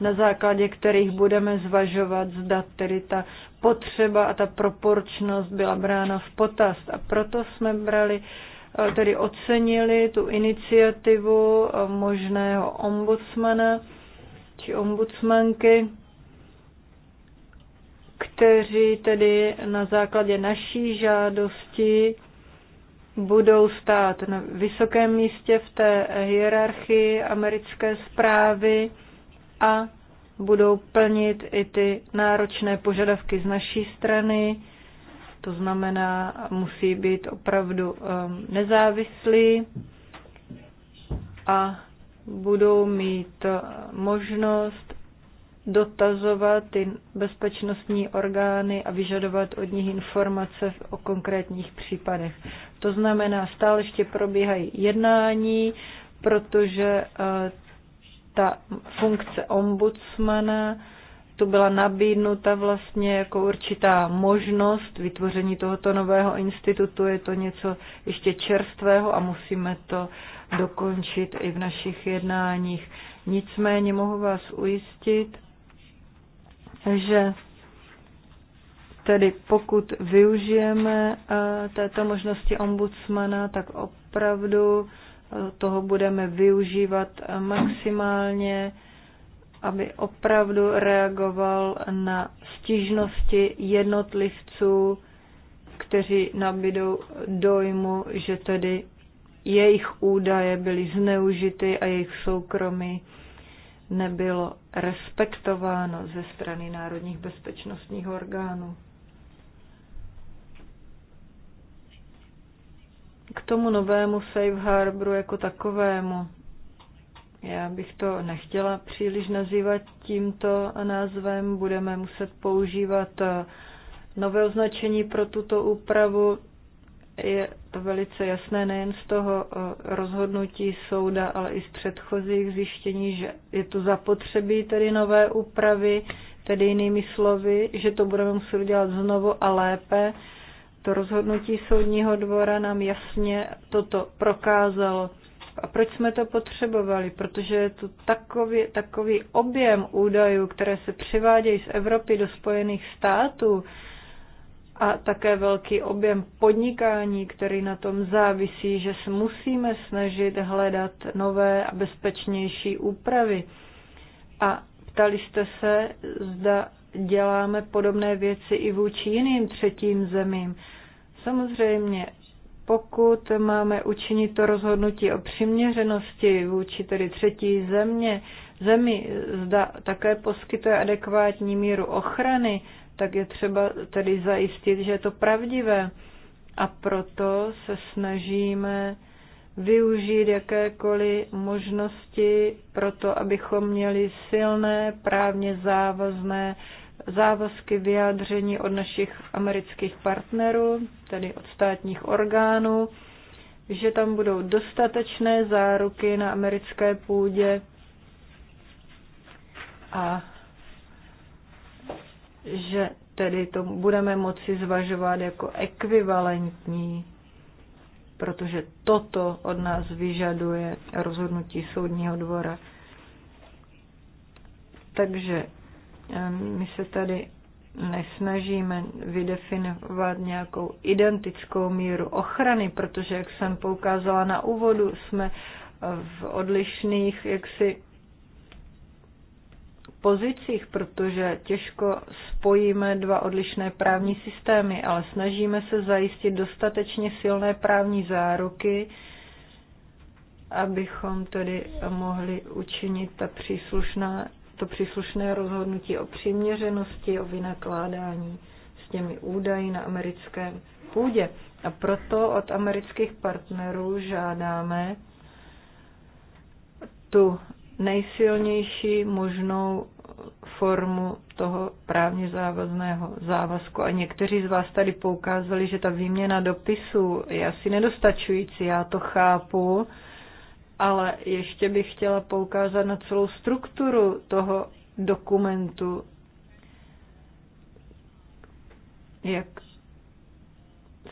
na základě kterých budeme zvažovat, zda tedy ta potřeba a ta proporčnost byla brána v potaz. A proto jsme brali eh, tedy ocenili tu iniciativu eh, možného ombudsmana či ombudsmanky kteří tedy na základě naší žádosti budou stát na vysokém místě v té hierarchii americké zprávy a budou plnit i ty náročné požadavky z naší strany. To znamená, musí být opravdu um, nezávislí a budou mít uh, možnost dotazovat ty bezpečnostní orgány a vyžadovat od nich informace o konkrétních případech. To znamená, stále ještě probíhají jednání, protože eh, ta funkce ombudsmana to byla nabídnuta vlastně jako určitá možnost vytvoření tohoto nového institutu. Je to něco ještě čerstvého a musíme to dokončit i v našich jednáních. Nicméně mohu vás ujistit, že tedy pokud využijeme eh, této možnosti ombudsmana, tak opravdu eh, toho budeme využívat eh, maximálně, aby opravdu reagoval na stížnosti jednotlivců, kteří nabídou dojmu, že tedy jejich údaje byly zneužity a jejich soukromí nebylo respektováno ze strany národních bezpečnostních orgánů. K tomu novému safe harboru jako takovému. Já bych to nechtěla příliš nazývat tímto názvem. Budeme muset používat nové označení pro tuto úpravu je to velice jasné nejen z toho eh, rozhodnutí souda, ale i z předchozích zjištění, že je to zapotřebí tedy nové úpravy, tedy jinými slovy, že to budeme muset dělat znovu a lépe. To rozhodnutí soudního dvora nám jasně toto prokázalo. A proč jsme to potřebovali? Protože je to takový, takový objem údajů, které se přivádějí z Evropy do Spojených států, a také velký objem podnikání, který na tom závisí, že se musíme snažit hledat nové a bezpečnější úpravy. A ptali jste se, zda děláme podobné věci i vůči jiným třetím zemím. Samozřejmě, pokud máme učinit to rozhodnutí o přiměřenosti vůči tedy třetí země, zemi, zda také poskytuje adekvátní míru ochrany, tak je třeba tedy zajistit, že je to pravdivé. A proto se snažíme využít jakékoliv možnosti pro to, abychom měli silné, právně závazné závazky vyjádření od našich amerických partnerů, tedy od státních orgánů, že tam budou dostatečné záruky na americké půdě a že tedy to budeme moci zvažovat jako ekvivalentní, protože toto od nás vyžaduje rozhodnutí soudního dvora. Takže my se tady nesnažíme vydefinovat nějakou identickou míru ochrany, protože, jak jsem poukázala na úvodu, jsme v odlišných jaksi pozicích, protože těžko spojíme dva odlišné právní systémy, ale snažíme se zajistit dostatečně silné právní záruky, abychom tedy mohli učinit ta příslušná, to příslušné rozhodnutí o přiměřenosti, o vynakládání s těmi údaji na americkém půdě. A proto od amerických partnerů žádáme tu nejsilnější možnou formu toho právně závazného závazku. A někteří z vás tady poukázali, že ta výměna dopisů je asi nedostačující, já to chápu, ale ještě bych chtěla poukázat na celou strukturu toho dokumentu, jak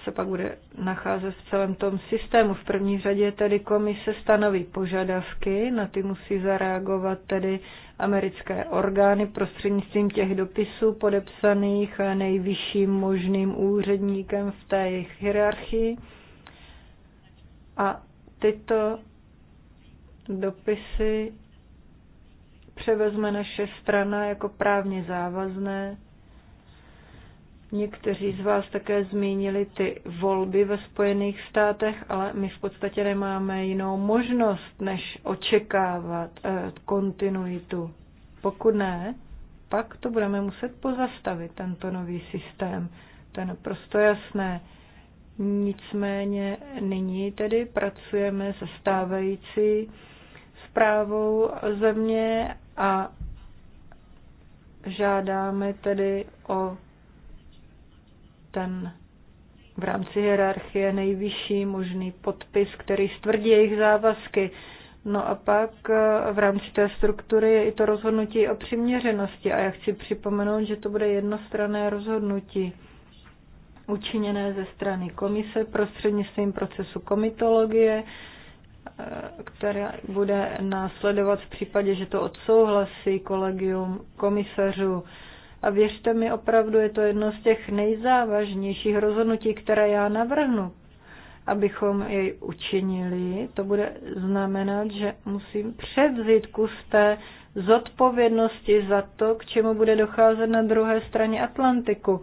se pak bude nacházet v celém tom systému. V první řadě tedy komise stanoví požadavky, na ty musí zareagovat tedy americké orgány prostřednictvím těch dopisů podepsaných nejvyšším možným úředníkem v té jejich hierarchii. A tyto dopisy převezme naše strana jako právně závazné Někteří z vás také zmínili ty volby ve Spojených státech, ale my v podstatě nemáme jinou možnost, než očekávat eh, kontinuitu. Pokud ne, pak to budeme muset pozastavit, tento nový systém. To je naprosto jasné. Nicméně nyní tedy pracujeme se stávající zprávou země a žádáme tedy o ten v rámci hierarchie nejvyšší možný podpis, který stvrdí jejich závazky. No a pak eh, v rámci té struktury je i to rozhodnutí o přiměřenosti a já chci připomenout, že to bude jednostranné rozhodnutí učiněné ze strany komise prostřednictvím procesu komitologie, eh, která bude následovat v případě, že to odsouhlasí kolegium komisařů. A věřte mi, opravdu je to jedno z těch nejzávažnějších rozhodnutí, které já navrhnu. Abychom jej učinili, to bude znamenat, že musím převzít kus té zodpovědnosti za to, k čemu bude docházet na druhé straně Atlantiku.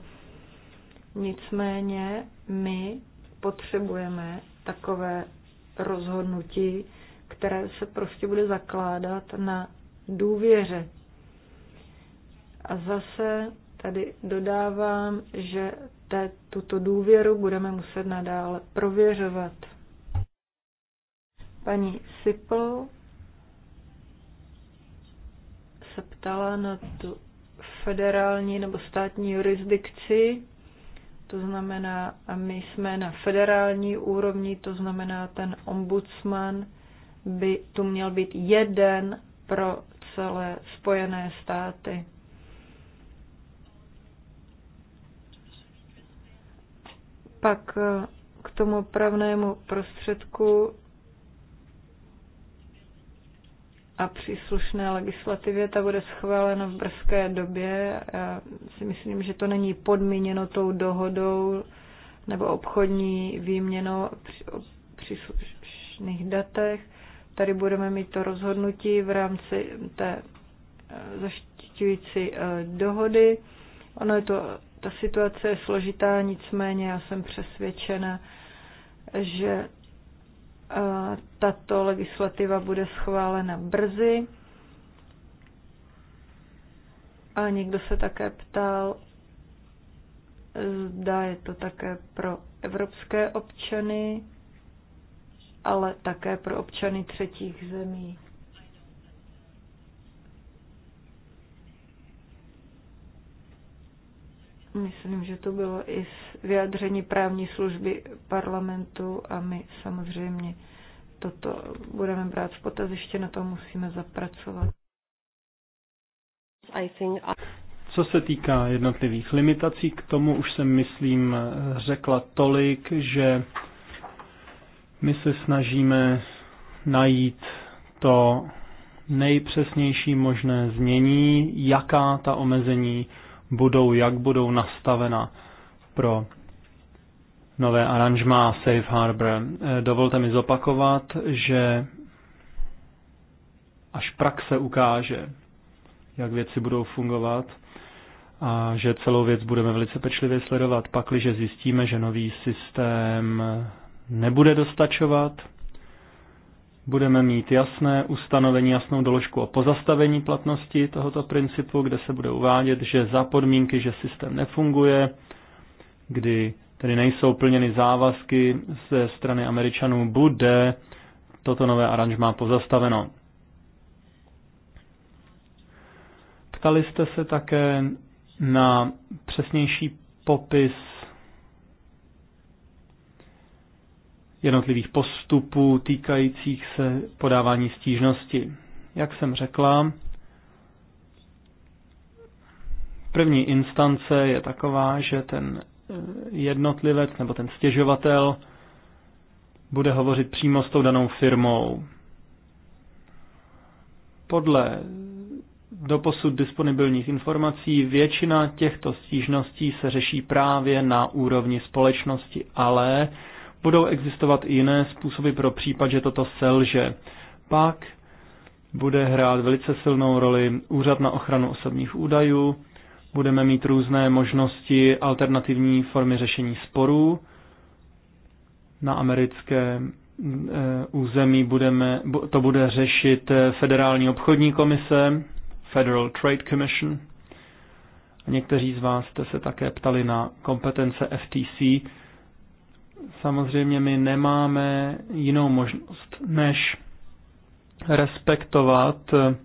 Nicméně my potřebujeme takové rozhodnutí, které se prostě bude zakládat na důvěře a zase tady dodávám, že te, tuto důvěru budeme muset nadále prověřovat. Paní Sipl se ptala na tu federální nebo státní jurisdikci. To znamená, a my jsme na federální úrovni, to znamená, ten ombudsman by tu měl být jeden pro celé Spojené státy. Pak eh, k tomu pravnému prostředku a příslušné legislativě, ta bude schválena v brzké době. Já si myslím, že to není podmíněno tou dohodou nebo obchodní výměnou o příslušných datech. Tady budeme mít to rozhodnutí v rámci té eh, zaštiťující eh, dohody. Ono je to ta situace je složitá, nicméně já jsem přesvědčena, že eh, tato legislativa bude schválena brzy. A někdo se také ptal, zda je to také pro evropské občany, ale také pro občany třetích zemí. Myslím, že to bylo i vyjádření právní služby parlamentu a my samozřejmě toto budeme brát v potaz, ještě na to musíme zapracovat. Co se týká jednotlivých limitací, k tomu už jsem, myslím, řekla tolik, že my se snažíme najít to nejpřesnější možné znění, jaká ta omezení budou, jak budou nastavena pro nové aranžma Safe Harbor. Eh, dovolte mi zopakovat, že až praxe ukáže, jak věci budou fungovat, a že celou věc budeme velice pečlivě sledovat, pakliže zjistíme, že nový systém nebude dostačovat, budeme mít jasné ustanovení, jasnou doložku o pozastavení platnosti tohoto principu, kde se bude uvádět, že za podmínky, že systém nefunguje, kdy tedy nejsou plněny závazky ze strany Američanů, bude toto nové aranžmá pozastaveno. Ptali jste se také na přesnější popis jednotlivých postupů týkajících se podávání stížnosti. Jak jsem řekla, první instance je taková, že ten eh, jednotlivec nebo ten stěžovatel bude hovořit přímo s tou danou firmou. Podle doposud disponibilních informací většina těchto stížností se řeší právě na úrovni společnosti, ale budou existovat i jiné způsoby pro případ, že toto selže. Pak bude hrát velice silnou roli Úřad na ochranu osobních údajů, budeme mít různé možnosti alternativní formy řešení sporů. Na americké eh, území budeme, to bude řešit Federální obchodní komise, Federal Trade Commission. Někteří z vás jste se také ptali na kompetence FTC, samozřejmě my nemáme jinou možnost, než respektovat eh,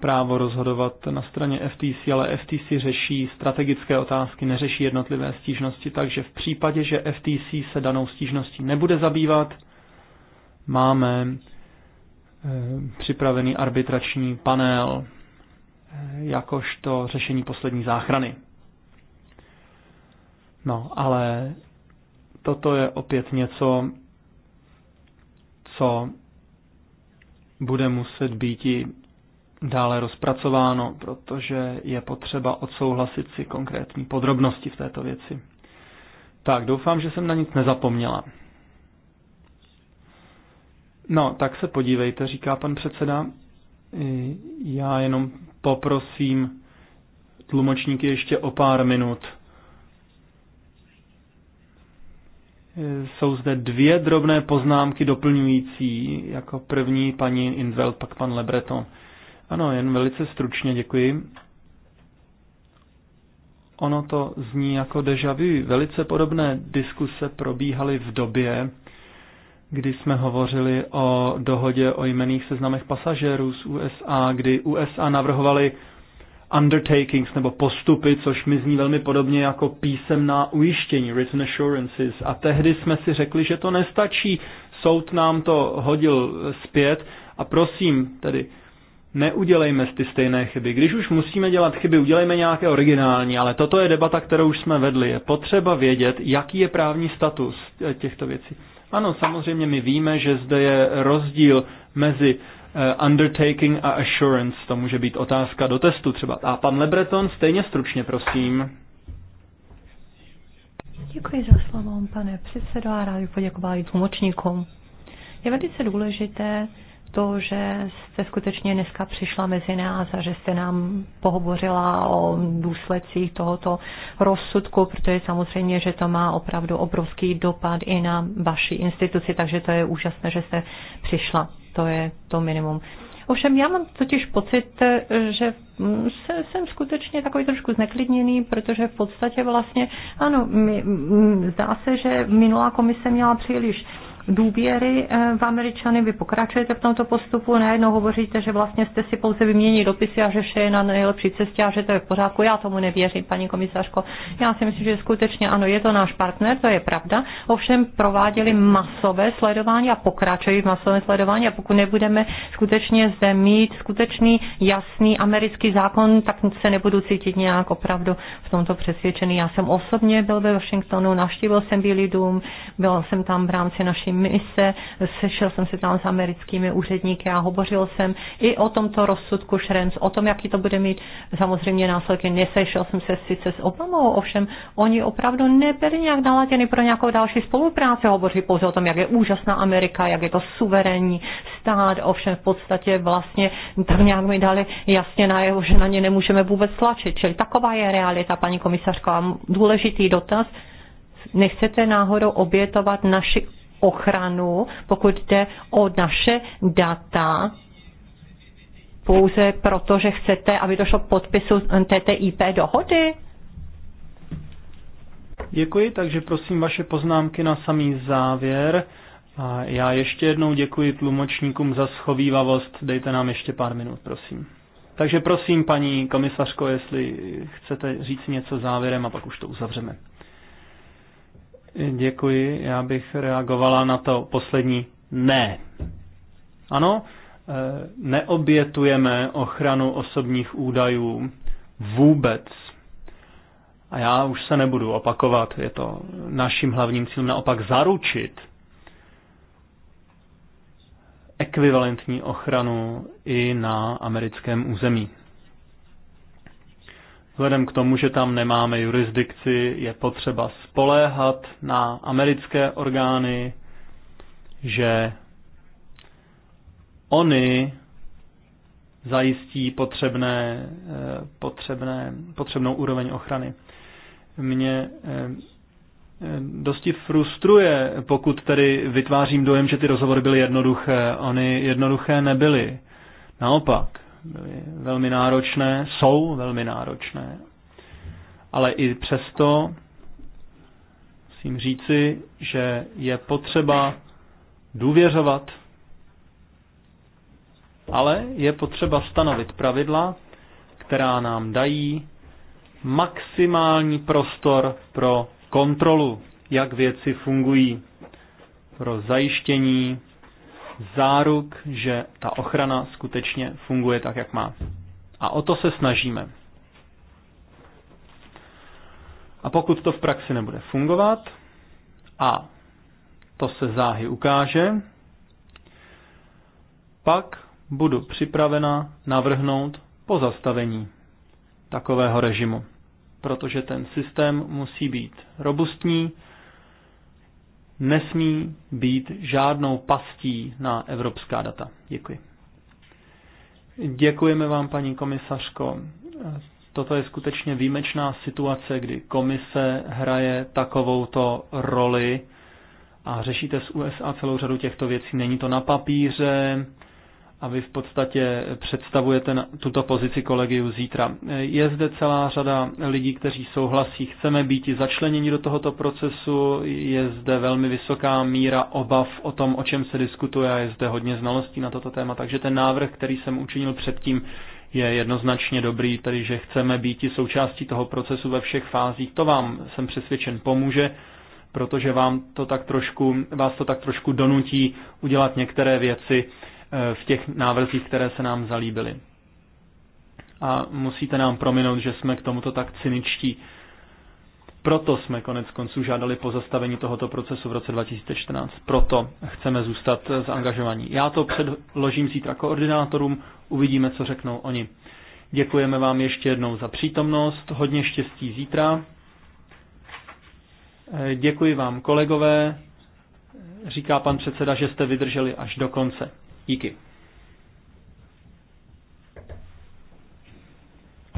právo rozhodovat na straně FTC, ale FTC řeší strategické otázky, neřeší jednotlivé stížnosti, takže v případě, že FTC se danou stížností nebude zabývat, máme eh, připravený arbitrační panel eh, jakožto řešení poslední záchrany. No, ale toto je opět něco, co bude muset být i dále rozpracováno, protože je potřeba odsouhlasit si konkrétní podrobnosti v této věci. Tak, doufám, že jsem na nic nezapomněla. No, tak se podívejte, říká pan předseda. Já jenom poprosím tlumočníky ještě o pár minut. Jsou zde dvě drobné poznámky doplňující. Jako první paní Inveld, pak pan Lebreton. Ano, jen velice stručně, děkuji. Ono to zní jako deja vu. Velice podobné diskuse probíhaly v době, kdy jsme hovořili o dohodě o jmených seznamech pasažérů z USA, kdy USA navrhovali undertakings nebo postupy, což mi zní velmi podobně jako písemná ujištění, written assurances. A tehdy jsme si řekli, že to nestačí. Soud nám to hodil zpět a prosím, tedy neudělejme ty stejné chyby. Když už musíme dělat chyby, udělejme nějaké originální, ale toto je debata, kterou už jsme vedli. Je potřeba vědět, jaký je právní status eh, těchto věcí. Ano, samozřejmě my víme, že zde je rozdíl mezi Eh, undertaking a assurance, to může být otázka do testu třeba. A pan Lebreton, stejně stručně, prosím. Děkuji za slovo, pane předsedo, a rád bych poděkoval i tlumočníkům. Je velice důležité to, že jste skutečně dneska přišla mezi nás a že jste nám pohovořila o důsledcích tohoto rozsudku, protože samozřejmě, že to má opravdu obrovský dopad i na vaši instituci, takže to je úžasné, že jste přišla to je to minimum. Ovšem já mám totiž pocit, že se, jsem skutečně takový trošku zneklidněný, protože v podstatě vlastně, ano, mi, zdá se, že minulá komise měla příliš uh, důvěry eh, v Američany, vy pokračujete v tomto postupu, najednou hovoříte, že vlastně jste si pouze vyměnili dopisy a že vše je na nejlepší cestě a že to je v pořádku. Já tomu nevěřím, paní komisařko. Já si myslím, že skutečně ano, je to náš partner, to je pravda. Ovšem prováděli masové sledování a pokračují v masovém sledování a pokud nebudeme skutečně zde mít skutečný jasný americký zákon, tak se nebudu cítit nějak opravdu v tomto přesvědčený. Já jsem osobně byl ve Washingtonu, navštívil jsem Bílý dům, byl jsem tam v rámci naší monitorovací mise, sešel jsem se tam s americkými úředníky a hovořil jsem i o tomto rozsudku Šrenc, o tom, jaký to bude mít samozřejmě následky. Nesešel jsem se sice s Obamou, ovšem oni opravdu nebyli nějak naladěni pro nějakou další spolupráci, hovoří pouze o tom, jak je úžasná Amerika, jak je to suverénní stát, ovšem v podstatě vlastně tak nějak mi dali jasně najevo, že na ně nemůžeme vůbec tlačit. Čili taková je realita, paní komisařko. A důležitý dotaz, nechcete náhodou obětovat naši ochranu, pokud jde o naše data, pouze proto, že chcete, aby došlo k podpisu TTIP dohody? Děkuji, takže prosím vaše poznámky na samý závěr. A já ještě jednou děkuji tlumočníkům za schovývavost. Dejte nám ještě pár minut, prosím. Takže prosím, paní komisařko, jestli chcete říct něco závěrem a pak už to uzavřeme. Děkuji. Já bych reagovala na to poslední ne. Ano, eh, neobětujeme ochranu osobních údajů vůbec. A já už se nebudu opakovat, je to naším hlavním cílem naopak zaručit ekvivalentní ochranu i na americkém území. Vzhledem k tomu, že tam nemáme jurisdikci, je potřeba spoléhat na americké orgány, že oni zajistí potřebné, eh, potřebné, potřebnou úroveň ochrany. Mě eh, dosti frustruje, pokud tedy vytvářím dojem, že ty rozhovory byly jednoduché. Oni jednoduché nebyly. Naopak byly velmi náročné, jsou velmi náročné. Ale i přesto musím říci, že je potřeba důvěřovat, ale je potřeba stanovit pravidla, která nám dají maximální prostor pro kontrolu, jak věci fungují, pro zajištění záruk, že ta ochrana skutečně funguje tak, jak má. A o to se snažíme. A pokud to v praxi nebude fungovat, a to se záhy ukáže, pak budu připravena navrhnout pozastavení takového režimu, protože ten systém musí být robustní, nesmí být žádnou pastí na evropská data. Děkuji. Děkujeme vám, paní komisařko. Toto je skutečně výjimečná situace, kdy komise hraje takovouto roli a řešíte z USA celou řadu těchto věcí. Není to na papíře, a vy v podstatě představujete tuto pozici kolegiu zítra. Je zde celá řada lidí, kteří souhlasí, chceme být i začleněni do tohoto procesu, je zde velmi vysoká míra obav o tom, o čem se diskutuje a je zde hodně znalostí na toto téma, takže ten návrh, který jsem učinil předtím, je jednoznačně dobrý, tedy že chceme být i součástí toho procesu ve všech fázích. To vám jsem přesvědčen pomůže, protože vám to tak trošku, vás to tak trošku donutí udělat některé věci, Eh, v těch návrzích, které se nám zalíbily. A musíte nám prominout, že jsme k tomuto tak cyničtí. Proto jsme konec konců žádali pozastavení tohoto procesu v roce 2014. Proto chceme zůstat zaangažovaní. Já to předložím zítra koordinátorům, uvidíme, co řeknou oni. Děkujeme vám ještě jednou za přítomnost, hodně štěstí zítra. Eh, děkuji vám, kolegové. Říká pan předseda, že jste vydrželi až do konce. Díky.